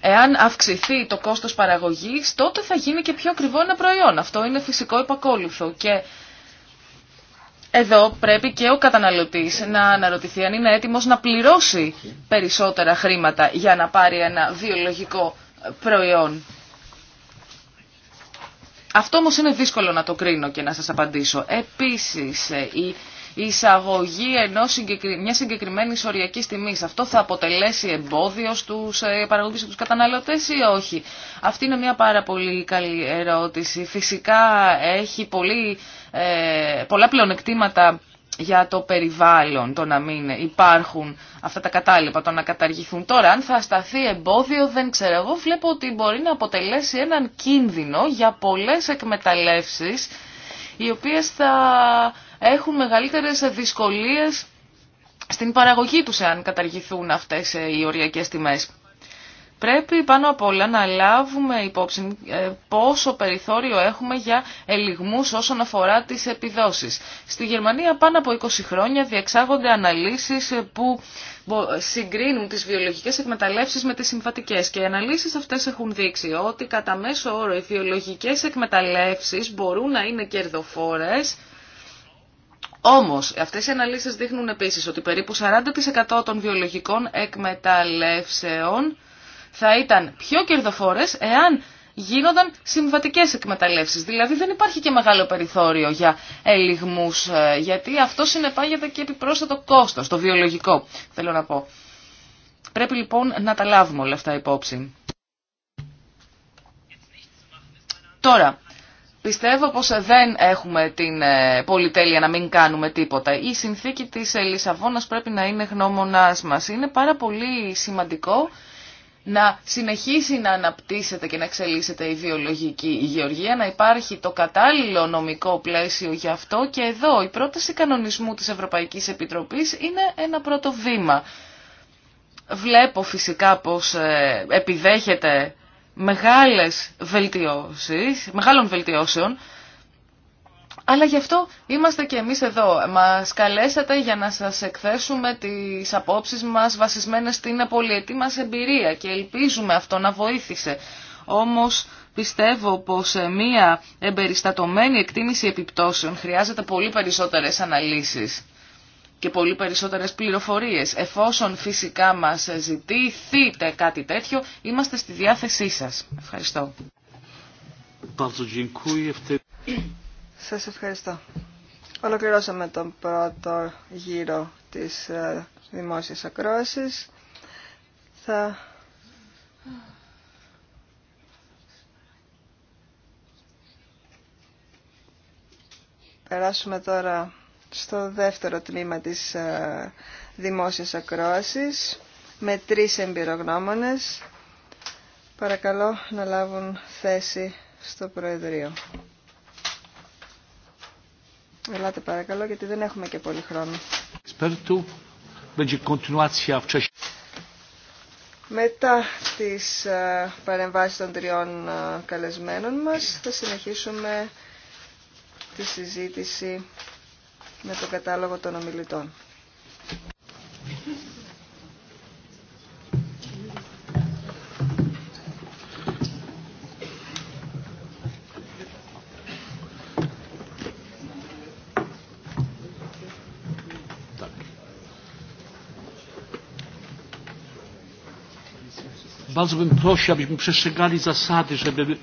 εάν αυξηθεί το κόστος παραγωγής, τότε θα γίνει και πιο ακριβό ένα προϊόν. Αυτό είναι φυσικό επακόλουθο και εδώ πρέπει και ο καταναλωτής να αναρωτηθεί αν είναι έτοιμος να πληρώσει περισσότερα χρήματα για να πάρει ένα βιολογικό ε, προϊόν. Αυτό όμως είναι δύσκολο να το κρίνω και να σας απαντήσω. Επίσης, ε, η η εισαγωγή ενός συγκεκρι... μιας συγκεκριμένης οριακής Αυτό θα αποτελέσει εμπόδιο στους ε, παραγωγούς και τους καταναλωτές ή όχι. Αυτή είναι μια πάρα πολύ καλή ερώτηση. Φυσικά έχει πολύ, ε, πολλά πλεονεκτήματα για το περιβάλλον το να μην υπάρχουν αυτά τα κατάλοιπα, το να καταργηθούν. Τώρα, αν θα σταθεί εμπόδιο, δεν ξέρω. Εγώ βλέπω ότι μπορεί να αποτελέσει έναν κίνδυνο για πολλές εκμεταλλεύσεις, οι οποίες θα έχουν μεγαλύτερες δυσκολίες στην παραγωγή τους εάν καταργηθούν αυτές ε, οι οριακές τιμές. Πρέπει πάνω απ' όλα να λάβουμε υπόψη ε, πόσο περιθώριο έχουμε για ελιγμούς όσον αφορά τις επιδόσεις. Στη Γερμανία πάνω από 20 χρόνια διεξάγονται αναλύσεις που συγκρίνουν τις βιολογικές εκμεταλλεύσεις με τις συμβατικέ. και οι αναλύσεις αυτές έχουν δείξει ότι κατά μέσο όρο οι βιολογικές εκμεταλλεύσεις μπορούν να είναι κερδοφόρε. Όμως, αυτές οι αναλύσεις δείχνουν επίσης ότι περίπου 40% των βιολογικών εκμεταλλεύσεων θα ήταν πιο κερδοφόρες εάν γίνονταν συμβατικές εκμεταλλεύσεις. Δηλαδή δεν υπάρχει και μεγάλο περιθώριο για ελιγμούς, ε, γιατί αυτό συνεπάγεται και επιπρόσθετο κόστος, το βιολογικό θέλω να πω. Πρέπει λοιπόν να τα λάβουμε όλα αυτά υπόψη. Τώρα, Πιστεύω πως ε, δεν έχουμε την ε, πολυτέλεια να μην κάνουμε τίποτα. Η συνθήκη της ε, Λισαβόνας πρέπει να είναι γνώμονάς μας. Είναι πάρα πολύ σημαντικό να συνεχίσει να αναπτύσσεται και να εξελίσσεται η βιολογική η γεωργία, να υπάρχει το κατάλληλο νομικό πλαίσιο γι' αυτό και εδώ η πρόταση κανονισμού της Ευρωπαϊκής Επιτροπής είναι ένα πρώτο βήμα. Βλέπω φυσικά πως επιδέχεται μεγάλες βελτιώσεις, μεγάλων βελτιώσεων, αλλά γι' αυτό είμαστε και εμείς εδώ. Μας καλέσατε για να σας εκθέσουμε τις απόψεις μας βασισμένες στην πολυετή μας εμπειρία και ελπίζουμε αυτό να βοήθησε. Όμως πιστεύω πως μία εμπεριστατωμένη εκτίμηση επιπτώσεων χρειάζεται πολύ περισσότερες αναλύσεις και πολύ περισσότερες πληροφορίες. Εφόσον φυσικά μας ζητήθείτε κάτι τέτοιο, είμαστε στη διάθεσή σας. Ευχαριστώ. Σας ευχαριστώ. Ολοκληρώσαμε τον πρώτο γύρο της ε, δημόσιας ακρόασης. Θα... Περάσουμε τώρα στο δεύτερο τμήμα της ε, δημόσιας ακρόασης με τρεις εμπειρογνώμονες. Παρακαλώ να λάβουν θέση στο Προεδρείο. Ελάτε παρακαλώ γιατί δεν έχουμε και πολύ χρόνο. Μετά τις ε, παρεμβάσεις των τριών ε, καλεσμένων μας θα συνεχίσουμε τη συζήτηση με το κατάλογο των ομιλητών. Bardzo bym prosił, abyśmy przestrzegali zasady, żeby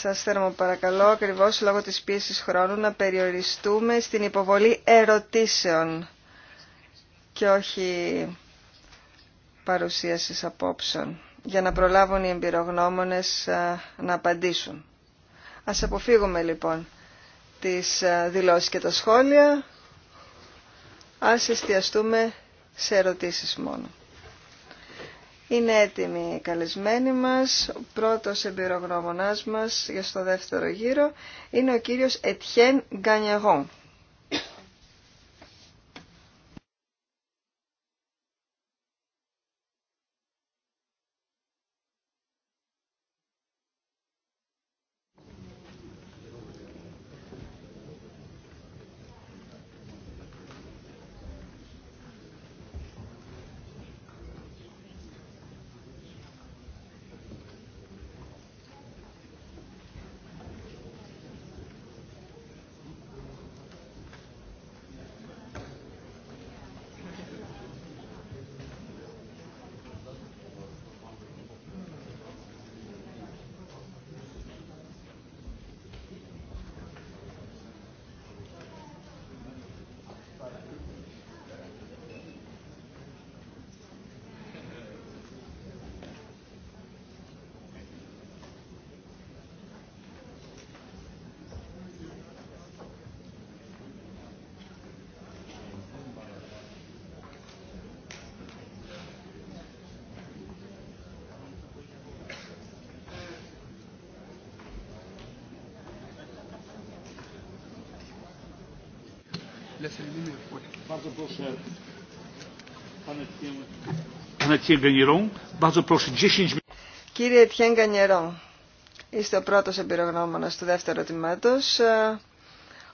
σας θέλω, παρακαλώ ακριβώς λόγω της πίεσης χρόνου να περιοριστούμε στην υποβολή ερωτήσεων και όχι παρουσίασης απόψεων για να προλάβουν οι εμπειρογνώμονες να απαντήσουν. Ας αποφύγουμε λοιπόν τις δηλώσεις και τα σχόλια. Ας εστιαστούμε σε ερωτήσεις μόνο. Είναι έτοιμοι οι καλεσμένοι μας. Ο πρώτος εμπειρογνώμονάς μας για στο δεύτερο γύρο είναι ο κύριος Ετχέν Γκανιαγόν. Κύριε Τιέν Γκανιερό, είστε ο πρώτος εμπειρογνώμονας του δεύτερου τμήματος. Ε,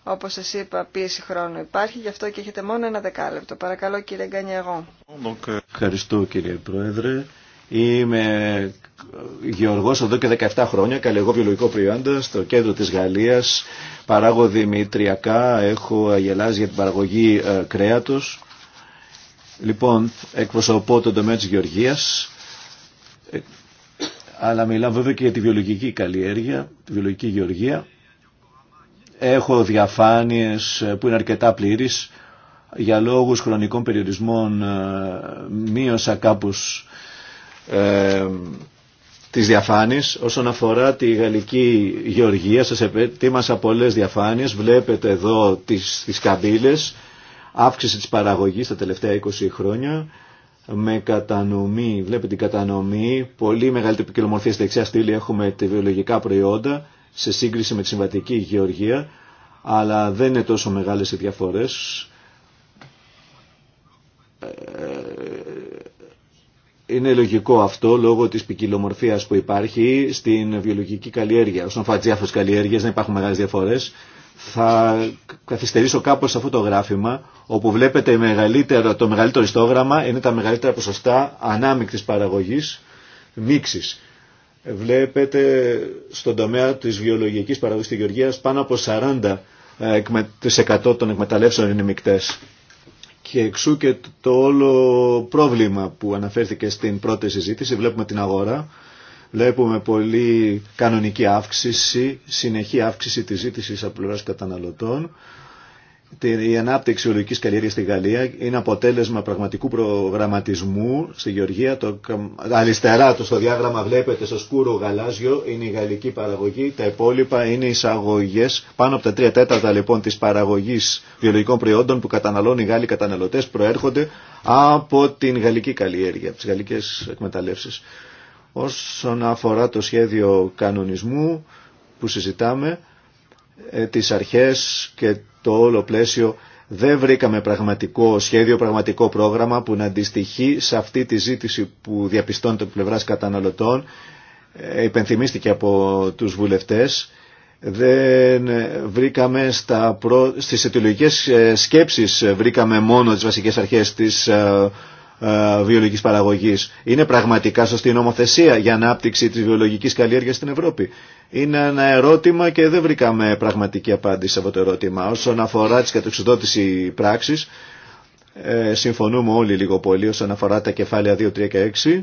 όπως σας είπα, πίεση χρόνου υπάρχει, γι' αυτό και έχετε μόνο ένα δεκάλεπτο. Παρακαλώ κύριε Γκανιερό. Euh, Ευχαριστώ κύριε Πρόεδρε. Είμαι ε, γεωργός εδώ και 17 χρόνια, καλλιεργώ βιολογικό προϊόντα στο κέντρο της Γαλλίας παράγω δημητριακά, έχω αγελάζει για την παραγωγή ε, κρέατος. Λοιπόν, εκπροσωπώ τον τομέα της γεωργίας, ε, αλλά μιλάω βέβαια και για τη βιολογική καλλιέργεια, τη βιολογική γεωργία. Έχω διαφάνειες ε, που είναι αρκετά πλήρεις. Για λόγους χρονικών περιορισμών ε, μείωσα κάπως ε, της διαφάνειας όσον αφορά τη γαλλική γεωργία. Σας επέτοιμασα πολλές διαφάνειες. Βλέπετε εδώ τις, τις καμπύλες. Αύξηση της παραγωγής τα τελευταία 20 χρόνια με κατανομή, βλέπετε την κατανομή, πολύ μεγαλύτερη ποικιλομορφία στη δεξιά στήλη έχουμε τη βιολογικά προϊόντα σε σύγκριση με τη συμβατική γεωργία, αλλά δεν είναι τόσο μεγάλες οι διαφορές. Ε, είναι λογικό αυτό λόγω της ποικιλομορφία που υπάρχει στην βιολογική καλλιέργεια. Όσον αφορά τι καλλιέργειε, δεν υπάρχουν μεγάλε διαφορέ. Θα καθυστερήσω κάπως αυτό το γράφημα, όπου βλέπετε μεγαλύτερο, το μεγαλύτερο ιστόγραμμα είναι τα μεγαλύτερα ποσοστά ανάμεικτης παραγωγής, μίξης. Βλέπετε στον τομέα της βιολογικής παραγωγής της Γεωργία πάνω από 40% ε, των εκμεταλλεύσεων είναι μεικτές. Και εξού και το όλο πρόβλημα που αναφέρθηκε στην πρώτη συζήτηση. Βλέπουμε την αγορά, βλέπουμε πολύ κανονική αύξηση, συνεχή αύξηση της ζήτησης από πλευράς καταναλωτών η ανάπτυξη ολογική καλλιέργεια στη Γαλλία είναι αποτέλεσμα πραγματικού προγραμματισμού στη Γεωργία. Το, αριστερά το στο διάγραμμα βλέπετε στο σκούρο γαλάζιο είναι η γαλλική παραγωγή. Τα υπόλοιπα είναι εισαγωγέ. Πάνω από τα τρία τέταρτα λοιπόν τη παραγωγή βιολογικών προϊόντων που καταναλώνουν οι Γάλλοι καταναλωτέ προέρχονται από την γαλλική καλλιέργεια, από τις γαλλικές εκμεταλλεύσεις. Όσον αφορά το σχέδιο κανονισμού που συζητάμε, ε, τις αρχές και το όλο πλαίσιο δεν βρήκαμε πραγματικό σχέδιο, πραγματικό πρόγραμμα που να αντιστοιχεί σε αυτή τη ζήτηση που διαπιστώνεται από πλευράς καταναλωτών. Ε, υπενθυμίστηκε από τους βουλευτές. Δεν βρήκαμε στα προ... στις αιτιολογικές ε, σκέψεις βρήκαμε μόνο τις βασικές αρχές της ε, βιολογική παραγωγή. Είναι πραγματικά σωστή νομοθεσία για ανάπτυξη τη βιολογική καλλιέργεια στην Ευρώπη. Είναι ένα ερώτημα και δεν βρήκαμε πραγματική απάντηση σε αυτό το ερώτημα. Όσον αφορά τι πράξη, πράξης, συμφωνούμε όλοι λίγο πολύ όσον αφορά τα κεφάλαια 2, 3 και 6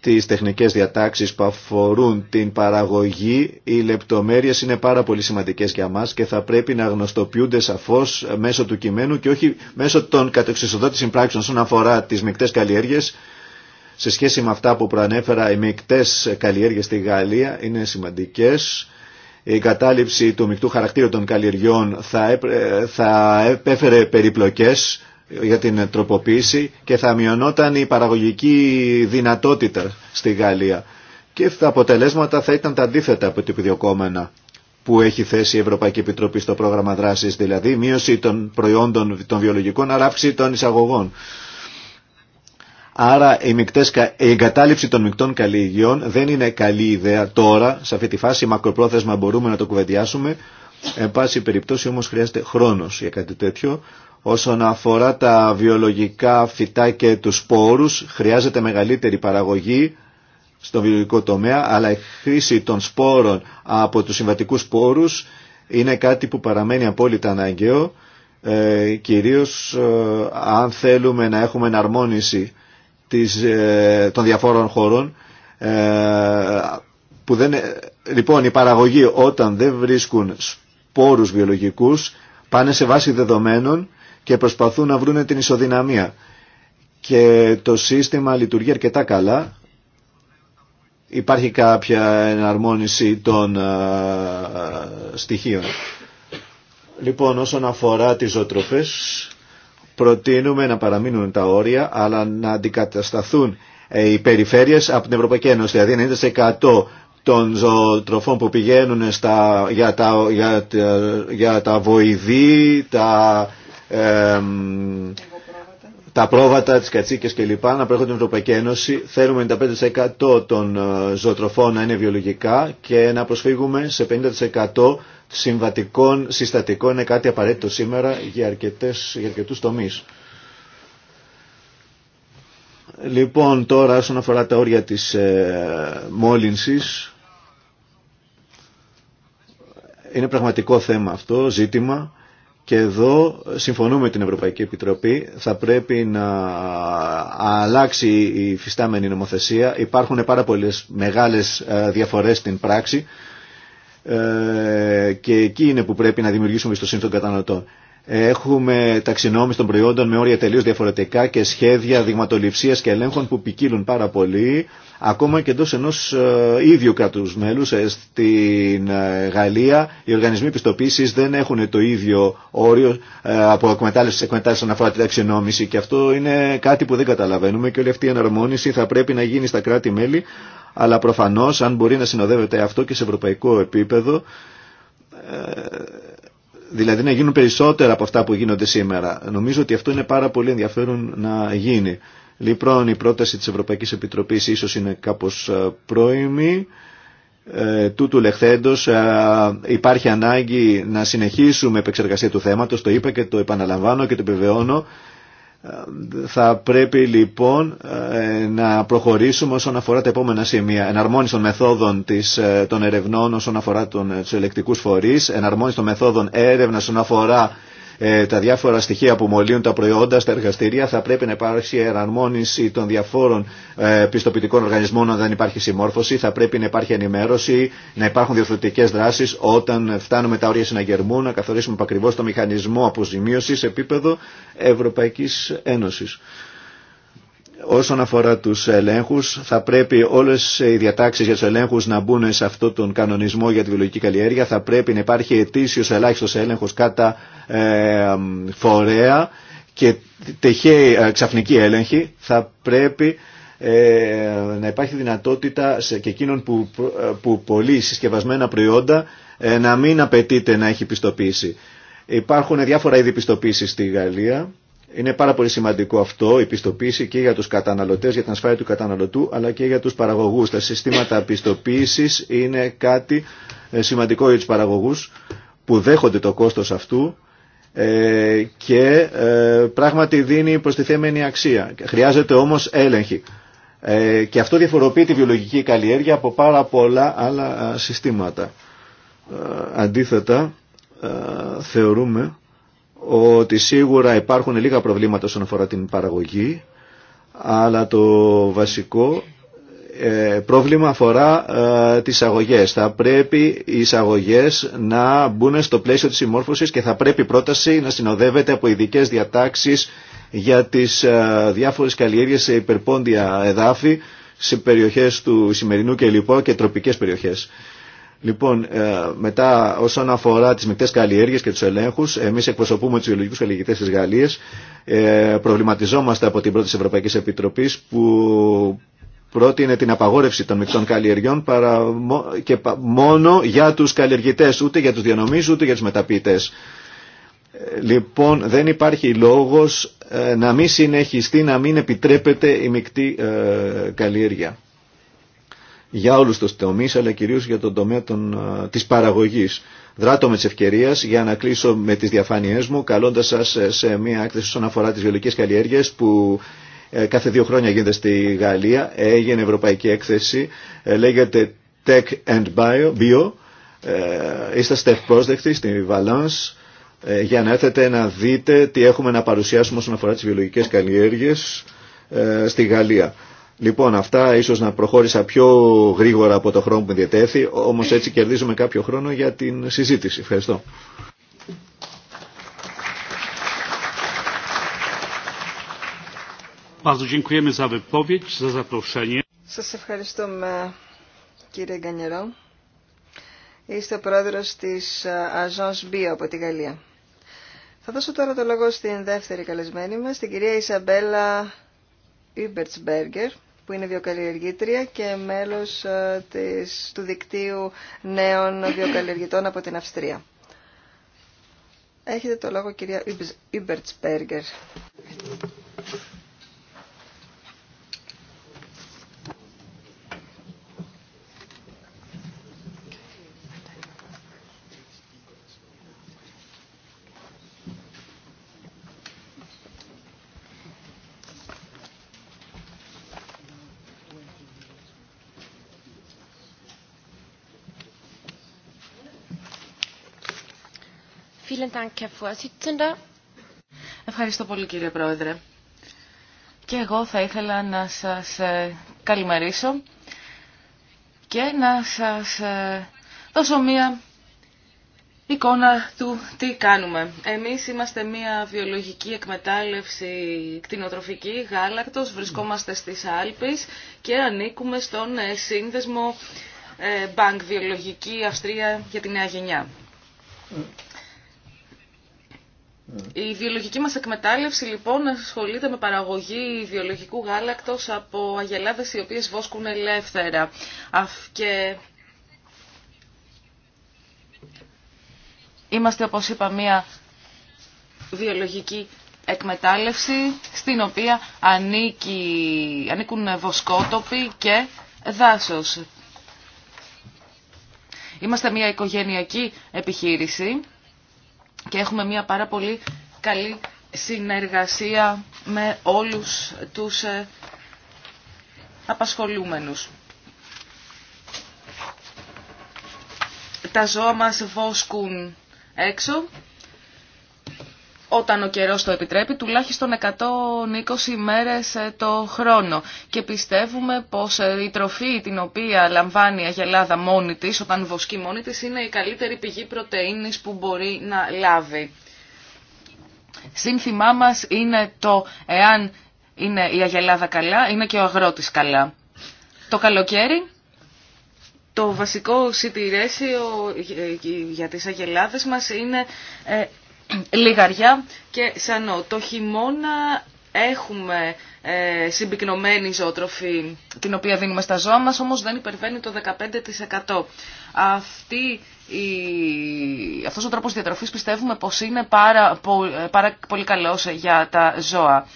τις τεχνικές διατάξεις που αφορούν την παραγωγή, οι λεπτομέρειες είναι πάρα πολύ σημαντικές για μας και θα πρέπει να γνωστοποιούνται σαφώς μέσω του κειμένου και όχι μέσω των κατεξισοδότης συμπράξεων όσον αφορά τις μικτές καλλιέργειες. Σε σχέση με αυτά που προανέφερα, οι μικτές καλλιέργειες στη Γαλλία είναι σημαντικές. Η κατάληψη του μεικτού χαρακτήρα των καλλιεργιών θα, θα έπεφερε περιπλοκές για την τροποποίηση και θα μειωνόταν η παραγωγική δυνατότητα στη Γαλλία. Και τα αποτελέσματα θα ήταν τα αντίθετα από την επιδιωκόμενα που έχει θέσει η Ευρωπαϊκή Επιτροπή στο πρόγραμμα δράσης, δηλαδή μείωση των προϊόντων των βιολογικών, αλλά αύξηση των εισαγωγών. Άρα η, μικτές, η εγκατάλειψη των μεικτών καλλιεργειών δεν είναι καλή ιδέα τώρα, σε αυτή τη φάση μακροπρόθεσμα μπορούμε να το κουβεντιάσουμε, εν πάση περιπτώσει όμως χρειάζεται χρόνος για κάτι τέτοιο, Όσον αφορά τα βιολογικά φυτά και τους σπόρους, χρειάζεται μεγαλύτερη παραγωγή στο βιολογικό τομέα, αλλά η χρήση των σπόρων από τους συμβατικούς σπόρους είναι κάτι που παραμένει απόλυτα αναγκαίο, ε, κυρίως ε, αν θέλουμε να έχουμε εναρμόνιση ε, των διαφόρων χωρών. Ε, που δεν, λοιπόν, η παραγωγή όταν δεν βρίσκουν σπόρους βιολογικούς πάνε σε βάση δεδομένων και προσπαθούν να βρουν την ισοδυναμία. Και το σύστημα λειτουργεί αρκετά καλά. Υπάρχει κάποια εναρμόνιση των στοιχείων. Λοιπόν, όσον αφορά τις ζωοτροφές, προτείνουμε να παραμείνουν τα όρια, αλλά να αντικατασταθούν ε, οι περιφέρειες από την Ευρωπαϊκή Ένωση. Δηλαδή 90% των ζωοτροφών που πηγαίνουν στα, για, τα, για, τα βοηδή, τα τα πρόβατα, τις κατσίκες κλπ. να προέρχονται από την Ευρωπαϊκή Ένωση. Θέλουμε 95% των ε, ζωοτροφών να είναι βιολογικά και να προσφύγουμε σε 50% συμβατικών συστατικών. Είναι κάτι απαραίτητο σήμερα για, αρκετές, για αρκετούς τομείς. Λοιπόν, τώρα όσον αφορά τα όρια της ε, μόλυνσης, είναι πραγματικό θέμα αυτό, ζήτημα. Και εδώ συμφωνούμε με την Ευρωπαϊκή Επιτροπή, θα πρέπει να αλλάξει η φυστάμενη νομοθεσία. Υπάρχουν πάρα πολλές μεγάλες ε, διαφορές στην πράξη ε, και εκεί είναι που πρέπει να δημιουργήσουμε στο των καταναλωτών. Έχουμε ταξινόμηση των προϊόντων με όρια τελείως διαφορετικά και σχέδια δειγματοληψίας και ελέγχων που ποικίλουν πάρα πολύ, ακόμα και εντό ενός ε, ίδιου κρατούς μέλους. Ε, στην ε, Γαλλία οι οργανισμοί πιστοποίησης δεν έχουν το ίδιο όριο από εκμετάλλευση εκμετάλλευση όσον αφορά την ταξινόμηση και αυτό είναι κάτι που δεν καταλαβαίνουμε και όλη αυτή η εναρμόνιση θα πρέπει να γίνει στα κράτη-μέλη, αλλά προφανώς αν μπορεί να συνοδεύεται αυτό και σε ευρωπαϊκό επίπεδο, δηλαδή να γίνουν περισσότερα από αυτά που γίνονται σήμερα. Νομίζω ότι αυτό είναι πάρα πολύ ενδιαφέρον να γίνει. Λοιπόν, η πρόταση της Ευρωπαϊκής Επιτροπής ίσως είναι κάπως ε, πρώιμη. Ε, τούτου λεχθέντος ε, υπάρχει ανάγκη να συνεχίσουμε επεξεργασία του θέματος, το είπα και το επαναλαμβάνω και το επιβεβαιώνω θα πρέπει λοιπόν ε, να προχωρήσουμε όσον αφορά τα επόμενα σημεία. Εναρμόνιση των μεθόδων της, ε, των ερευνών όσον αφορά ε, τους ελεκτικούς φορείς, εναρμόνιση των μεθόδων έρευνα όσον αφορά ε, τα διάφορα στοιχεία που μολύνουν τα προϊόντα στα εργαστηρία θα πρέπει να υπάρξει εραρμόνιση των διαφόρων ε, πιστοποιητικών οργανισμών αν δεν υπάρχει συμμόρφωση, θα πρέπει να υπάρχει ενημέρωση, να υπάρχουν διαφορετικέ δράσει όταν φτάνουμε τα όρια συναγερμού, να καθορίσουμε ακριβώ το μηχανισμό αποζημίωση επίπεδο Ευρωπαϊκή Ένωση. Όσον αφορά τους ελέγχους, θα πρέπει όλες οι διατάξεις για τους ελέγχους να μπουν σε αυτό τον κανονισμό για τη βιολογική καλλιέργεια. Θα πρέπει να υπάρχει ετήσιος ελάχιστος έλεγχος κατά ε, φορέα και τεχαίοι ε, ξαφνική έλεγχη. Θα πρέπει ε, να υπάρχει δυνατότητα σε, και εκείνων που, ε, που πολύ συσκευασμένα προϊόντα να μην απαιτείται να έχει πιστοποίηση. Υπάρχουν διάφορα είδη πιστοποίηση στη Γαλλία είναι πάρα πολύ σημαντικό αυτό, η πιστοποίηση και για τους καταναλωτές, για την ασφάλεια του καταναλωτού, αλλά και για τους παραγωγούς. Τα συστήματα πιστοποίησης είναι κάτι ε, σημαντικό για τους παραγωγούς που δέχονται το κόστος αυτού ε, και ε, πράγματι δίνει προστιθέμενη αξία. Χρειάζεται όμως έλεγχη. και αυτό διαφοροποιεί τη βιολογική καλλιέργεια από πάρα πολλά άλλα συστήματα. αντίθετα, θεωρούμε ότι σίγουρα υπάρχουν λίγα προβλήματα όσον αφορά την παραγωγή, αλλά το βασικό ε, πρόβλημα αφορά ε, τις αγωγές. Θα πρέπει οι εισαγωγές να μπουν στο πλαίσιο της συμμόρφωσης και θα πρέπει η πρόταση να συνοδεύεται από ειδικές διατάξεις για τις ε, διάφορες καλλιέργειες σε υπερπόντια εδάφη, σε περιοχές του σημερινού και και τροπικές περιοχές. Λοιπόν, ε, μετά όσον αφορά τις μεικτές καλλιέργειες και τους ελέγχους, εμείς εκπροσωπούμε τους βιολογικούς καλλιεργητές της Γαλλίας, ε, προβληματιζόμαστε από την πρώτη Ευρωπαϊκής Επιτροπής που πρότεινε την απαγόρευση των μεικτών καλλιεργιών παρά, και μόνο για τους καλλιεργητές, ούτε για τους διανομής, ούτε για τους μεταποιητές. Λοιπόν, δεν υπάρχει λόγος ε, να μην συνεχιστεί, να μην επιτρέπεται η μεικτή ε, καλλιέργεια για όλους τους τομείς αλλά κυρίως για τον τομέα των, της παραγωγής. Δράτω με τις ευκαιρίες για να κλείσω με τις διαφάνειές μου καλώντας σας ε, σε μια έκθεση όσον αφορά τις βιολογικές καλλιέργειες που ε, κάθε δύο χρόνια γίνεται στη Γαλλία. Έγινε ευρωπαϊκή έκθεση, ε, λέγεται Tech and Bio. Bio. Είσαστε ευπρόσδεκτοι στη Valence για να έρθετε να δείτε τι έχουμε να παρουσιάσουμε όσον αφορά τις βιολογικές καλλιέργειες στη Γαλλία. Λοιπόν, αυτά ίσως να προχώρησα πιο γρήγορα από το χρόνο που διατέθη, όμως έτσι κερδίζουμε κάποιο χρόνο για την συζήτηση. Ευχαριστώ. Σας ευχαριστούμε κύριε Γκανιερό. Είστε ο πρόεδρος της ε, Agence Bio από τη Γαλλία. Θα δώσω τώρα το λόγο στην δεύτερη καλεσμένη μας, την κυρία Ισαμπέλα Ιμπερτσμπέργκερ που είναι βιοκαλλιεργήτρια και μέλος ε, της, του δικτύου νέων βιοκαλλιεργητών από την Αυστρία. Έχετε το λόγο κυρία Ιμπερτσπέργκερ. Ευχαριστώ πολύ κύριε Πρόεδρε. Και εγώ θα ήθελα να σας ε, καλημερίσω και να σας ε, δώσω μία εικόνα του τι κάνουμε. Εμείς είμαστε μία βιολογική εκμετάλλευση κτηνοτροφική γάλακτος, βρισκόμαστε στις Άλπεις και ανήκουμε στον ε, σύνδεσμο Bank Βιολογική Αυστρία για τη Νέα Γενιά. Η βιολογική μας εκμετάλλευση λοιπόν ασχολείται με παραγωγή βιολογικού γάλακτος από αγελάδες οι οποίες βόσκουν ελεύθερα. Και είμαστε όπως είπα μια βιολογική εκμετάλλευση στην οποία ανήκει, ανήκουν βοσκότοποι και δάσος. Είμαστε μια οικογενειακή επιχείρηση και έχουμε μια πάρα πολύ καλή συνεργασία με όλους τους ε, απασχολούμενους. Τα ζώα μας βόσκουν έξω όταν ο καιρός το επιτρέπει, τουλάχιστον 120 μέρες ε, το χρόνο. Και πιστεύουμε πως ε, η τροφή την οποία λαμβάνει η αγελάδα μόνη της, όταν βοσκεί μόνη της, είναι η καλύτερη πηγή πρωτεΐνης που μπορεί να λάβει. Σύνθημά μας είναι το εάν είναι η αγελάδα καλά, είναι και ο αγρότης καλά. Το καλοκαίρι το βασικό συντηρέσιο ε, για τις αγελάδες μας είναι λιγαριά και σανό. Το χειμώνα έχουμε ε, συμπυκνωμένη ζωοτροφή την οποία δίνουμε στα ζώα μας, όμως δεν υπερβαίνει το 15%. Αυτή η... Αυτός ο τρόπος διατροφής πιστεύουμε πως είναι πάρα, ε, πάρα πολύ καλός για τα ζώα.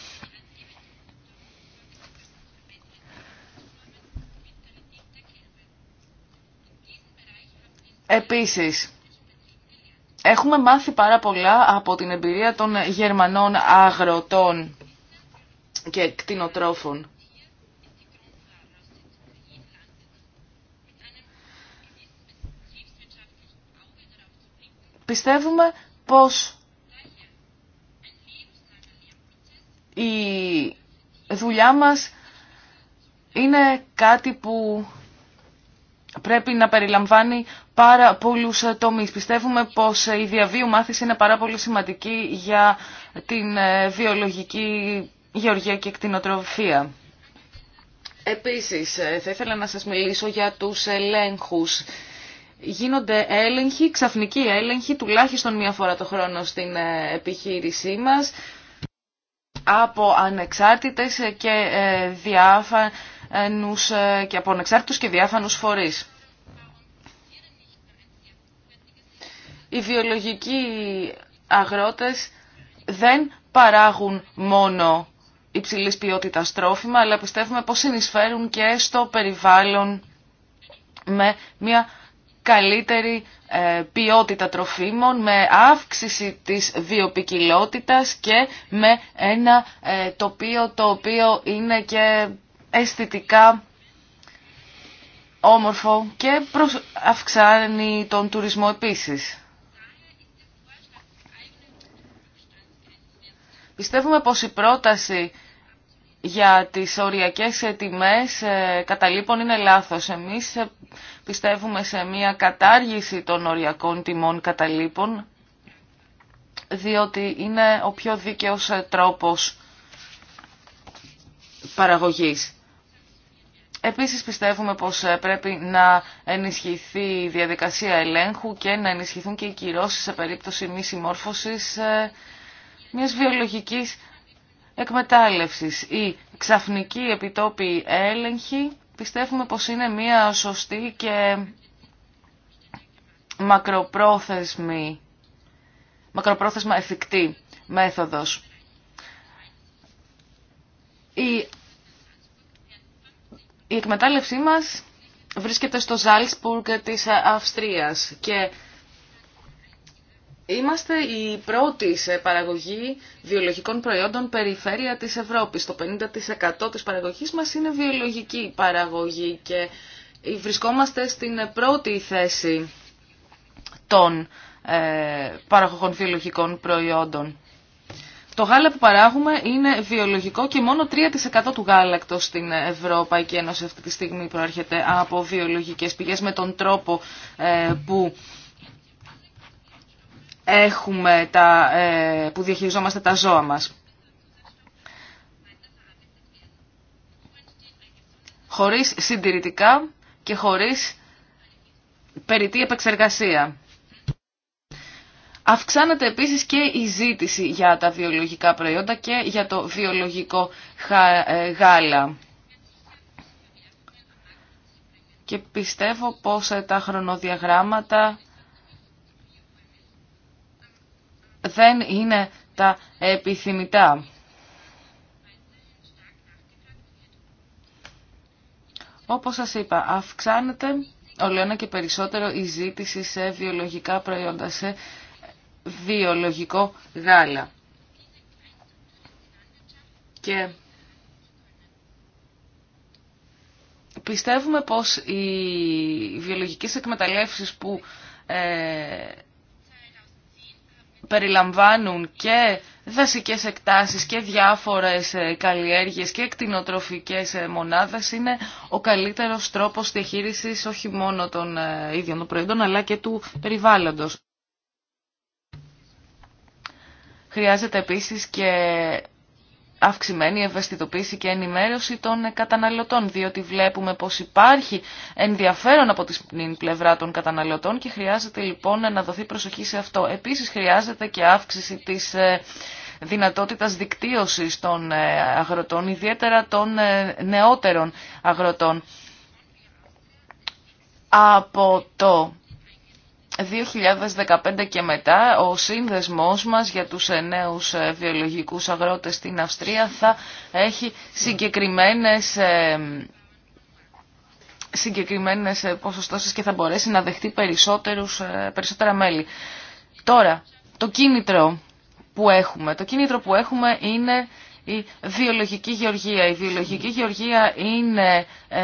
Επίσης, Έχουμε μάθει πάρα πολλά από την εμπειρία των Γερμανών αγροτών και κτηνοτρόφων. Πιστεύουμε πως η δουλειά μας είναι κάτι που πρέπει να περιλαμβάνει πάρα πολλούς τομείς. Πιστεύουμε πως η διαβίου μάθηση είναι πάρα πολύ σημαντική για την ε, βιολογική γεωργία και κτηνοτροφία. Επίσης, ε, θα ήθελα να σας μιλήσω για τους ελέγχους. Γίνονται έλεγχοι, ξαφνικοί έλεγχοι, τουλάχιστον μία φορά το χρόνο στην ε, επιχείρησή μας, από ανεξάρτητες και διάφανες ε, και από ανεξάρτητους και διάφανους φορείς. Οι βιολογικοί αγρότες δεν παράγουν μόνο υψηλής ποιότητα τρόφιμα, αλλά πιστεύουμε πως συνεισφέρουν και στο περιβάλλον με μια καλύτερη ε, ποιότητα τροφίμων, με αύξηση της βιοπικιλότητας και με ένα ε, τοπίο το οποίο είναι και αισθητικά όμορφο και προς, αυξάνει τον τουρισμό επίσης. Πιστεύουμε πως η πρόταση για τις οριακές τιμές ε, καταλήπων είναι λάθος. Εμείς ε, πιστεύουμε σε μια κατάργηση των οριακών τιμών καταλήπων, διότι είναι ο πιο δίκαιος ε, τρόπος παραγωγής. Επίσης πιστεύουμε πως ε, πρέπει να ενισχυθεί η διαδικασία ελέγχου και να ενισχυθούν και οι κυρώσεις σε περίπτωση μη συμμόρφωσης ε, μιας βιολογικής εκμετάλλευσης. Η ξαφνική επιτόπη έλεγχη πιστεύουμε πως είναι μια σωστή και μακροπρόθεσμη, μακροπρόθεσμα εφικτή μέθοδος. Η η εκμετάλλευσή μας βρίσκεται στο Ζάλσπουργκ της Αυστρίας και είμαστε η πρώτη σε παραγωγή βιολογικών προϊόντων περιφέρεια της Ευρώπης. Το 50% της παραγωγής μας είναι βιολογική παραγωγή και βρισκόμαστε στην πρώτη θέση των ε, παραγωγών βιολογικών προϊόντων. Το γάλα που παράγουμε είναι βιολογικό και μόνο 3% του γάλακτος στην Ευρωπαϊκή Ένωση αυτή τη στιγμή προέρχεται από βιολογικές πηγές με τον τρόπο ε, που έχουμε τα, ε, που διαχειριζόμαστε τα ζώα μας. Χωρίς συντηρητικά και χωρίς περιττή επεξεργασία. Αυξάνεται επίσης και η ζήτηση για τα βιολογικά προϊόντα και για το βιολογικό ε, γάλα. Και πιστεύω πως ε, τα χρονοδιαγράμματα δεν είναι τα επιθυμητά. Όπως σας είπα, αυξάνεται ένα και περισσότερο η ζήτηση σε βιολογικά προϊόντα, σε βιολογικό γάλα. Και πιστεύουμε πως οι βιολογικές εκμεταλλεύσεις που ε, περιλαμβάνουν και δασικές εκτάσεις και διάφορες ε, καλλιέργειες και εκτινοτροφικές ε, μονάδες είναι ο καλύτερος τρόπος διαχείρισης όχι μόνο των ίδιων των προϊόντων αλλά και του περιβάλλοντος. Χρειάζεται επίσης και αυξημένη ευαισθητοποίηση και ενημέρωση των καταναλωτών, διότι βλέπουμε πως υπάρχει ενδιαφέρον από την πλευρά των καταναλωτών και χρειάζεται λοιπόν να δοθεί προσοχή σε αυτό. Επίσης χρειάζεται και αύξηση της ε, δυνατότητας δικτύωσης των ε, αγροτών, ιδιαίτερα των ε, νεότερων αγροτών. Από το 2015 και μετά ο σύνδεσμός μας για τους νέους ε, βιολογικούς αγρότες στην Αυστρία θα έχει συγκεκριμένες, ε, συγκεκριμένες ε, ποσοστώσεις και θα μπορέσει να δεχτεί περισσότερους, περισσότερα μέλη. Τώρα, το κίνητρο που έχουμε. Το κίνητρο που έχουμε είναι η βιολογική γεωργία. Η βιολογική γεωργία είναι ε,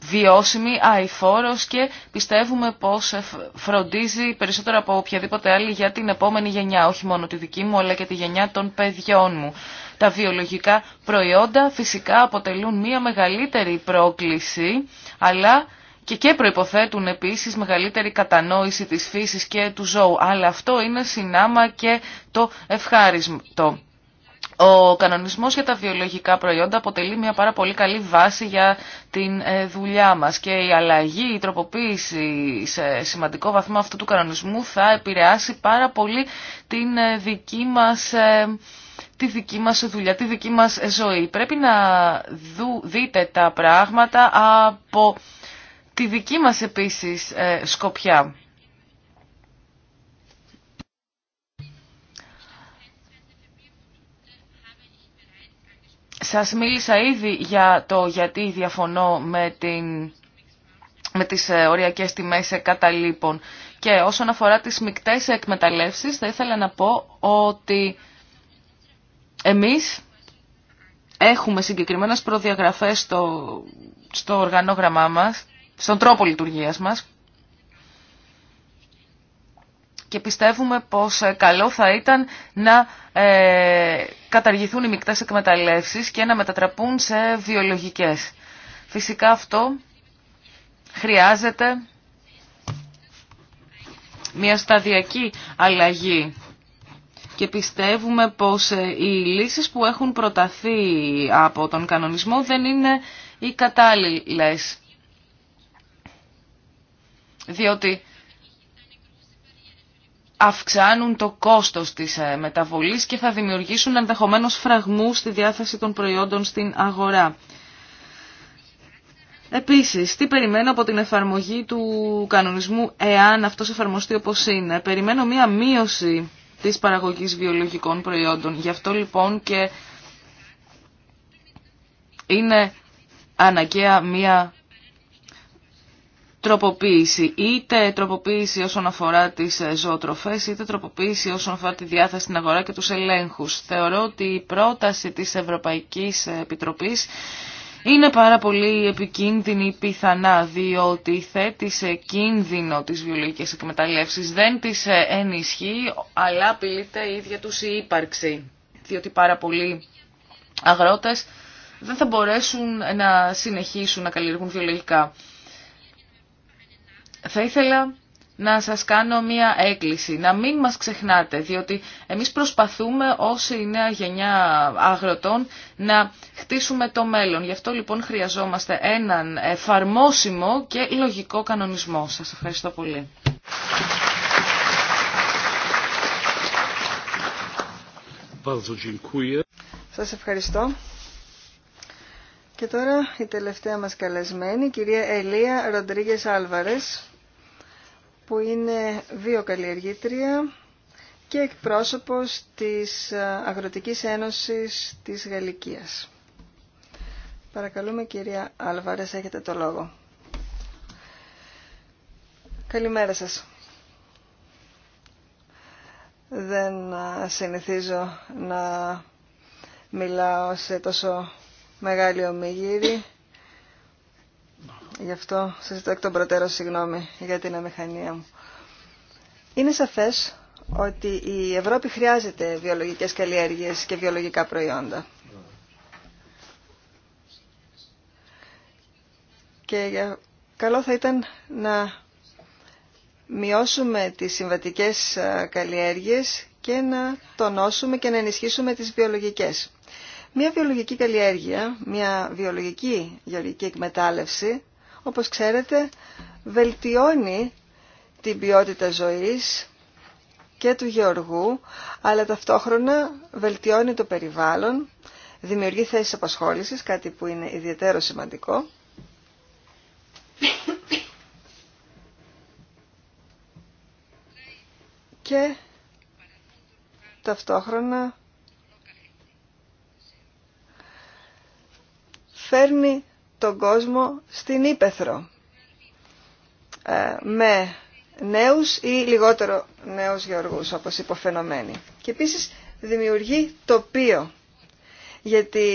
βιώσιμη, αϊφόρος και πιστεύουμε πως ε, φροντίζει περισσότερο από οποιαδήποτε άλλη για την επόμενη γενιά, όχι μόνο τη δική μου αλλά και τη γενιά των παιδιών μου. Τα βιολογικά προϊόντα φυσικά αποτελούν μια μεγαλύτερη πρόκληση, αλλά και, και προϋποθέτουν επίσης μεγαλύτερη κατανόηση της φύσης και του ζώου. Αλλά αυτό είναι συνάμα και το ευχάριστο. Ο κανονισμός για τα βιολογικά προϊόντα αποτελεί μια πάρα πολύ καλή βάση για την ε, δουλειά μας και η αλλαγή, η τροποποίηση σε σημαντικό βαθμό αυτού του κανονισμού θα επηρεάσει πάρα πολύ την ε, δική μας ε, τη δική μας δουλειά, τη δική μας ζωή. Πρέπει να δείτε τα πράγματα από τη δική μας επίσης σκοπιά. Σας μίλησα ήδη για το γιατί διαφωνώ με, την, με τις ε, οριακές τιμές καταλήπων. Και όσον αφορά τις μικτές εκμεταλλεύσεις, θα ήθελα να πω ότι εμείς έχουμε συγκεκριμένες προδιαγραφές στο, στο οργανόγραμμά μας, στον τρόπο λειτουργίας μας, και πιστεύουμε πως ε, καλό θα ήταν να ε, καταργηθούν οι μεικτές εκμεταλλεύσεις και να μετατραπούν σε βιολογικές. Φυσικά αυτό χρειάζεται μια σταδιακή αλλαγή και πιστεύουμε πως ε, οι λύσεις που έχουν προταθεί από τον κανονισμό δεν είναι οι κατάλληλες. Διότι αυξάνουν το κόστος της ε, μεταβολής και θα δημιουργήσουν ενδεχομένω φραγμούς στη διάθεση των προϊόντων στην αγορά. Επίσης, τι περιμένω από την εφαρμογή του κανονισμού εάν αυτός εφαρμοστεί όπως είναι. Περιμένω μία μείωση της παραγωγής βιολογικών προϊόντων. Γι' αυτό λοιπόν και είναι αναγκαία μία τροποποίηση, είτε τροποποίηση όσον αφορά τις ε, ζωοτροφές, είτε τροποποίηση όσον αφορά τη διάθεση στην αγορά και τους ελέγχους. Θεωρώ ότι η πρόταση της Ευρωπαϊκής ε, Επιτροπής είναι πάρα πολύ επικίνδυνη πιθανά, διότι θέτει σε κίνδυνο τις βιολογικές εκμεταλλεύσεις, δεν τις ε, ενισχύει, αλλά απειλείται η ίδια τους η ύπαρξη, διότι πάρα πολλοί αγρότες δεν θα μπορέσουν να συνεχίσουν να καλλιεργούν βιολογικά θα ήθελα να σας κάνω μία έκκληση, να μην μας ξεχνάτε, διότι εμείς προσπαθούμε όσοι η νέα γενιά αγροτών να χτίσουμε το μέλλον. Γι' αυτό λοιπόν χρειαζόμαστε έναν εφαρμόσιμο και λογικό κανονισμό. Σας ευχαριστώ πολύ. Σας ευχαριστώ. Και τώρα η τελευταία μας καλεσμένη, κυρία Ελία Ροντρίγες Άλβαρες που είναι βιοκαλλιεργήτρια και εκπρόσωπος της Αγροτικής Ένωσης της Γαλλικίας. Παρακαλούμε κυρία Άλβαρες, έχετε το λόγο. Καλημέρα σας. Δεν συνηθίζω να μιλάω σε τόσο μεγάλη ομιγύρη. Γι' αυτό σας ζητώ εκ των προτέρων συγγνώμη για την αμηχανία μου. Είναι σαφές ότι η Ευρώπη χρειάζεται βιολογικές καλλιέργειες και βιολογικά προϊόντα. Και καλό θα ήταν να μειώσουμε τις συμβατικές καλλιέργειες και να τονώσουμε και να ενισχύσουμε τις βιολογικές. Μια βιολογική καλλιέργεια, μια βιολογική γεωργική εκμετάλλευση όπως ξέρετε, βελτιώνει την ποιότητα ζωής και του γεωργού, αλλά ταυτόχρονα βελτιώνει το περιβάλλον, δημιουργεί θέσεις απασχόλησης, κάτι που είναι ιδιαίτερο σημαντικό. και ταυτόχρονα φέρνει τον κόσμο στην Ήπεθρο ε, με νέους ή λιγότερο νέους γεωργούς όπως υποφαινομένοι. Και επίσης δημιουργεί τοπίο γιατί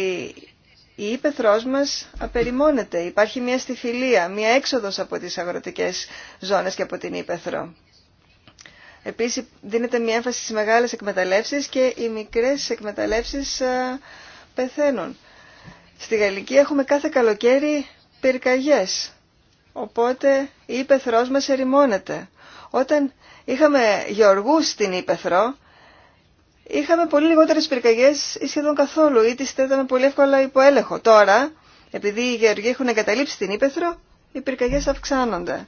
η ύπεθρός μας απεριμόνεται. Υπάρχει μια στιφιλία, μια έξοδος από τις αγροτικές ζώνες και από την η ηπεθρος Επίσης δίνεται μια στιφιλια μια εξοδος απο τις αγροτικες ζωνες και απο την ηπεθρο επισης δινεται μια εμφαση στις μεγάλες εκμεταλλεύσεις και οι μικρές εκμεταλλεύσεις ε, πεθαίνουν. Στη Γαλλική έχουμε κάθε καλοκαίρι πυρκαγιές, οπότε η ύπεθρός μας ερημώνεται. Όταν είχαμε γεωργούς στην ύπεθρο, είχαμε πολύ λιγότερες πυρκαγιές ή σχεδόν καθόλου, ή τις θέταμε πολύ εύκολα υπό έλεγχο. Τώρα, επειδή οι γεωργοί έχουν εγκαταλείψει την ύπεθρο, οι πυρκαγιές αυξάνονται.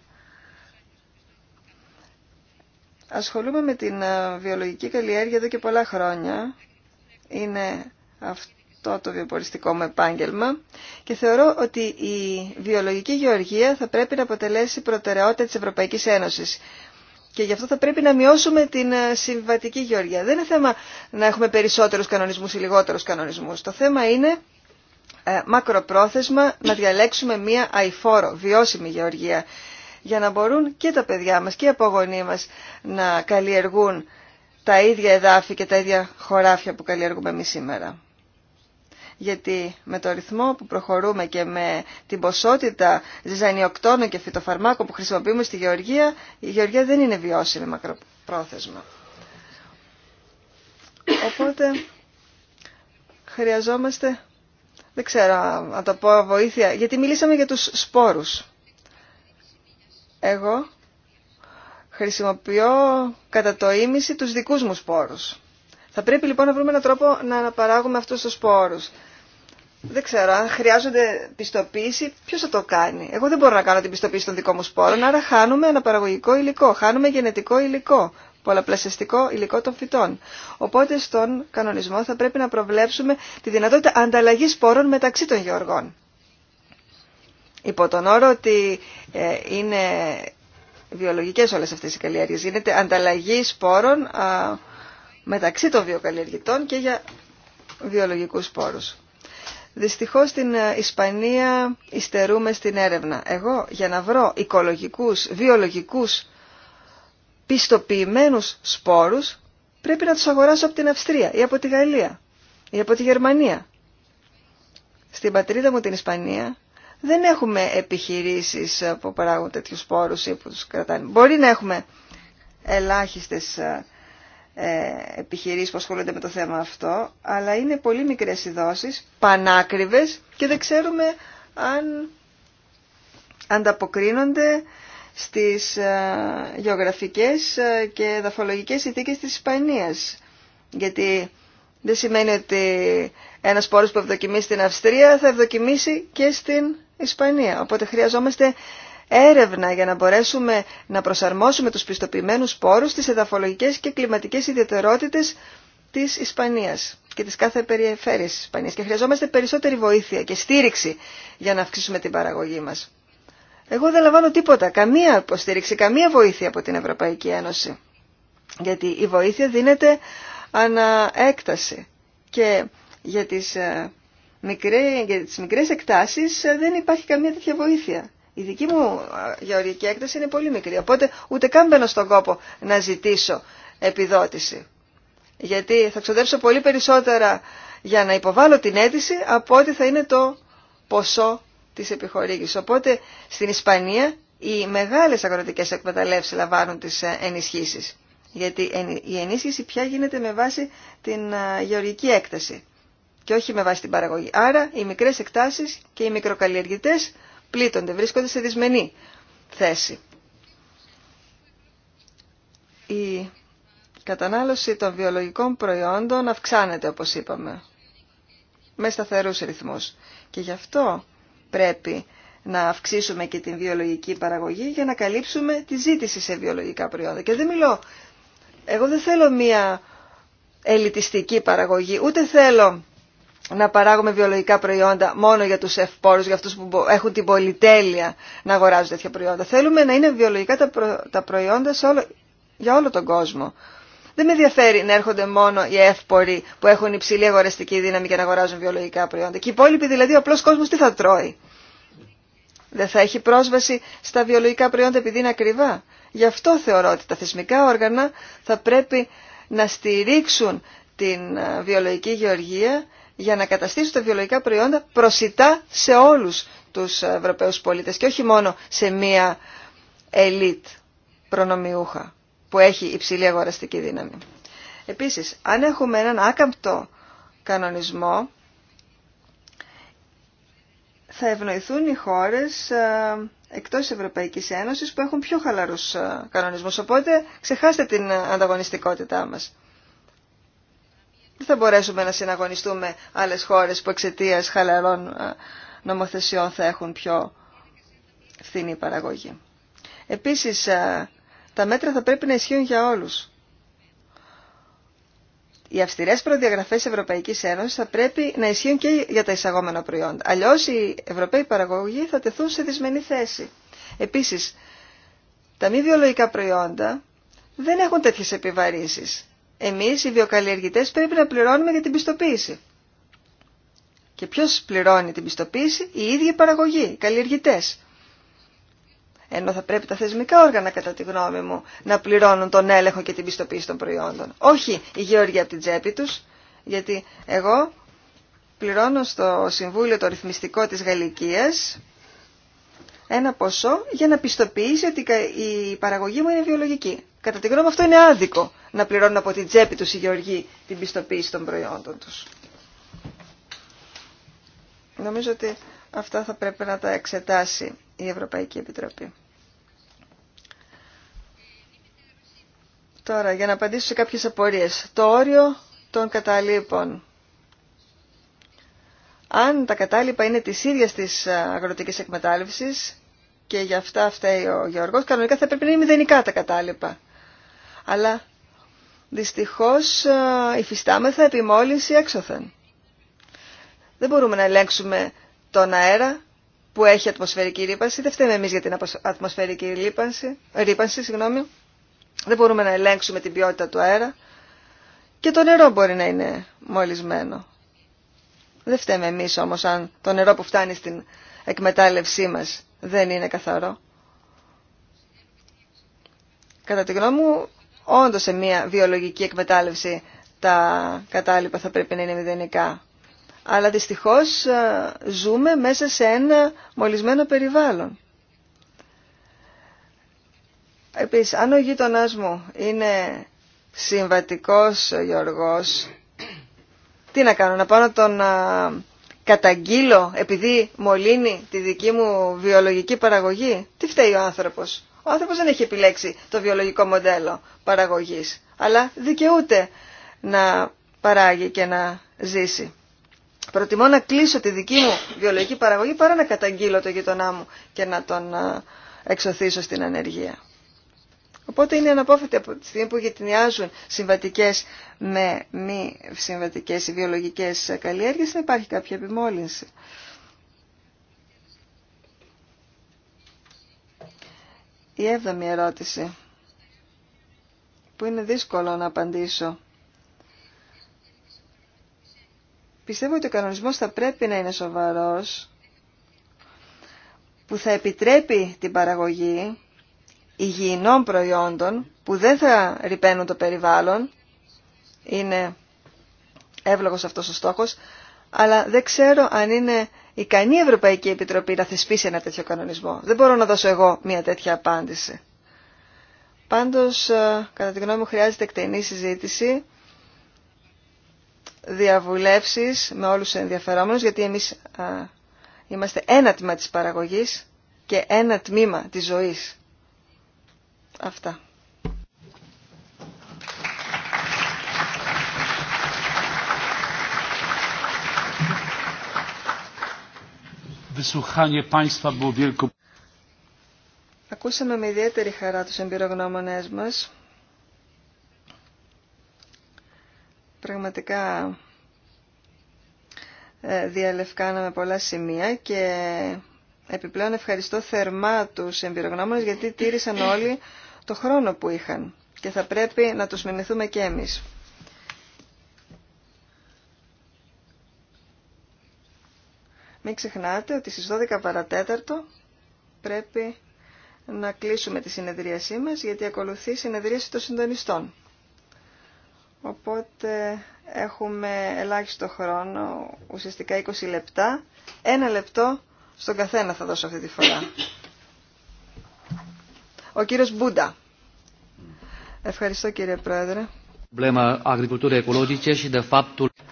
Ασχολούμαι με την ε, βιολογική καλλιέργεια εδώ και πολλά χρόνια. Είναι αυτό το το βιοποριστικό μου επάγγελμα και θεωρώ ότι η βιολογική γεωργία θα πρέπει να αποτελέσει προτεραιότητα της Ευρωπαϊκής Ένωσης. Και γι' αυτό θα πρέπει να μειώσουμε την ε, συμβατική γεωργία. Δεν είναι θέμα να έχουμε περισσότερους κανονισμούς ή λιγότερους κανονισμούς. Το θέμα είναι ε, μακροπρόθεσμα να διαλέξουμε μία αηφόρο, βιώσιμη γεωργία, για να μπορούν και τα παιδιά μας και οι απογονοί μας να καλλιεργούν τα ίδια εδάφη και τα ίδια χωράφια που καλλιεργούμε εμείς σήμερα γιατί με το ρυθμό που προχωρούμε και με την ποσότητα ζυζανιοκτώνων και φυτοφαρμάκων που χρησιμοποιούμε στη γεωργία, η γεωργία δεν είναι βιώσιμη μακροπρόθεσμα. Οπότε χρειαζόμαστε, δεν ξέρω αν το πω βοήθεια, γιατί μιλήσαμε για τους σπόρους. Εγώ χρησιμοποιώ κατά το ίμιση τους δικούς μου σπόρους. Θα πρέπει λοιπόν να βρούμε έναν τρόπο να αναπαράγουμε αυτούς τους σπόρους. Δεν ξέρω, αν χρειάζονται πιστοποίηση, ποιο θα το κάνει. Εγώ δεν μπορώ να κάνω την πιστοποίηση των δικών μου σπόρων, άρα χάνουμε αναπαραγωγικό υλικό, χάνουμε γενετικό υλικό, πολλαπλασιαστικό υλικό των φυτών. Οπότε στον κανονισμό θα πρέπει να προβλέψουμε τη δυνατότητα ανταλλαγή σπόρων μεταξύ των γεωργών. Υπό τον όρο ότι ε, είναι βιολογικές όλες αυτές οι καλλιέργειες, γίνεται ανταλλαγή σπόρων μεταξύ των βιοκαλλιεργητών και για βιολογικούς σπόρους. Δυστυχώς στην ε, Ισπανία υστερούμε στην έρευνα. Εγώ για να βρω οικολογικούς, βιολογικούς, πιστοποιημένους σπόρους πρέπει να τους αγοράσω από την Αυστρία ή από τη Γαλλία ή από τη Γερμανία. Στην πατρίδα μου την Ισπανία δεν έχουμε επιχειρήσεις ε, που παράγουν τέτοιους σπόρους ή που τους κρατάνε. Μπορεί να έχουμε ελάχιστες ε, ε, επιχειρήσεις που ασχολούνται με το θέμα αυτό, αλλά είναι πολύ μικρές οι δόσεις, πανάκριβες και δεν ξέρουμε αν ανταποκρίνονται στις ε, γεωγραφικές ε, και δαφολογικές συνθήκες της Ισπανίας. Γιατί δεν σημαίνει ότι ένας πόρος που ευδοκιμεί στην Αυστρία θα ευδοκιμήσει και στην Ισπανία. Οπότε χρειαζόμαστε έρευνα για να μπορέσουμε να προσαρμόσουμε τους πιστοποιημένους πόρους στις εδαφολογικές και κλιματικές ιδιαιτερότητες της Ισπανίας και της κάθε περιφέρειας της Ισπανίας και χρειαζόμαστε περισσότερη βοήθεια και στήριξη για να αυξήσουμε την παραγωγή μας. Εγώ δεν λαμβάνω τίποτα, καμία υποστήριξη, καμία βοήθεια από την Ευρωπαϊκή Ένωση. Γιατί η βοήθεια δίνεται αναέκταση και για τις, ε, μικρές, για τις μικρές εκτάσεις ε, δεν υπάρχει καμία τέτοια βοήθεια. Η δική μου γεωργική έκταση είναι πολύ μικρή, οπότε ούτε καν μπαίνω στον κόπο να ζητήσω επιδότηση. Γιατί θα ξοδέψω πολύ περισσότερα για να υποβάλω την αίτηση από ό,τι θα είναι το ποσό της επιχορήγησης. Οπότε στην Ισπανία οι μεγάλες αγροτικές εκμεταλλεύσεις λαμβάνουν τις ε, ενισχύσεις. Γιατί η ενίσχυση πια γίνεται με βάση την γεωργική έκταση και όχι με βάση την παραγωγή. Άρα οι μικρές εκτάσεις και οι μικροκαλλιεργητές πλήττονται, βρίσκονται σε δυσμενή θέση. Η κατανάλωση των βιολογικών προϊόντων αυξάνεται, όπως είπαμε, με σταθερούς ρυθμούς. Και γι' αυτό πρέπει να αυξήσουμε και την βιολογική παραγωγή για να καλύψουμε τη ζήτηση σε βιολογικά προϊόντα. Και δεν μιλώ, εγώ δεν θέλω μία ελιτιστική παραγωγή, ούτε θέλω να παράγουμε βιολογικά προϊόντα μόνο για τους ευπόρους, για αυτούς που έχουν την πολυτέλεια να αγοράζουν τέτοια προϊόντα. Θέλουμε να είναι βιολογικά τα, τα προϊόντα σε όλο... για όλο τον κόσμο. Δεν με ενδιαφέρει να έρχονται μόνο οι εύποροι που έχουν υψηλή αγοραστική δύναμη και να αγοράζουν βιολογικά προϊόντα. Και οι υπόλοιποι δηλαδή ο απλός κόσμος τι θα τρώει. Δεν θα έχει πρόσβαση στα βιολογικά προϊόντα επειδή είναι ακριβά. Γι' αυτό θεωρώ ότι τα θεσμικά όργανα θα πρέπει να στηρίξουν την ε, βιολογική γεωργία για να καταστήσουν τα βιολογικά προϊόντα προσιτά σε όλους τους Ευρωπαίους πολίτες και όχι μόνο σε μία ελίτ προνομιούχα που έχει υψηλή αγοραστική δύναμη. Επίσης, αν έχουμε έναν άκαμπτο κανονισμό, θα ευνοηθούν οι χώρες ε, εκτός Ευρωπαϊκής Ένωσης που έχουν πιο χαλαρούς ε, κανονισμούς. Οπότε ξεχάστε την ε, ανταγωνιστικότητά μας θα μπορέσουμε να συναγωνιστούμε άλλες χώρες που εξαιτία χαλαρών ε, νομοθεσιών θα έχουν πιο φθηνή παραγωγή. Επίσης, ε, τα μέτρα θα πρέπει να ισχύουν για όλους. Οι αυστηρές προδιαγραφές Ευρωπαϊκής Ένωση θα πρέπει να ισχύουν και για τα εισαγόμενα προϊόντα. Αλλιώ οι Ευρωπαίοι παραγωγοί θα τεθούν σε δυσμενή θέση. Επίση, τα μη βιολογικά προϊόντα δεν έχουν τέτοιε επιβαρύνσεις εμείς οι βιοκαλλιεργητές πρέπει να πληρώνουμε για την πιστοποίηση. Και ποιος πληρώνει την πιστοποίηση, η ίδια παραγωγή, οι καλλιεργητές. Ενώ θα πρέπει τα θεσμικά όργανα, κατά τη γνώμη μου, να πληρώνουν τον έλεγχο και την πιστοποίηση των προϊόντων. Όχι η γεωργία από την τσέπη τους, γιατί εγώ πληρώνω στο Συμβούλιο το Ρυθμιστικό της Γαλλικίας ένα ποσό για να πιστοποιήσει ότι η παραγωγή μου είναι βιολογική. Κατά τη γνώμη μου αυτό είναι άδικο να πληρώνουν από την τσέπη τους οι γεωργοί την πιστοποίηση των προϊόντων τους. Νομίζω ότι αυτά θα πρέπει να τα εξετάσει η Ευρωπαϊκή Επιτροπή. Τώρα, για να απαντήσω σε κάποιες απορίες. Το όριο των καταλήπων. Αν τα κατάλοιπα είναι της ίδιας της αγροτικής εκμετάλλευσης και γι' αυτά φταίει ο Γεωργός, κανονικά θα πρέπει να είναι μηδενικά τα κατάλοιπα αλλά δυστυχώς ε, υφιστάμεθα επιμόλυνση έξωθεν. Δεν μπορούμε να ελέγξουμε τον αέρα που έχει ατμοσφαιρική ρήπανση. Δεν φταίμε εμείς για την ατμοσφαιρική ρήπανση, ρήπανση συγγνώμη. δεν μπορούμε να ελέγξουμε την ποιότητα του αέρα και το νερό μπορεί να είναι μολυσμένο. Δεν φταίμε εμείς όμως αν το νερό που φτάνει στην εκμετάλλευσή μας δεν είναι καθαρό. Κατά τη γνώμη μου όντως σε μια βιολογική εκμετάλλευση τα κατάλοιπα θα πρέπει να είναι μηδενικά. Αλλά δυστυχώς ε, ζούμε μέσα σε ένα μολυσμένο περιβάλλον. Επίσης, αν ο γείτονα μου είναι συμβατικός Γιώργος, τι να κάνω, να πάω να τον καταγγείλω επειδή μολύνει τη δική μου βιολογική παραγωγή. Τι φταίει ο άνθρωπος. Ο άνθρωπο δεν έχει επιλέξει το βιολογικό μοντέλο παραγωγής, αλλά δικαιούται να παράγει και να ζήσει. Προτιμώ να κλείσω τη δική μου βιολογική παραγωγή παρά να καταγγείλω το γειτονά μου και να τον εξωθήσω στην ανεργία. Οπότε είναι αναπόφευκτη από τη στιγμή που γετινιάζουν συμβατικές με μη συμβατικές ή βιολογικές καλλιέργειες να υπάρχει κάποια επιμόλυνση. Η έβδομη ερώτηση, που είναι δύσκολο να απαντήσω. Πιστεύω ότι ο κανονισμός θα πρέπει να είναι σοβαρός, που θα επιτρέπει την παραγωγή υγιεινών προϊόντων, που δεν θα ρηπαίνουν το περιβάλλον, είναι εύλογος αυτός ο στόχος, αλλά δεν ξέρω αν είναι η η Ευρωπαϊκή Επιτροπή να θεσπίσει ένα τέτοιο κανονισμό. Δεν μπορώ να δώσω εγώ μια τέτοια απάντηση. Πάντως, ε, κατά τη γνώμη μου, χρειάζεται εκτενή συζήτηση, διαβουλεύσεις με όλους τους ενδιαφερόμενους, γιατί εμείς ε, είμαστε ένα τμήμα της παραγωγής και ένα τμήμα της ζωής. Αυτά. Ακούσαμε με ιδιαίτερη χαρά τους εμπειρογνώμονές μας. Πραγματικά ε, διαλευκάναμε πολλά σημεία και επιπλέον ευχαριστώ θερμά τους εμπειρογνώμονες γιατί τήρησαν όλοι το χρόνο που είχαν και θα πρέπει να τους μιμηθούμε και εμείς. Μην ξεχνάτε ότι στις 12 παρατέταρτο πρέπει να κλείσουμε τη συνεδρίασή μας γιατί ακολουθεί η συνεδρίαση των συντονιστών. Οπότε έχουμε ελάχιστο χρόνο, ουσιαστικά 20 λεπτά. Ένα λεπτό στον καθένα θα δώσω αυτή τη φορά. Ο κύριος Μπούντα. Ευχαριστώ κύριε Πρόεδρε.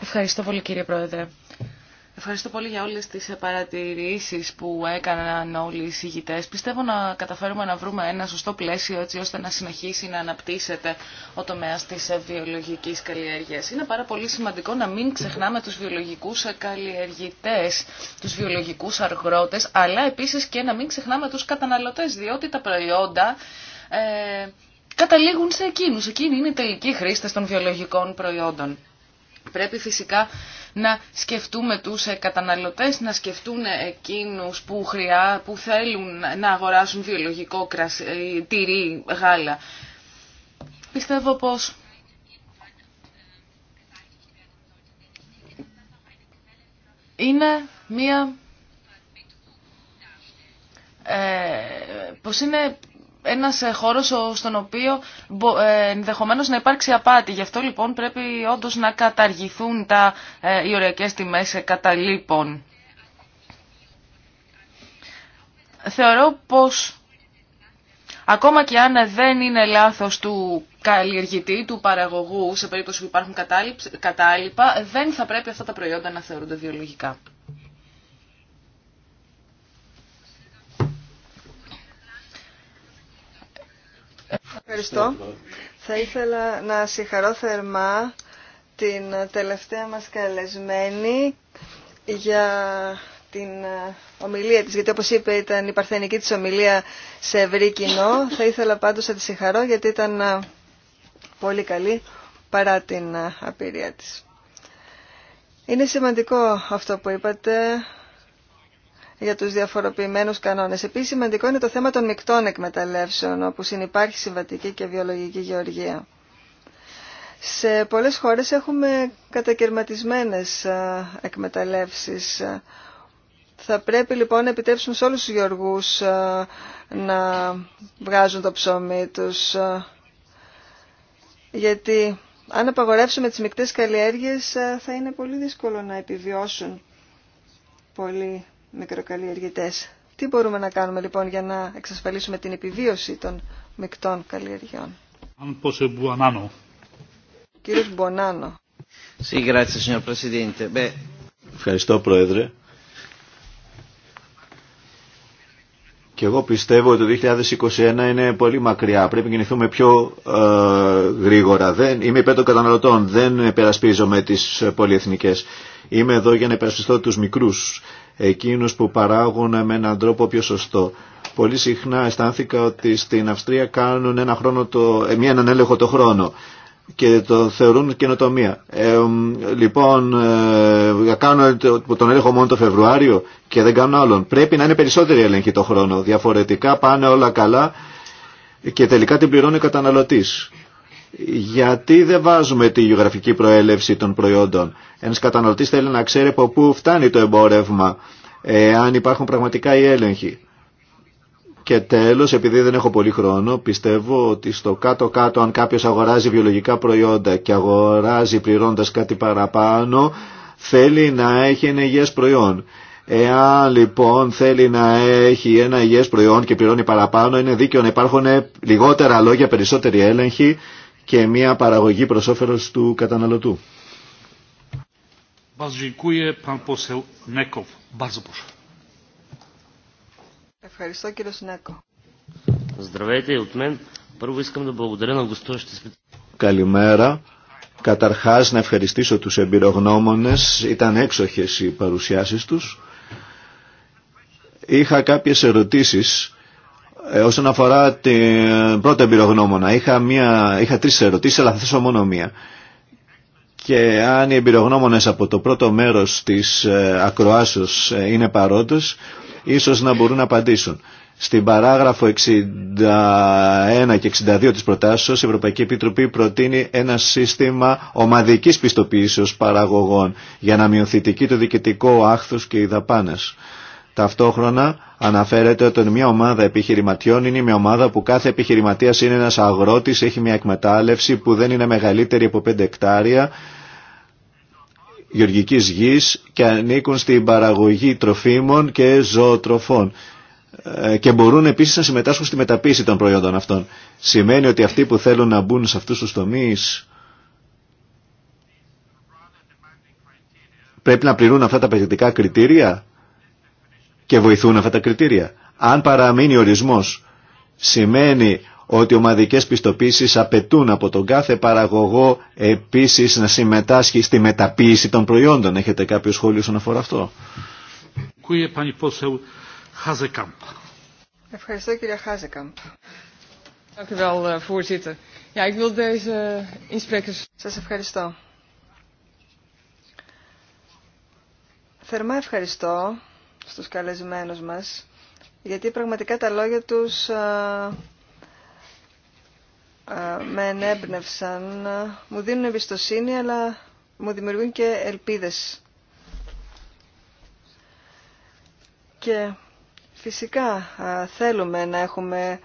Ευχαριστώ πολύ κύριε Πρόεδρε. Ευχαριστώ πολύ για όλες τις παρατηρήσεις που έκαναν όλοι οι συγητές. Πιστεύω να καταφέρουμε να βρούμε ένα σωστό πλαίσιο έτσι ώστε να συνεχίσει να αναπτύσσεται ο τομέας της βιολογικής καλλιέργειας. Είναι πάρα πολύ σημαντικό να μην ξεχνάμε τους βιολογικούς καλλιεργητές, τους βιολογικούς αργρότες, αλλά επίσης και να μην ξεχνάμε τους καταναλωτές, διότι τα προϊόντα... Ε, καταλήγουν σε εκείνους. Εκείνοι είναι οι τελικοί χρήστες των βιολογικών προϊόντων. Πρέπει φυσικά να σκεφτούμε τους ε, καταναλωτές, να σκεφτούν ε, εκείνους που, χρειά, που θέλουν να αγοράσουν βιολογικό κρασί, ε, τυρί, γάλα. Πιστεύω πως είναι μία... είναι ένας ε, χώρος στον οποίο ε, ενδεχομένω να υπάρξει απάτη. Γι' αυτό λοιπόν πρέπει όντως να καταργηθούν τα, ε, οι τιμές κατά καταλήπων. Θεωρώ πως ακόμα και αν δεν είναι λάθος του καλλιεργητή, του παραγωγού, σε περίπτωση που υπάρχουν κατάλοιπα, δεν θα πρέπει αυτά τα προϊόντα να θεωρούνται βιολογικά. Ευχαριστώ. Θα ήθελα να συγχαρώ θερμά την τελευταία μας καλεσμένη για την ε, ομιλία της, γιατί όπως είπε ήταν η παρθενική της ομιλία σε ευρύ κοινό. Θα ήθελα πάντως να τη συγχαρώ γιατί ήταν ε, πολύ καλή παρά την ε, απειρία της. Είναι σημαντικό αυτό που είπατε για τους διαφοροποιημένους κανόνες. Επίσης σημαντικό είναι το θέμα των μεικτών εκμεταλλεύσεων, όπου συνυπάρχει συμβατική και βιολογική γεωργία. Σε πολλές χώρες έχουμε κατακαιρματισμένες εκμεταλλεύσεις. Θα πρέπει λοιπόν να επιτρέψουμε σε όλους τους γεωργούς να βγάζουν το ψωμί τους. Γιατί αν απαγορεύσουμε τις μεικτές καλλιέργειες θα είναι πολύ δύσκολο να επιβιώσουν πολύ μικροκαλλιεργητές. Τι μπορούμε να κάνουμε λοιπόν για να εξασφαλίσουμε την επιβίωση των μεικτών καλλιεργειών. Κύριος Μπονάνο. Ευχαριστώ Πρόεδρε. Και εγώ πιστεύω ότι το 2021 είναι πολύ μακριά. Πρέπει να κινηθούμε πιο ε, γρήγορα. Δεν, είμαι υπέρ των καταναλωτών. Δεν υπερασπίζομαι τις πολυεθνικές. Είμαι εδώ για να υπερασπιστώ τους μικρούς εκείνους που παράγουν με έναν τρόπο πιο σωστό. Πολύ συχνά αισθάνθηκα ότι στην Αυστρία κάνουν ένα χρόνο το, ε, μία έναν έλεγχο το χρόνο και το θεωρούν καινοτομία. Ε, λοιπόν, ε, κάνουν τον έλεγχο μόνο το Φεβρουάριο και δεν κάνουν άλλον. Πρέπει να είναι περισσότεροι έλεγχοι το χρόνο. Διαφορετικά πάνε όλα καλά και τελικά την πληρώνει ο καταναλωτής γιατί δεν βάζουμε τη γεωγραφική προέλευση των προϊόντων. Ένας καταναλωτής θέλει να ξέρει από πού φτάνει το εμπόρευμα, αν υπάρχουν πραγματικά οι έλεγχοι. Και τέλος, επειδή δεν έχω πολύ χρόνο, πιστεύω ότι στο κάτω-κάτω αν κάποιος αγοράζει βιολογικά προϊόντα και αγοράζει πληρώντας κάτι παραπάνω, θέλει να έχει ένα υγιές προϊόν. Εάν λοιπόν θέλει να έχει ένα υγιές προϊόν και πληρώνει παραπάνω, είναι δίκαιο να υπάρχουν λιγότερα λόγια, περισσότερη έλεγχη και μια παραγωγή προς όφελος του καταναλωτού. Ευχαριστώ κύριο Καλημέρα. Καταρχάς να ευχαριστήσω τους εμπειρογνώμονες. Ήταν έξοχες οι παρουσιάσεις τους. Είχα κάποιες ερωτήσεις ε, όσον αφορά την πρώτη εμπειρογνώμονα, είχα, μία, είχα τρεις ερωτήσεις, αλλά θα θέσω μόνο μία. Και αν οι εμπειρογνώμονες από το πρώτο μέρος της ε, ακροάσεως ε, είναι παρόντες, ίσως να μπορούν να απαντήσουν. Στην παράγραφο 61 και 62 της προτάσεως η Ευρωπαϊκή Επιτροπή προτείνει ένα σύστημα ομαδικής πιστοποίησης παραγωγών για να μειωθεί το διοικητικό άχθος και οι δαπάνες. Ταυτόχρονα αναφέρεται ότι μια ομάδα επιχειρηματιών είναι μια ομάδα που κάθε επιχειρηματίας είναι ένας αγρότης, έχει μια εκμετάλλευση που δεν είναι μεγαλύτερη από 5 εκτάρια γεωργικής γης και ανήκουν στην παραγωγή τροφίμων και ζωοτροφών ε, και μπορούν επίσης να συμμετάσχουν στη μεταποίηση των προϊόντων αυτών. Σημαίνει ότι αυτοί που θέλουν να μπουν σε αυτούς τους τομείς πρέπει να πληρούν αυτά τα παιδιτικά κριτήρια και βοηθούν αυτά τα κριτήρια. Αν παραμείνει ορισμός, σημαίνει ότι ομαδικές πιστοποίησεις απαιτούν από τον κάθε παραγωγό επίσης να συμμετάσχει στη μεταποίηση των προϊόντων. Έχετε κάποιο σχόλιο όσον αφορά αυτό. Ευχαριστώ κύριε Χάζεκαμπ. Eh, Σας ευχαριστώ. Θερμά ευχαριστώ στους καλεσμένους μας, γιατί πραγματικά τα λόγια τους ε, ε, με ενέμπνευσαν, ε, μου δίνουν εμπιστοσύνη, αλλά μου δημιουργούν και ελπίδες. Και φυσικά θέλουμε να έχουμε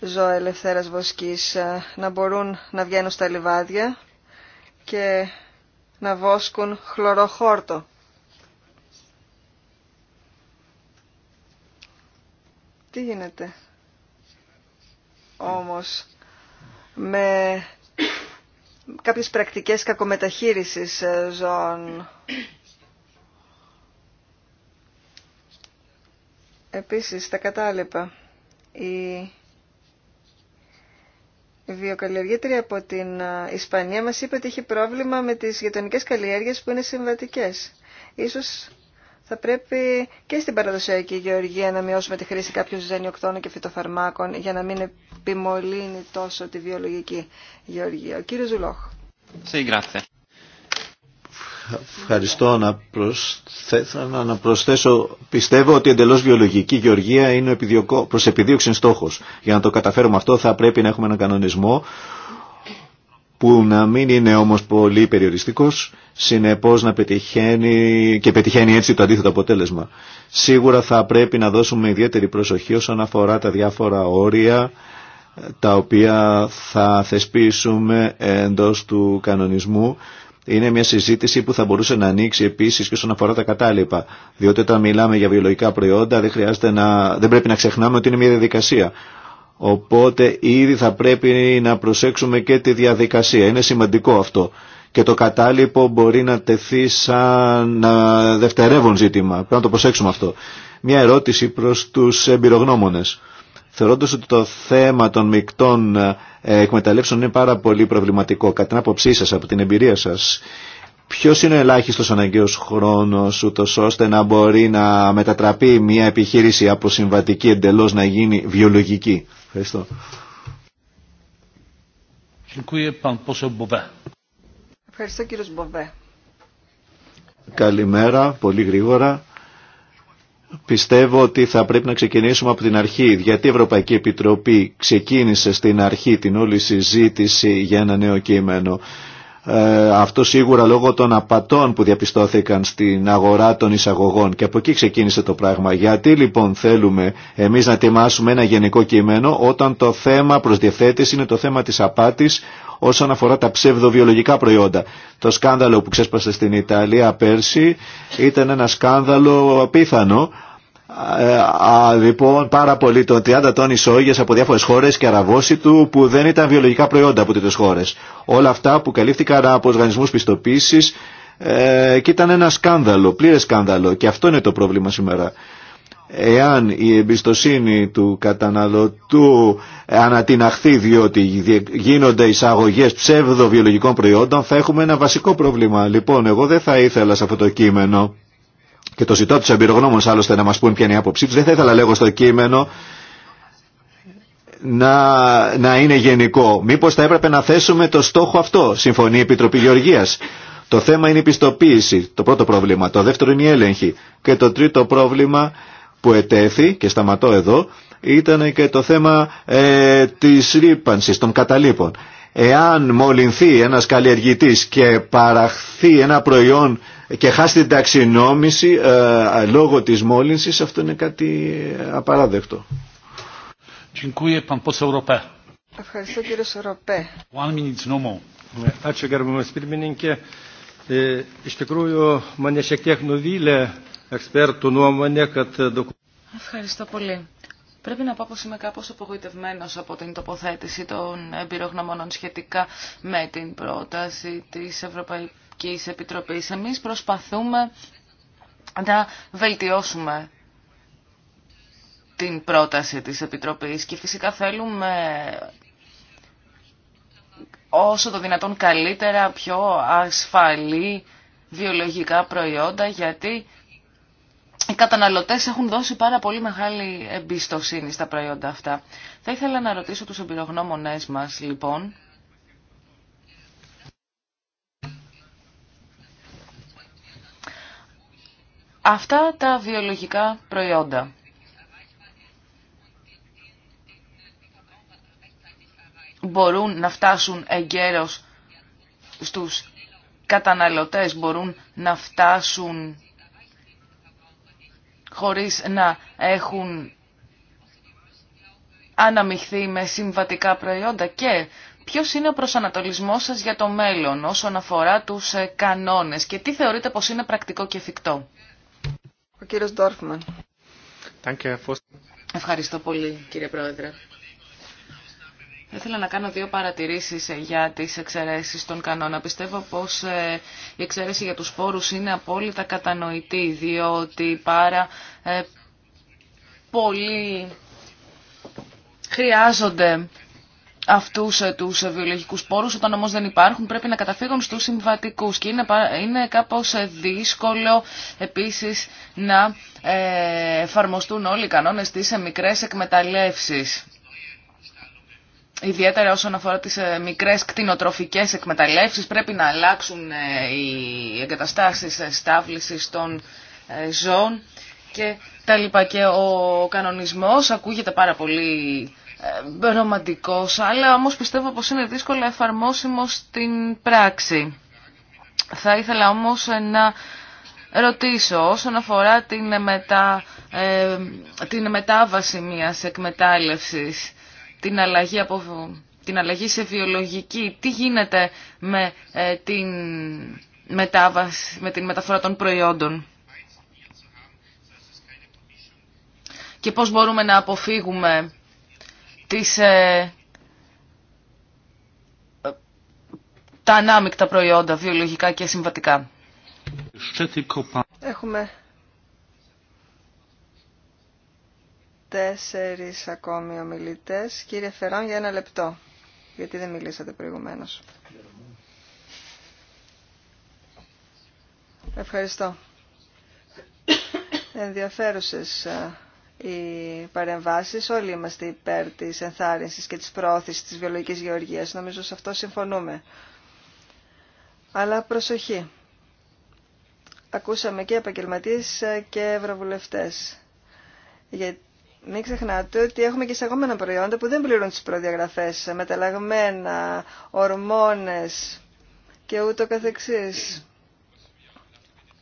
ζώα ελευθέρας βοσκής, να μπορούν να βγαίνουν στα λιβάδια και να βόσκουν χλωροχόρτο. Τι γίνεται όμως με κάποιες πρακτικές κακομεταχείρισης ε, ζώων. Επίσης, τα κατάλοιπα. Η βιοκαλλιεργήτρια από την ε, Ισπανία μας είπε ότι έχει πρόβλημα με τις γειτονικές καλλιέργειες που είναι συμβατικές. Ίσως θα πρέπει και στην παραδοσιακή γεωργία να μειώσουμε τη χρήση κάποιων ζενιοκτώνων και φυτοφαρμάκων για να μην επιμολύνει τόσο τη βιολογική γεωργία. Ο κύριος Ζουλόχ. Ευχαριστώ να προσθέσω, να προσθέσω. Πιστεύω ότι εντελώς βιολογική γεωργία είναι προς επιδίωξη στόχος. Για να το καταφέρουμε αυτό θα πρέπει να έχουμε έναν κανονισμό που να μην είναι όμως πολύ περιοριστικός, συνεπώς να πετυχαίνει και πετυχαίνει έτσι το αντίθετο αποτέλεσμα. Σίγουρα θα πρέπει να δώσουμε ιδιαίτερη προσοχή όσον αφορά τα διάφορα όρια τα οποία θα θεσπίσουμε εντός του κανονισμού. Είναι μια συζήτηση που θα μπορούσε να ανοίξει επίσης και όσον αφορά τα κατάλοιπα. Διότι όταν μιλάμε για βιολογικά προϊόντα δεν, χρειάζεται να, δεν πρέπει να ξεχνάμε ότι είναι μια διαδικασία Οπότε ήδη θα πρέπει να προσέξουμε και τη διαδικασία. Είναι σημαντικό αυτό. Και το κατάλοιπο μπορεί να τεθεί σαν δευτερεύον ζήτημα. Πρέπει να το προσέξουμε αυτό. Μια ερώτηση προς τους εμπειρογνώμονες. Θεωρώντας ότι το θέμα των μεικτών ε, εκμεταλλεύσεων είναι πάρα πολύ προβληματικό, κατά την άποψή σας, από την εμπειρία σας, ποιος είναι ο ελάχιστος αναγκαίος χρόνος ούτως ώστε να μπορεί να μετατραπεί μια επιχείρηση από συμβατική εντελώς να γίνει βιολογική. Ευχαριστώ. Ευχαριστώ κύριος Μποβέ. Καλημέρα, πολύ γρήγορα. Πιστεύω ότι θα πρέπει να ξεκινήσουμε από την αρχή, γιατί η Ευρωπαϊκή Επιτροπή ξεκίνησε στην αρχή την όλη συζήτηση για ένα νέο κείμενο. Ε, αυτό σίγουρα λόγω των απατών που διαπιστώθηκαν στην αγορά των εισαγωγών και από εκεί ξεκίνησε το πράγμα. Γιατί λοιπόν θέλουμε εμείς να ετοιμάσουμε ένα γενικό κείμενο όταν το θέμα προς διευθέτηση είναι το θέμα της απάτης όσον αφορά τα ψευδοβιολογικά προϊόντα. Το σκάνδαλο που ξέσπασε στην Ιταλία πέρσι ήταν ένα σκάνδαλο απίθανο α, λοιπόν πάρα πολύ των 30 τόνι σόγια από διάφορε χώρε και αραβώση του που δεν ήταν βιολογικά προϊόντα από τέτοιες χώρε. Όλα αυτά που καλύφθηκαν από οργανισμού πιστοποίηση ε, και ήταν ένα σκάνδαλο, πλήρε σκάνδαλο και αυτό είναι το πρόβλημα σήμερα. Εάν η εμπιστοσύνη του καταναλωτού ε, ανατιναχθεί διότι γίνονται εισαγωγές ψεύδο βιολογικών προϊόντων θα έχουμε ένα βασικό πρόβλημα. Λοιπόν, εγώ δεν θα ήθελα σε αυτό το κείμενο και το ζητώ του εμπειρογνώμου άλλωστε να μα πούν ποια είναι η άποψή του. Δεν θα ήθελα λέγω στο κείμενο να, να είναι γενικό. Μήπω θα έπρεπε να θέσουμε το στόχο αυτό, συμφωνεί η Επιτροπή Γεωργία. Το θέμα είναι η πιστοποίηση, το πρώτο πρόβλημα. Το δεύτερο είναι η έλεγχη. Και το τρίτο πρόβλημα που ετέθη, και σταματώ εδώ, ήταν και το θέμα ε, της ρήπανσης των καταλήπων. Εάν μολυνθεί ένας καλλιεργητής και παραχθεί ένα προϊόν και χάσει την ταξινόμηση ε, λόγω της μόλυνσης, αυτό είναι κάτι απαράδεκτο. Ευχαριστώ κύριε Σοροπέ. Ευχαριστώ πολύ. Πρέπει να πω πως είμαι κάπως απογοητευμένος από την τοποθέτηση των εμπειρογνωμόνων σχετικά με την πρόταση της Ευρωπαϊκής Ευρωπαϊκής Επιτροπής. Εμείς προσπαθούμε να βελτιώσουμε την πρόταση της Επιτροπής και φυσικά θέλουμε όσο το δυνατόν καλύτερα, πιο ασφαλή βιολογικά προϊόντα, γιατί οι καταναλωτές έχουν δώσει πάρα πολύ μεγάλη εμπιστοσύνη στα προϊόντα αυτά. Θα ήθελα να ρωτήσω τους εμπειρογνώμονές μας, λοιπόν, αυτά τα βιολογικά προϊόντα. Μπορούν να φτάσουν εγκαίρως στους καταναλωτές, μπορούν να φτάσουν χωρίς να έχουν αναμειχθεί με συμβατικά προϊόντα και ποιος είναι ο προσανατολισμός σας για το μέλλον όσον αφορά τους ε, κανόνες και τι θεωρείτε πως είναι πρακτικό και εφικτό. Ο κύριος Ντόρφμαν. Ευχαριστώ πολύ κύριε Πρόεδρε. Ήθελα να κάνω δύο παρατηρήσεις ε, για τις εξαιρέσεις των κανόνα. Πιστεύω πως ε, η εξαίρεση για τους σπόρους είναι απόλυτα κατανοητή, διότι πάρα ε, πολύ χρειάζονται Αυτού ε, του ε, βιολογικούς πόρους, όταν όμως δεν υπάρχουν πρέπει να καταφύγουν στους συμβατικούς και είναι, είναι κάπως ε, δύσκολο επίσης να εφαρμοστούν όλοι οι κανόνες της σε μικρές εκμεταλλεύσεις. Ιδιαίτερα όσον αφορά τις μικρές κτηνοτροφικές εκμεταλλεύσεις πρέπει να αλλάξουν οι εγκαταστάσεις στάβλησης των ζώων και τα λοιπά. Και ο κανονισμός ακούγεται πάρα πολύ ε, ρομαντικός, αλλά όμως πιστεύω πως είναι δύσκολο εφαρμόσιμο στην πράξη. Θα ήθελα όμως ε, να ρωτήσω όσον αφορά την, ε, μετα, την μετάβαση μιας εκμετάλλευσης, την αλλαγή, την αλλαγή σε βιολογική, τι γίνεται με, την, μετάβαση, με την μεταφορά των προϊόντων. Και πώς μπορούμε να αποφύγουμε τις, ε, ε, τα ανάμεικτα προϊόντα, βιολογικά και συμβατικά. Έχουμε τέσσερις ακόμη ομιλητές. Κύριε Φεράν, για ένα λεπτό, γιατί δεν μιλήσατε προηγουμένως. Ευχαριστώ. Ενδιαφέρουσες ε, οι παρεμβάσει Όλοι είμαστε υπέρ τη ενθάρρυνσης και τη προώθησης τη βιολογική γεωργία. Νομίζω σε αυτό συμφωνούμε. Αλλά προσοχή. Ακούσαμε και επαγγελματίε και ευρωβουλευτέ. μην ξεχνάτε ότι έχουμε και εισαγόμενα προϊόντα που δεν πληρούν τις προδιαγραφές, μεταλλαγμένα, ορμόνες και ούτω καθεξής.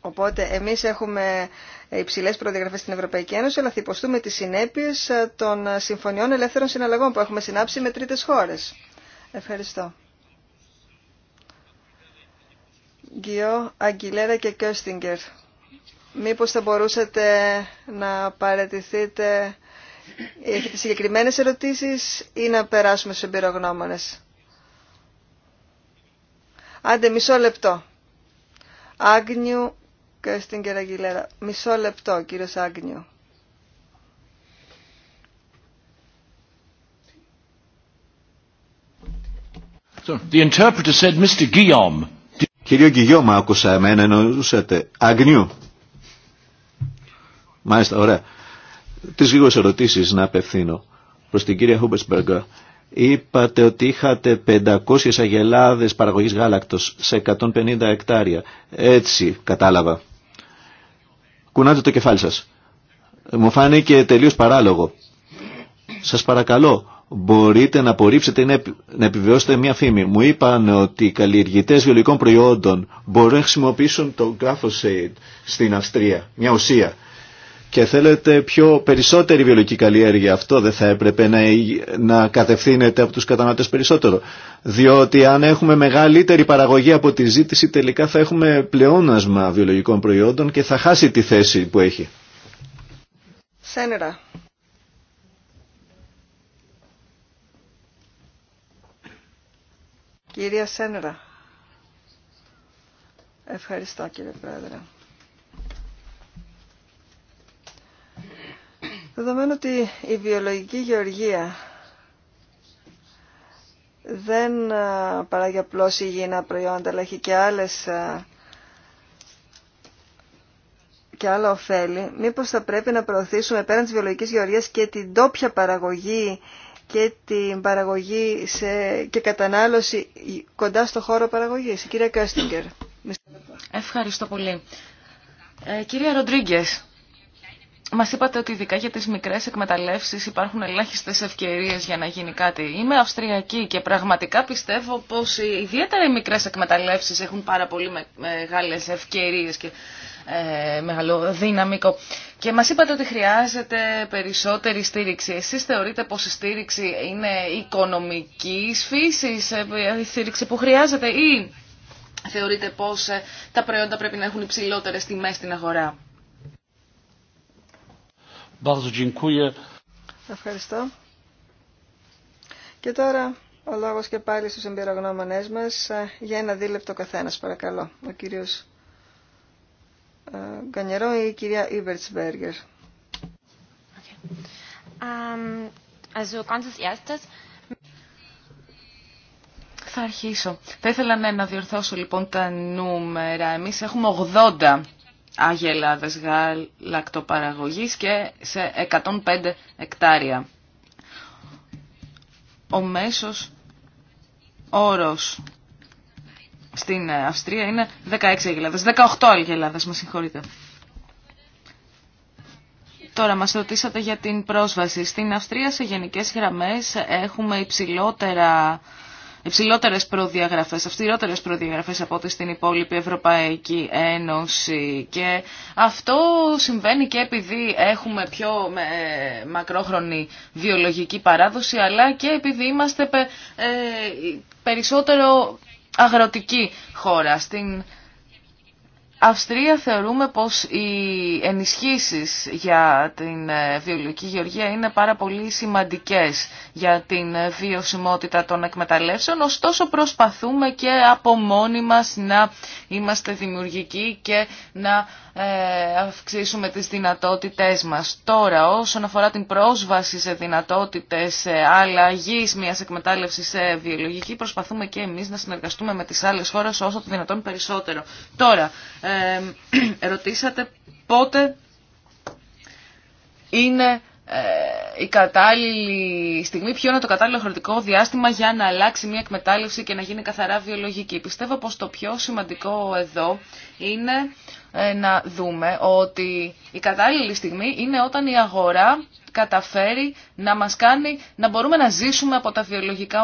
Οπότε εμείς έχουμε ε, υψηλέ προδιαγραφέ στην Ευρωπαϊκή Ένωση, αλλά θα υποστούμε τι συνέπειε ε, των ε, συμφωνιών ελεύθερων συναλλαγών που έχουμε συνάψει με τρίτε χώρε. Ευχαριστώ. Γκυό, Αγγιλέρα και Κιώστιγκερ. Μήπως θα μπορούσατε να παρατηθείτε, έχετε συγκεκριμένες ερωτήσεις ή να περάσουμε στους εμπειρογνώμονες. Άντε μισό λεπτό. Άγνιου στην Κεραγγιλέρα. Μισό λεπτό, κύριο Άγνιο. Κύριο Γκυγιώμα, άκουσα εμένα, εννοούσατε. Αγνιού. Μάλιστα, ωραία. Τις λίγες ερωτήσεις να απευθύνω προς την κυρία Χούμπεσμπεργκα. Είπατε ότι είχατε 500 αγελάδες παραγωγής γάλακτος σε 150 εκτάρια. Έτσι κατάλαβα κουνάτε το κεφάλι σας. Μου φάνηκε τελείως παράλογο. Σας παρακαλώ, μπορείτε να απορρίψετε ή να επιβεβαιώσετε μια φήμη. Μου είπαν ότι οι καλλιεργητές βιολογικών προϊόντων μπορούν να χρησιμοποιήσουν το glyphosate στην Αυστρία, μια ουσία και θέλετε πιο περισσότερη βιολογική καλλιέργεια. Αυτό δεν θα έπρεπε να, να κατευθύνεται από τους καταναλωτές περισσότερο. Διότι αν έχουμε μεγαλύτερη παραγωγή από τη ζήτηση τελικά θα έχουμε πλεόνασμα βιολογικών προϊόντων και θα χάσει τη θέση που έχει. Σένερα. Κυρία Σένερα. Ευχαριστώ κύριε Πρόεδρε. Δεδομένου ότι η βιολογική γεωργία δεν ε, παράγει απλώς υγιεινά προϊόντα, αλλά έχει και άλλες ε, και άλλα ωφέλη, μήπως θα πρέπει να προωθήσουμε πέραν της βιολογικής γεωργίας και την τόπια παραγωγή και την παραγωγή σε, και κατανάλωση κοντά στο χώρο παραγωγής. Κυρία Κάστιγκερ. Ευχαριστώ πολύ. Ε, κυρία Ροντρίγκες, μας είπατε ότι ειδικά για τις μικρές εκμεταλλεύσεις υπάρχουν ελάχιστες ευκαιρίες για να γίνει κάτι. Είμαι αυστριακή και πραγματικά πιστεύω πως ιδιαίτερα οι μικρές εκμεταλλεύσεις έχουν πάρα πολύ μεγάλες ευκαιρίες και ε, μεγάλο δύναμικο. Και μας είπατε ότι χρειάζεται περισσότερη στήριξη. Εσείς θεωρείτε πως η στήριξη είναι οικονομικής φύσης, ε, η στήριξη που χρειάζεται ή θεωρείτε πως ε, τα προϊόντα πρέπει να έχουν υψηλότερες τιμές στην αγορά. Ευχαριστώ. Και τώρα ο λόγο και πάλι στου εμπειρογνώμονέ μα ε, για ένα δίλεπτο καθένα, παρακαλώ. Ο κύριο ε, Γκανιερό ή η κυρία Ιβερτσμπέργκερ. Θα αρχίσω. Θα ήθελα να διορθώσω λοιπόν τα νούμερα. Εμεί έχουμε 80 αγελάδες γαλακτοπαραγωγής και σε 105 εκτάρια. Ο μέσος όρος στην Αυστρία είναι 16 αγελάδες, 18 αγελάδες, με συγχωρείτε. Τώρα μας ρωτήσατε για την πρόσβαση. Στην Αυστρία σε γενικές γραμμές έχουμε υψηλότερα υψηλότερε προδιαγραφέ, αυστηρότερε προδιαγραφέ από ό,τι στην υπόλοιπη Ευρωπαϊκή Ένωση. Και αυτό συμβαίνει και επειδή έχουμε πιο ε, μακρόχρονη βιολογική παράδοση, αλλά και επειδή είμαστε ε, περισσότερο αγροτική χώρα. Στην Αυστρία θεωρούμε πως οι ενισχύσεις για την ε, βιολογική γεωργία είναι πάρα πολύ σημαντικές για την ε, βιωσιμότητα των εκμεταλλεύσεων, ωστόσο προσπαθούμε και από μόνοι μας να είμαστε δημιουργικοί και να ε, αυξήσουμε τις δυνατότητές μας. Τώρα, όσον αφορά την πρόσβαση σε δυνατότητες αλλαγή μιας εκμετάλλευσης σε βιολογική, προσπαθούμε και εμείς να συνεργαστούμε με τις άλλες χώρες όσο το δυνατόν περισσότερο. Τώρα, ε, [CLEARS THROAT] ρωτήσατε πότε είναι ε, η κατάλληλη στιγμή, ποιο είναι το κατάλληλο χρονικό διάστημα για να αλλάξει μια εκμετάλλευση και να γίνει καθαρά βιολογική. Πιστεύω πως το πιο σημαντικό εδώ είναι ε, να δούμε ότι η κατάλληλη στιγμή είναι όταν η αγορά καταφέρει να μας κάνει να μπορούμε να ζήσουμε από τα βιολογικά,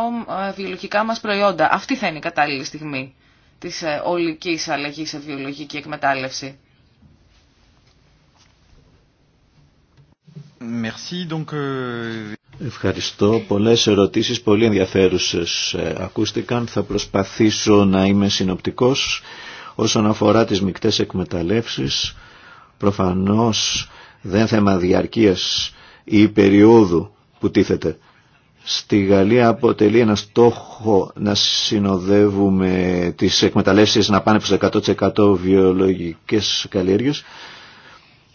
βιολογικά μας προϊόντα. Αυτή θα είναι η κατάλληλη στιγμή της ε, ολικής αλλαγής σε βιολογική εκμετάλλευση. Euh, Ευχαριστώ. Πολλές ερωτήσεις, πολύ ενδιαφέρουσες ε, ακούστηκαν. Θα προσπαθήσω να είμαι συνοπτικός όσον αφορά τις μικτές εκμεταλλεύσεις. Προφανώς δεν θέμα διαρκείας ή περίοδου που τίθεται στη Γαλλία αποτελεί ένα στόχο να συνοδεύουμε τις εκμεταλλεύσεις να πάνε προς 100% βιολογικές καλλιέργειες.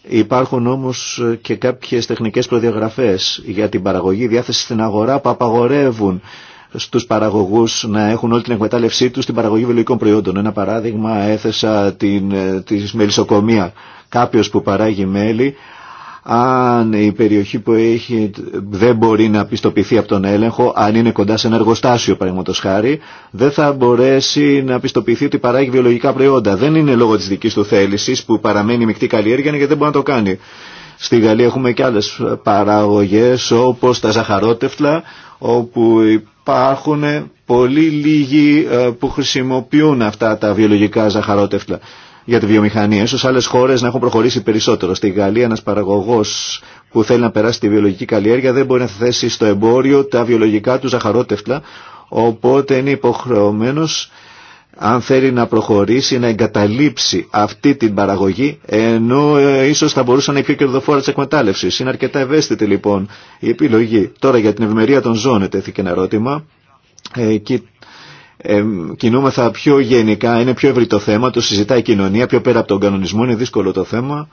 Υπάρχουν όμως και κάποιες τεχνικές προδιαγραφές για την παραγωγή διάθεση στην αγορά που απαγορεύουν στους παραγωγούς να έχουν όλη την εκμετάλλευσή τους στην παραγωγή βιολογικών προϊόντων. Ένα παράδειγμα έθεσα τη ε, μελισσοκομεία. Κάποιος που παράγει μέλι αν η περιοχή που έχει δεν μπορεί να πιστοποιηθεί από τον έλεγχο, αν είναι κοντά σε ένα εργοστάσιο παραδείγματο χάρη, δεν θα μπορέσει να πιστοποιηθεί ότι παράγει βιολογικά προϊόντα. Δεν είναι λόγω τη δική του θέληση που παραμένει μεικτή καλλιέργεια γιατί δεν μπορεί να το κάνει. Στη Γαλλία έχουμε και άλλε παραγωγέ όπω τα ζαχαρότευτλα, όπου υπάρχουν πολύ λίγοι ε, που χρησιμοποιούν αυτά τα βιολογικά ζαχαρότευτλα για τη βιομηχανία. Ίσως άλλες χώρες να έχουν προχωρήσει περισσότερο. Στη Γαλλία ένας παραγωγός που θέλει να περάσει τη βιολογική καλλιέργεια δεν μπορεί να θέσει στο εμπόριο τα βιολογικά του ζαχαρότευτα οπότε είναι υποχρεωμένος αν θέλει να προχωρήσει, να εγκαταλείψει αυτή την παραγωγή, ενώ ε, ίσως θα μπορούσε να είναι πιο κερδοφόρα της εκμετάλλευσης. Είναι αρκετά ευαίσθητη λοιπόν η επιλογή. Τώρα για την ευημερία των ζώων τέθηκε ένα ερώτημα. Ε, ε, κινούμεθα πιο γενικά, είναι πιο ευρύ το θέμα, το συζητάει η κοινωνία, πιο πέρα από τον κανονισμό, είναι δύσκολο το θέμα,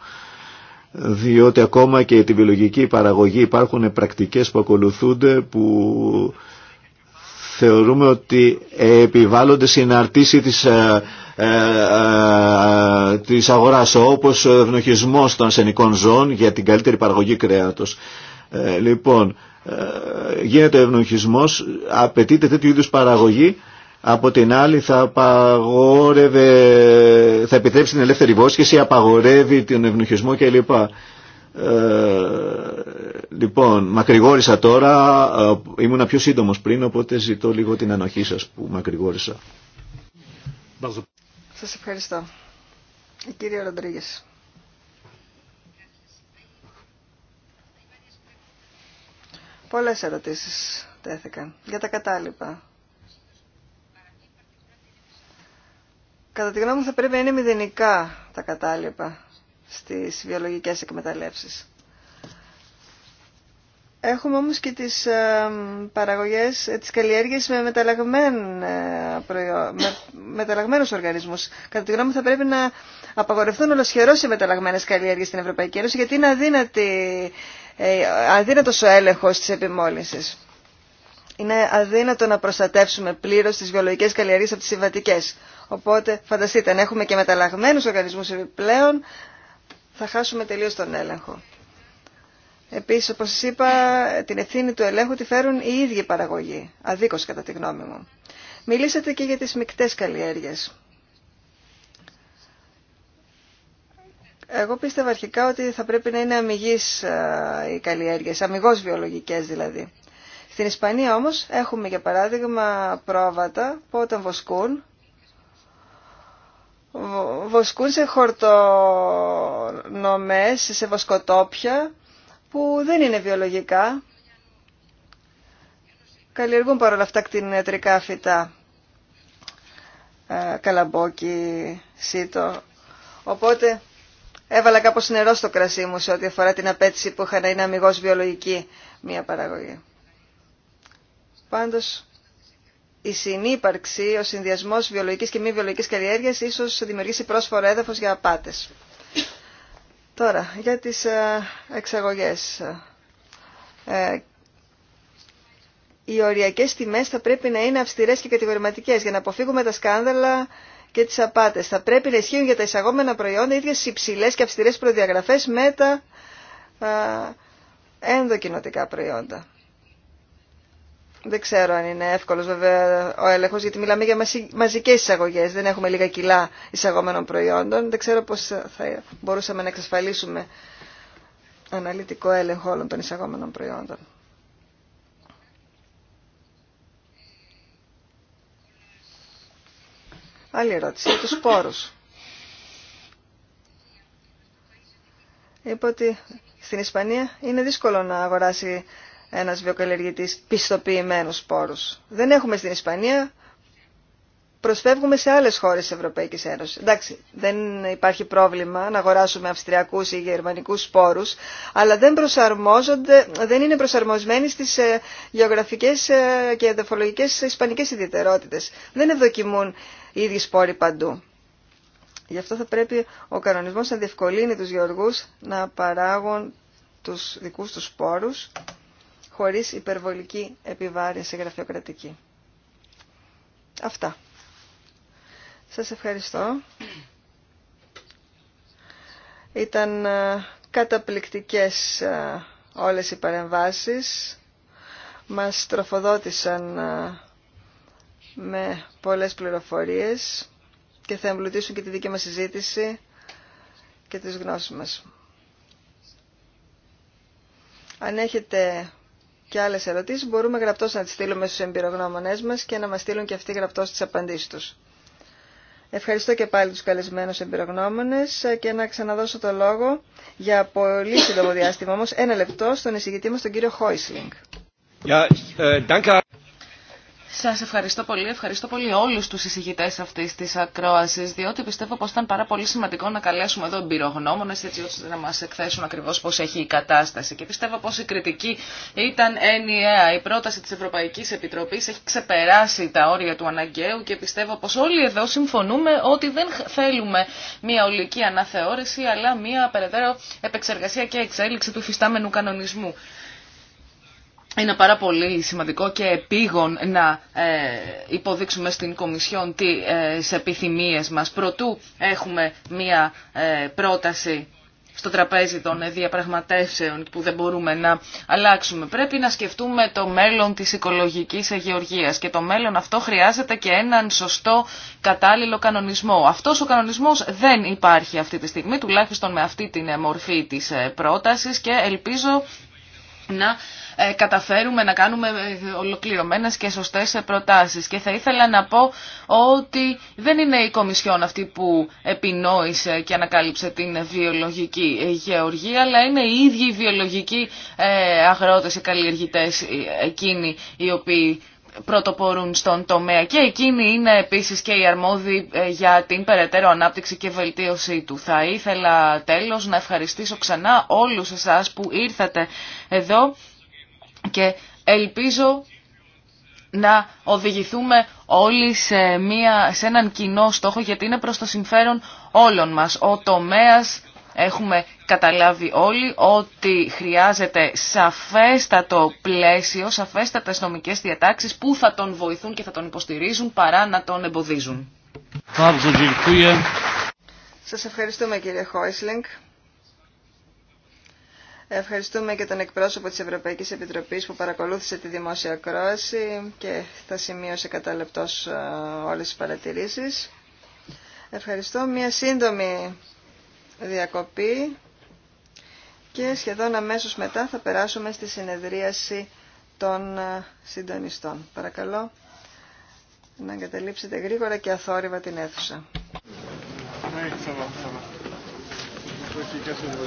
διότι ακόμα και τη βιολογική παραγωγή υπάρχουν πρακτικές που ακολουθούνται που θεωρούμε ότι επιβάλλονται συναρτήσει της, ε, ε, ε, της αγοράς όπως ο ευνοχισμός των σενικών ζώων για την καλύτερη παραγωγή κρέατος. Ε, λοιπόν, ε, γίνεται ο ευνοχισμός, απαιτείται τέτοιου είδους παραγωγή από την άλλη θα, απαγόρευε, θα επιτρέψει την ελεύθερη βόσκηση, απαγορεύει τον ευνοχισμό κλπ. Ε, λοιπόν, μακρηγόρησα τώρα, ε, Ήμουν πιο σύντομος πριν, οπότε ζητώ λίγο την ανοχή σας που μακρηγόρησα. Σας ευχαριστώ. κυρία Ροντρίγες. Πολλές ερωτήσεις τέθηκαν για τα κατάλοιπα. Κατά τη γνώμη μου θα πρέπει να είναι μηδενικά τα κατάλοιπα στις βιολογικές εκμεταλλεύσεις. Έχουμε όμως και τις ε, παραγωγές, ε, τις καλλιέργειες με, ε, προϊό, με μεταλλαγμένους οργανισμούς. Κατά τη γνώμη μου θα πρέπει να απαγορευτούν ολοσχερώς οι μεταλλαγμένες καλλιέργειες στην Ευρωπαϊκή Ένωση γιατί είναι αδύνατη, αδύνατος ο έλεγχος της επιμόλυνσης. Είναι αδύνατο να προστατεύσουμε πλήρως τις βιολογικές καλλιέργειες από τις συμβατικές. Οπότε φανταστείτε, αν έχουμε και μεταλλαγμένους οργανισμούς επιπλέον, θα χάσουμε τελείως τον έλεγχο. Επίσης, όπως σας είπα, την ευθύνη του ελέγχου τη φέρουν οι ίδιοι παραγωγοί, αδίκως κατά τη γνώμη μου. Μιλήσατε και για τις μικτές καλλιέργειες. Εγώ πίστευα αρχικά ότι θα πρέπει να είναι αμυγής οι καλλιέργειες, αμυγός βιολογικές δηλαδή. Στην Ισπανία όμως έχουμε για παράδειγμα πρόβατα που όταν βοσκούν βοσκούν σε χορτονομές, σε βοσκοτόπια που δεν είναι βιολογικά. Καλλιεργούν παρόλα αυτά κτηνιατρικά φυτά, ε, καλαμπόκι, σίτο. Οπότε έβαλα κάπως νερό στο κρασί μου σε ό,τι αφορά την απέτηση που είχα να είναι αμυγός βιολογική μία παραγωγή. Πάντως η συνύπαρξη, ο συνδυασμό βιολογικής και μη βιολογικής καλλιέργεια ίσως δημιουργήσει πρόσφορο έδαφο για απάτες. Τώρα, για τις ε, εξαγωγές. Ε, οι οριακέ τιμέ θα πρέπει να είναι αυστηρέ και κατηγορηματικές για να αποφύγουμε τα σκάνδαλα και τις απάτες. Θα πρέπει να ισχύουν για τα εισαγόμενα προϊόντα ίδιες υψηλέ και αυστηρέ προδιαγραφέ με τα ε, ενδοκινοτικά προϊόντα. Δεν ξέρω αν είναι εύκολος βέβαια ο έλεγχος, γιατί μιλάμε για μαζικές εισαγωγές. Δεν έχουμε λίγα κιλά εισαγόμενων προϊόντων. Δεν ξέρω πώς θα μπορούσαμε να εξασφαλίσουμε αναλυτικό έλεγχο όλων των εισαγόμενων προϊόντων. Άλλη ερώτηση για τους σπόρους. Είπα ότι στην Ισπανία είναι δύσκολο να αγοράσει ένας βιοκαλλιεργητής πιστοποιημένους σπόρους. Δεν έχουμε στην Ισπανία, προσφεύγουμε σε άλλες χώρες της Ευρωπαϊκής Ένωσης. Εντάξει, δεν υπάρχει πρόβλημα να αγοράσουμε αυστριακούς ή γερμανικούς σπόρους, αλλά δεν, προσαρμόζονται, δεν είναι προσαρμοσμένοι στις ε, γεωγραφικές ε, και εδαφολογικές ισπανικές ιδιαιτερότητες. Δεν ευδοκιμούν οι ίδιοι σπόροι παντού. Γι' αυτό θα πρέπει ο κανονισμός να διευκολύνει τους γεωργούς να παράγουν τους δικούς τους σπόρους χωρίς υπερβολική επιβάρυνση γραφειοκρατική. Αυτά. Σας ευχαριστώ. Ήταν ε, καταπληκτικές ε, όλες οι παρεμβάσεις. Μας τροφοδότησαν ε, με πολλές πληροφορίες και θα εμπλουτίσουν και τη δική μας συζήτηση και τις γνώσεις μας. Αν έχετε και άλλες ερωτήσεις μπορούμε γραπτώς να τις στείλουμε στους εμπειρογνώμονές μας και να μας στείλουν και αυτοί γραπτώς τις απαντήσεις τους. Ευχαριστώ και πάλι τους καλεσμένους εμπειρογνώμονες και να ξαναδώσω το λόγο για πολύ σύντομο διάστημα όμως ένα λεπτό στον εισηγητή μας τον κύριο Χόισλινγκ. Ε, Σα ευχαριστώ πολύ. Ευχαριστώ πολύ όλου του συζητητέ αυτή τη ακρόαση, διότι πιστεύω πω ήταν πάρα πολύ σημαντικό να καλέσουμε εδώ εμπειρογνώμονε, έτσι ώστε να μα εκθέσουν ακριβώ πώ έχει η κατάσταση. Και πιστεύω πω η κριτική ήταν ενιαία. Η πρόταση τη Ευρωπαϊκή Επιτροπή έχει ξεπεράσει τα όρια του αναγκαίου και πιστεύω πω όλοι εδώ συμφωνούμε ότι δεν θέλουμε μια ολική αναθεώρηση, αλλά μια περαιτέρω επεξεργασία και εξέλιξη του φυστάμενου κανονισμού είναι πάρα πολύ σημαντικό και επίγον να ε, υποδείξουμε στην Κομισιόν τις ε, επιθυμίες μας. Προτού έχουμε μία ε, πρόταση στο τραπέζι των διαπραγματεύσεων που δεν μπορούμε να αλλάξουμε. Πρέπει να σκεφτούμε το μέλλον της οικολογικής αγεωργίας και το μέλλον αυτό χρειάζεται και έναν σωστό κατάλληλο κανονισμό. Αυτός ο κανονισμός δεν υπάρχει αυτή τη στιγμή, τουλάχιστον με αυτή την μορφή της πρότασης και ελπίζω να ε, καταφέρουμε να κάνουμε ε, ολοκληρωμένες και σωστές ε, προτάσεις. Και θα ήθελα να πω ότι δεν είναι η Κομισιόν αυτή που επινόησε και ανακάλυψε την βιολογική γεωργία, αλλά είναι οι ίδιοι οι βιολογικοί αγρότες, οι καλλιεργητέ εκείνοι οι οποίοι πρωτοπορούν στον τομέα και εκείνοι είναι επίσης και οι αρμόδιοι για την περαιτέρω ανάπτυξη και βελτίωσή του. Θα ήθελα τέλος να ευχαριστήσω ξανά όλους εσάς που ήρθατε εδώ και ελπίζω να οδηγηθούμε όλοι σε, μια, σε έναν κοινό στόχο γιατί είναι προς το συμφέρον όλων μας. Ο τομέας έχουμε καταλάβει όλοι ότι χρειάζεται σαφέστατο πλαίσιο, σαφέστατες νομικές διατάξεις που θα τον βοηθούν και θα τον υποστηρίζουν παρά να τον εμποδίζουν. Σας ευχαριστούμε κύριε Χόισλινγκ. Ευχαριστούμε και τον εκπρόσωπο της Ευρωπαϊκής Επιτροπής που παρακολούθησε τη δημόσια κρόαση και θα σημείωσε κατά λεπτός όλες τις παρατηρήσεις. Ευχαριστώ. Μία σύντομη διακοπή και σχεδόν αμέσως μετά θα περάσουμε στη συνεδρίαση των συντονιστών. Παρακαλώ να εγκαταλείψετε γρήγορα και αθόρυβα την αίθουσα.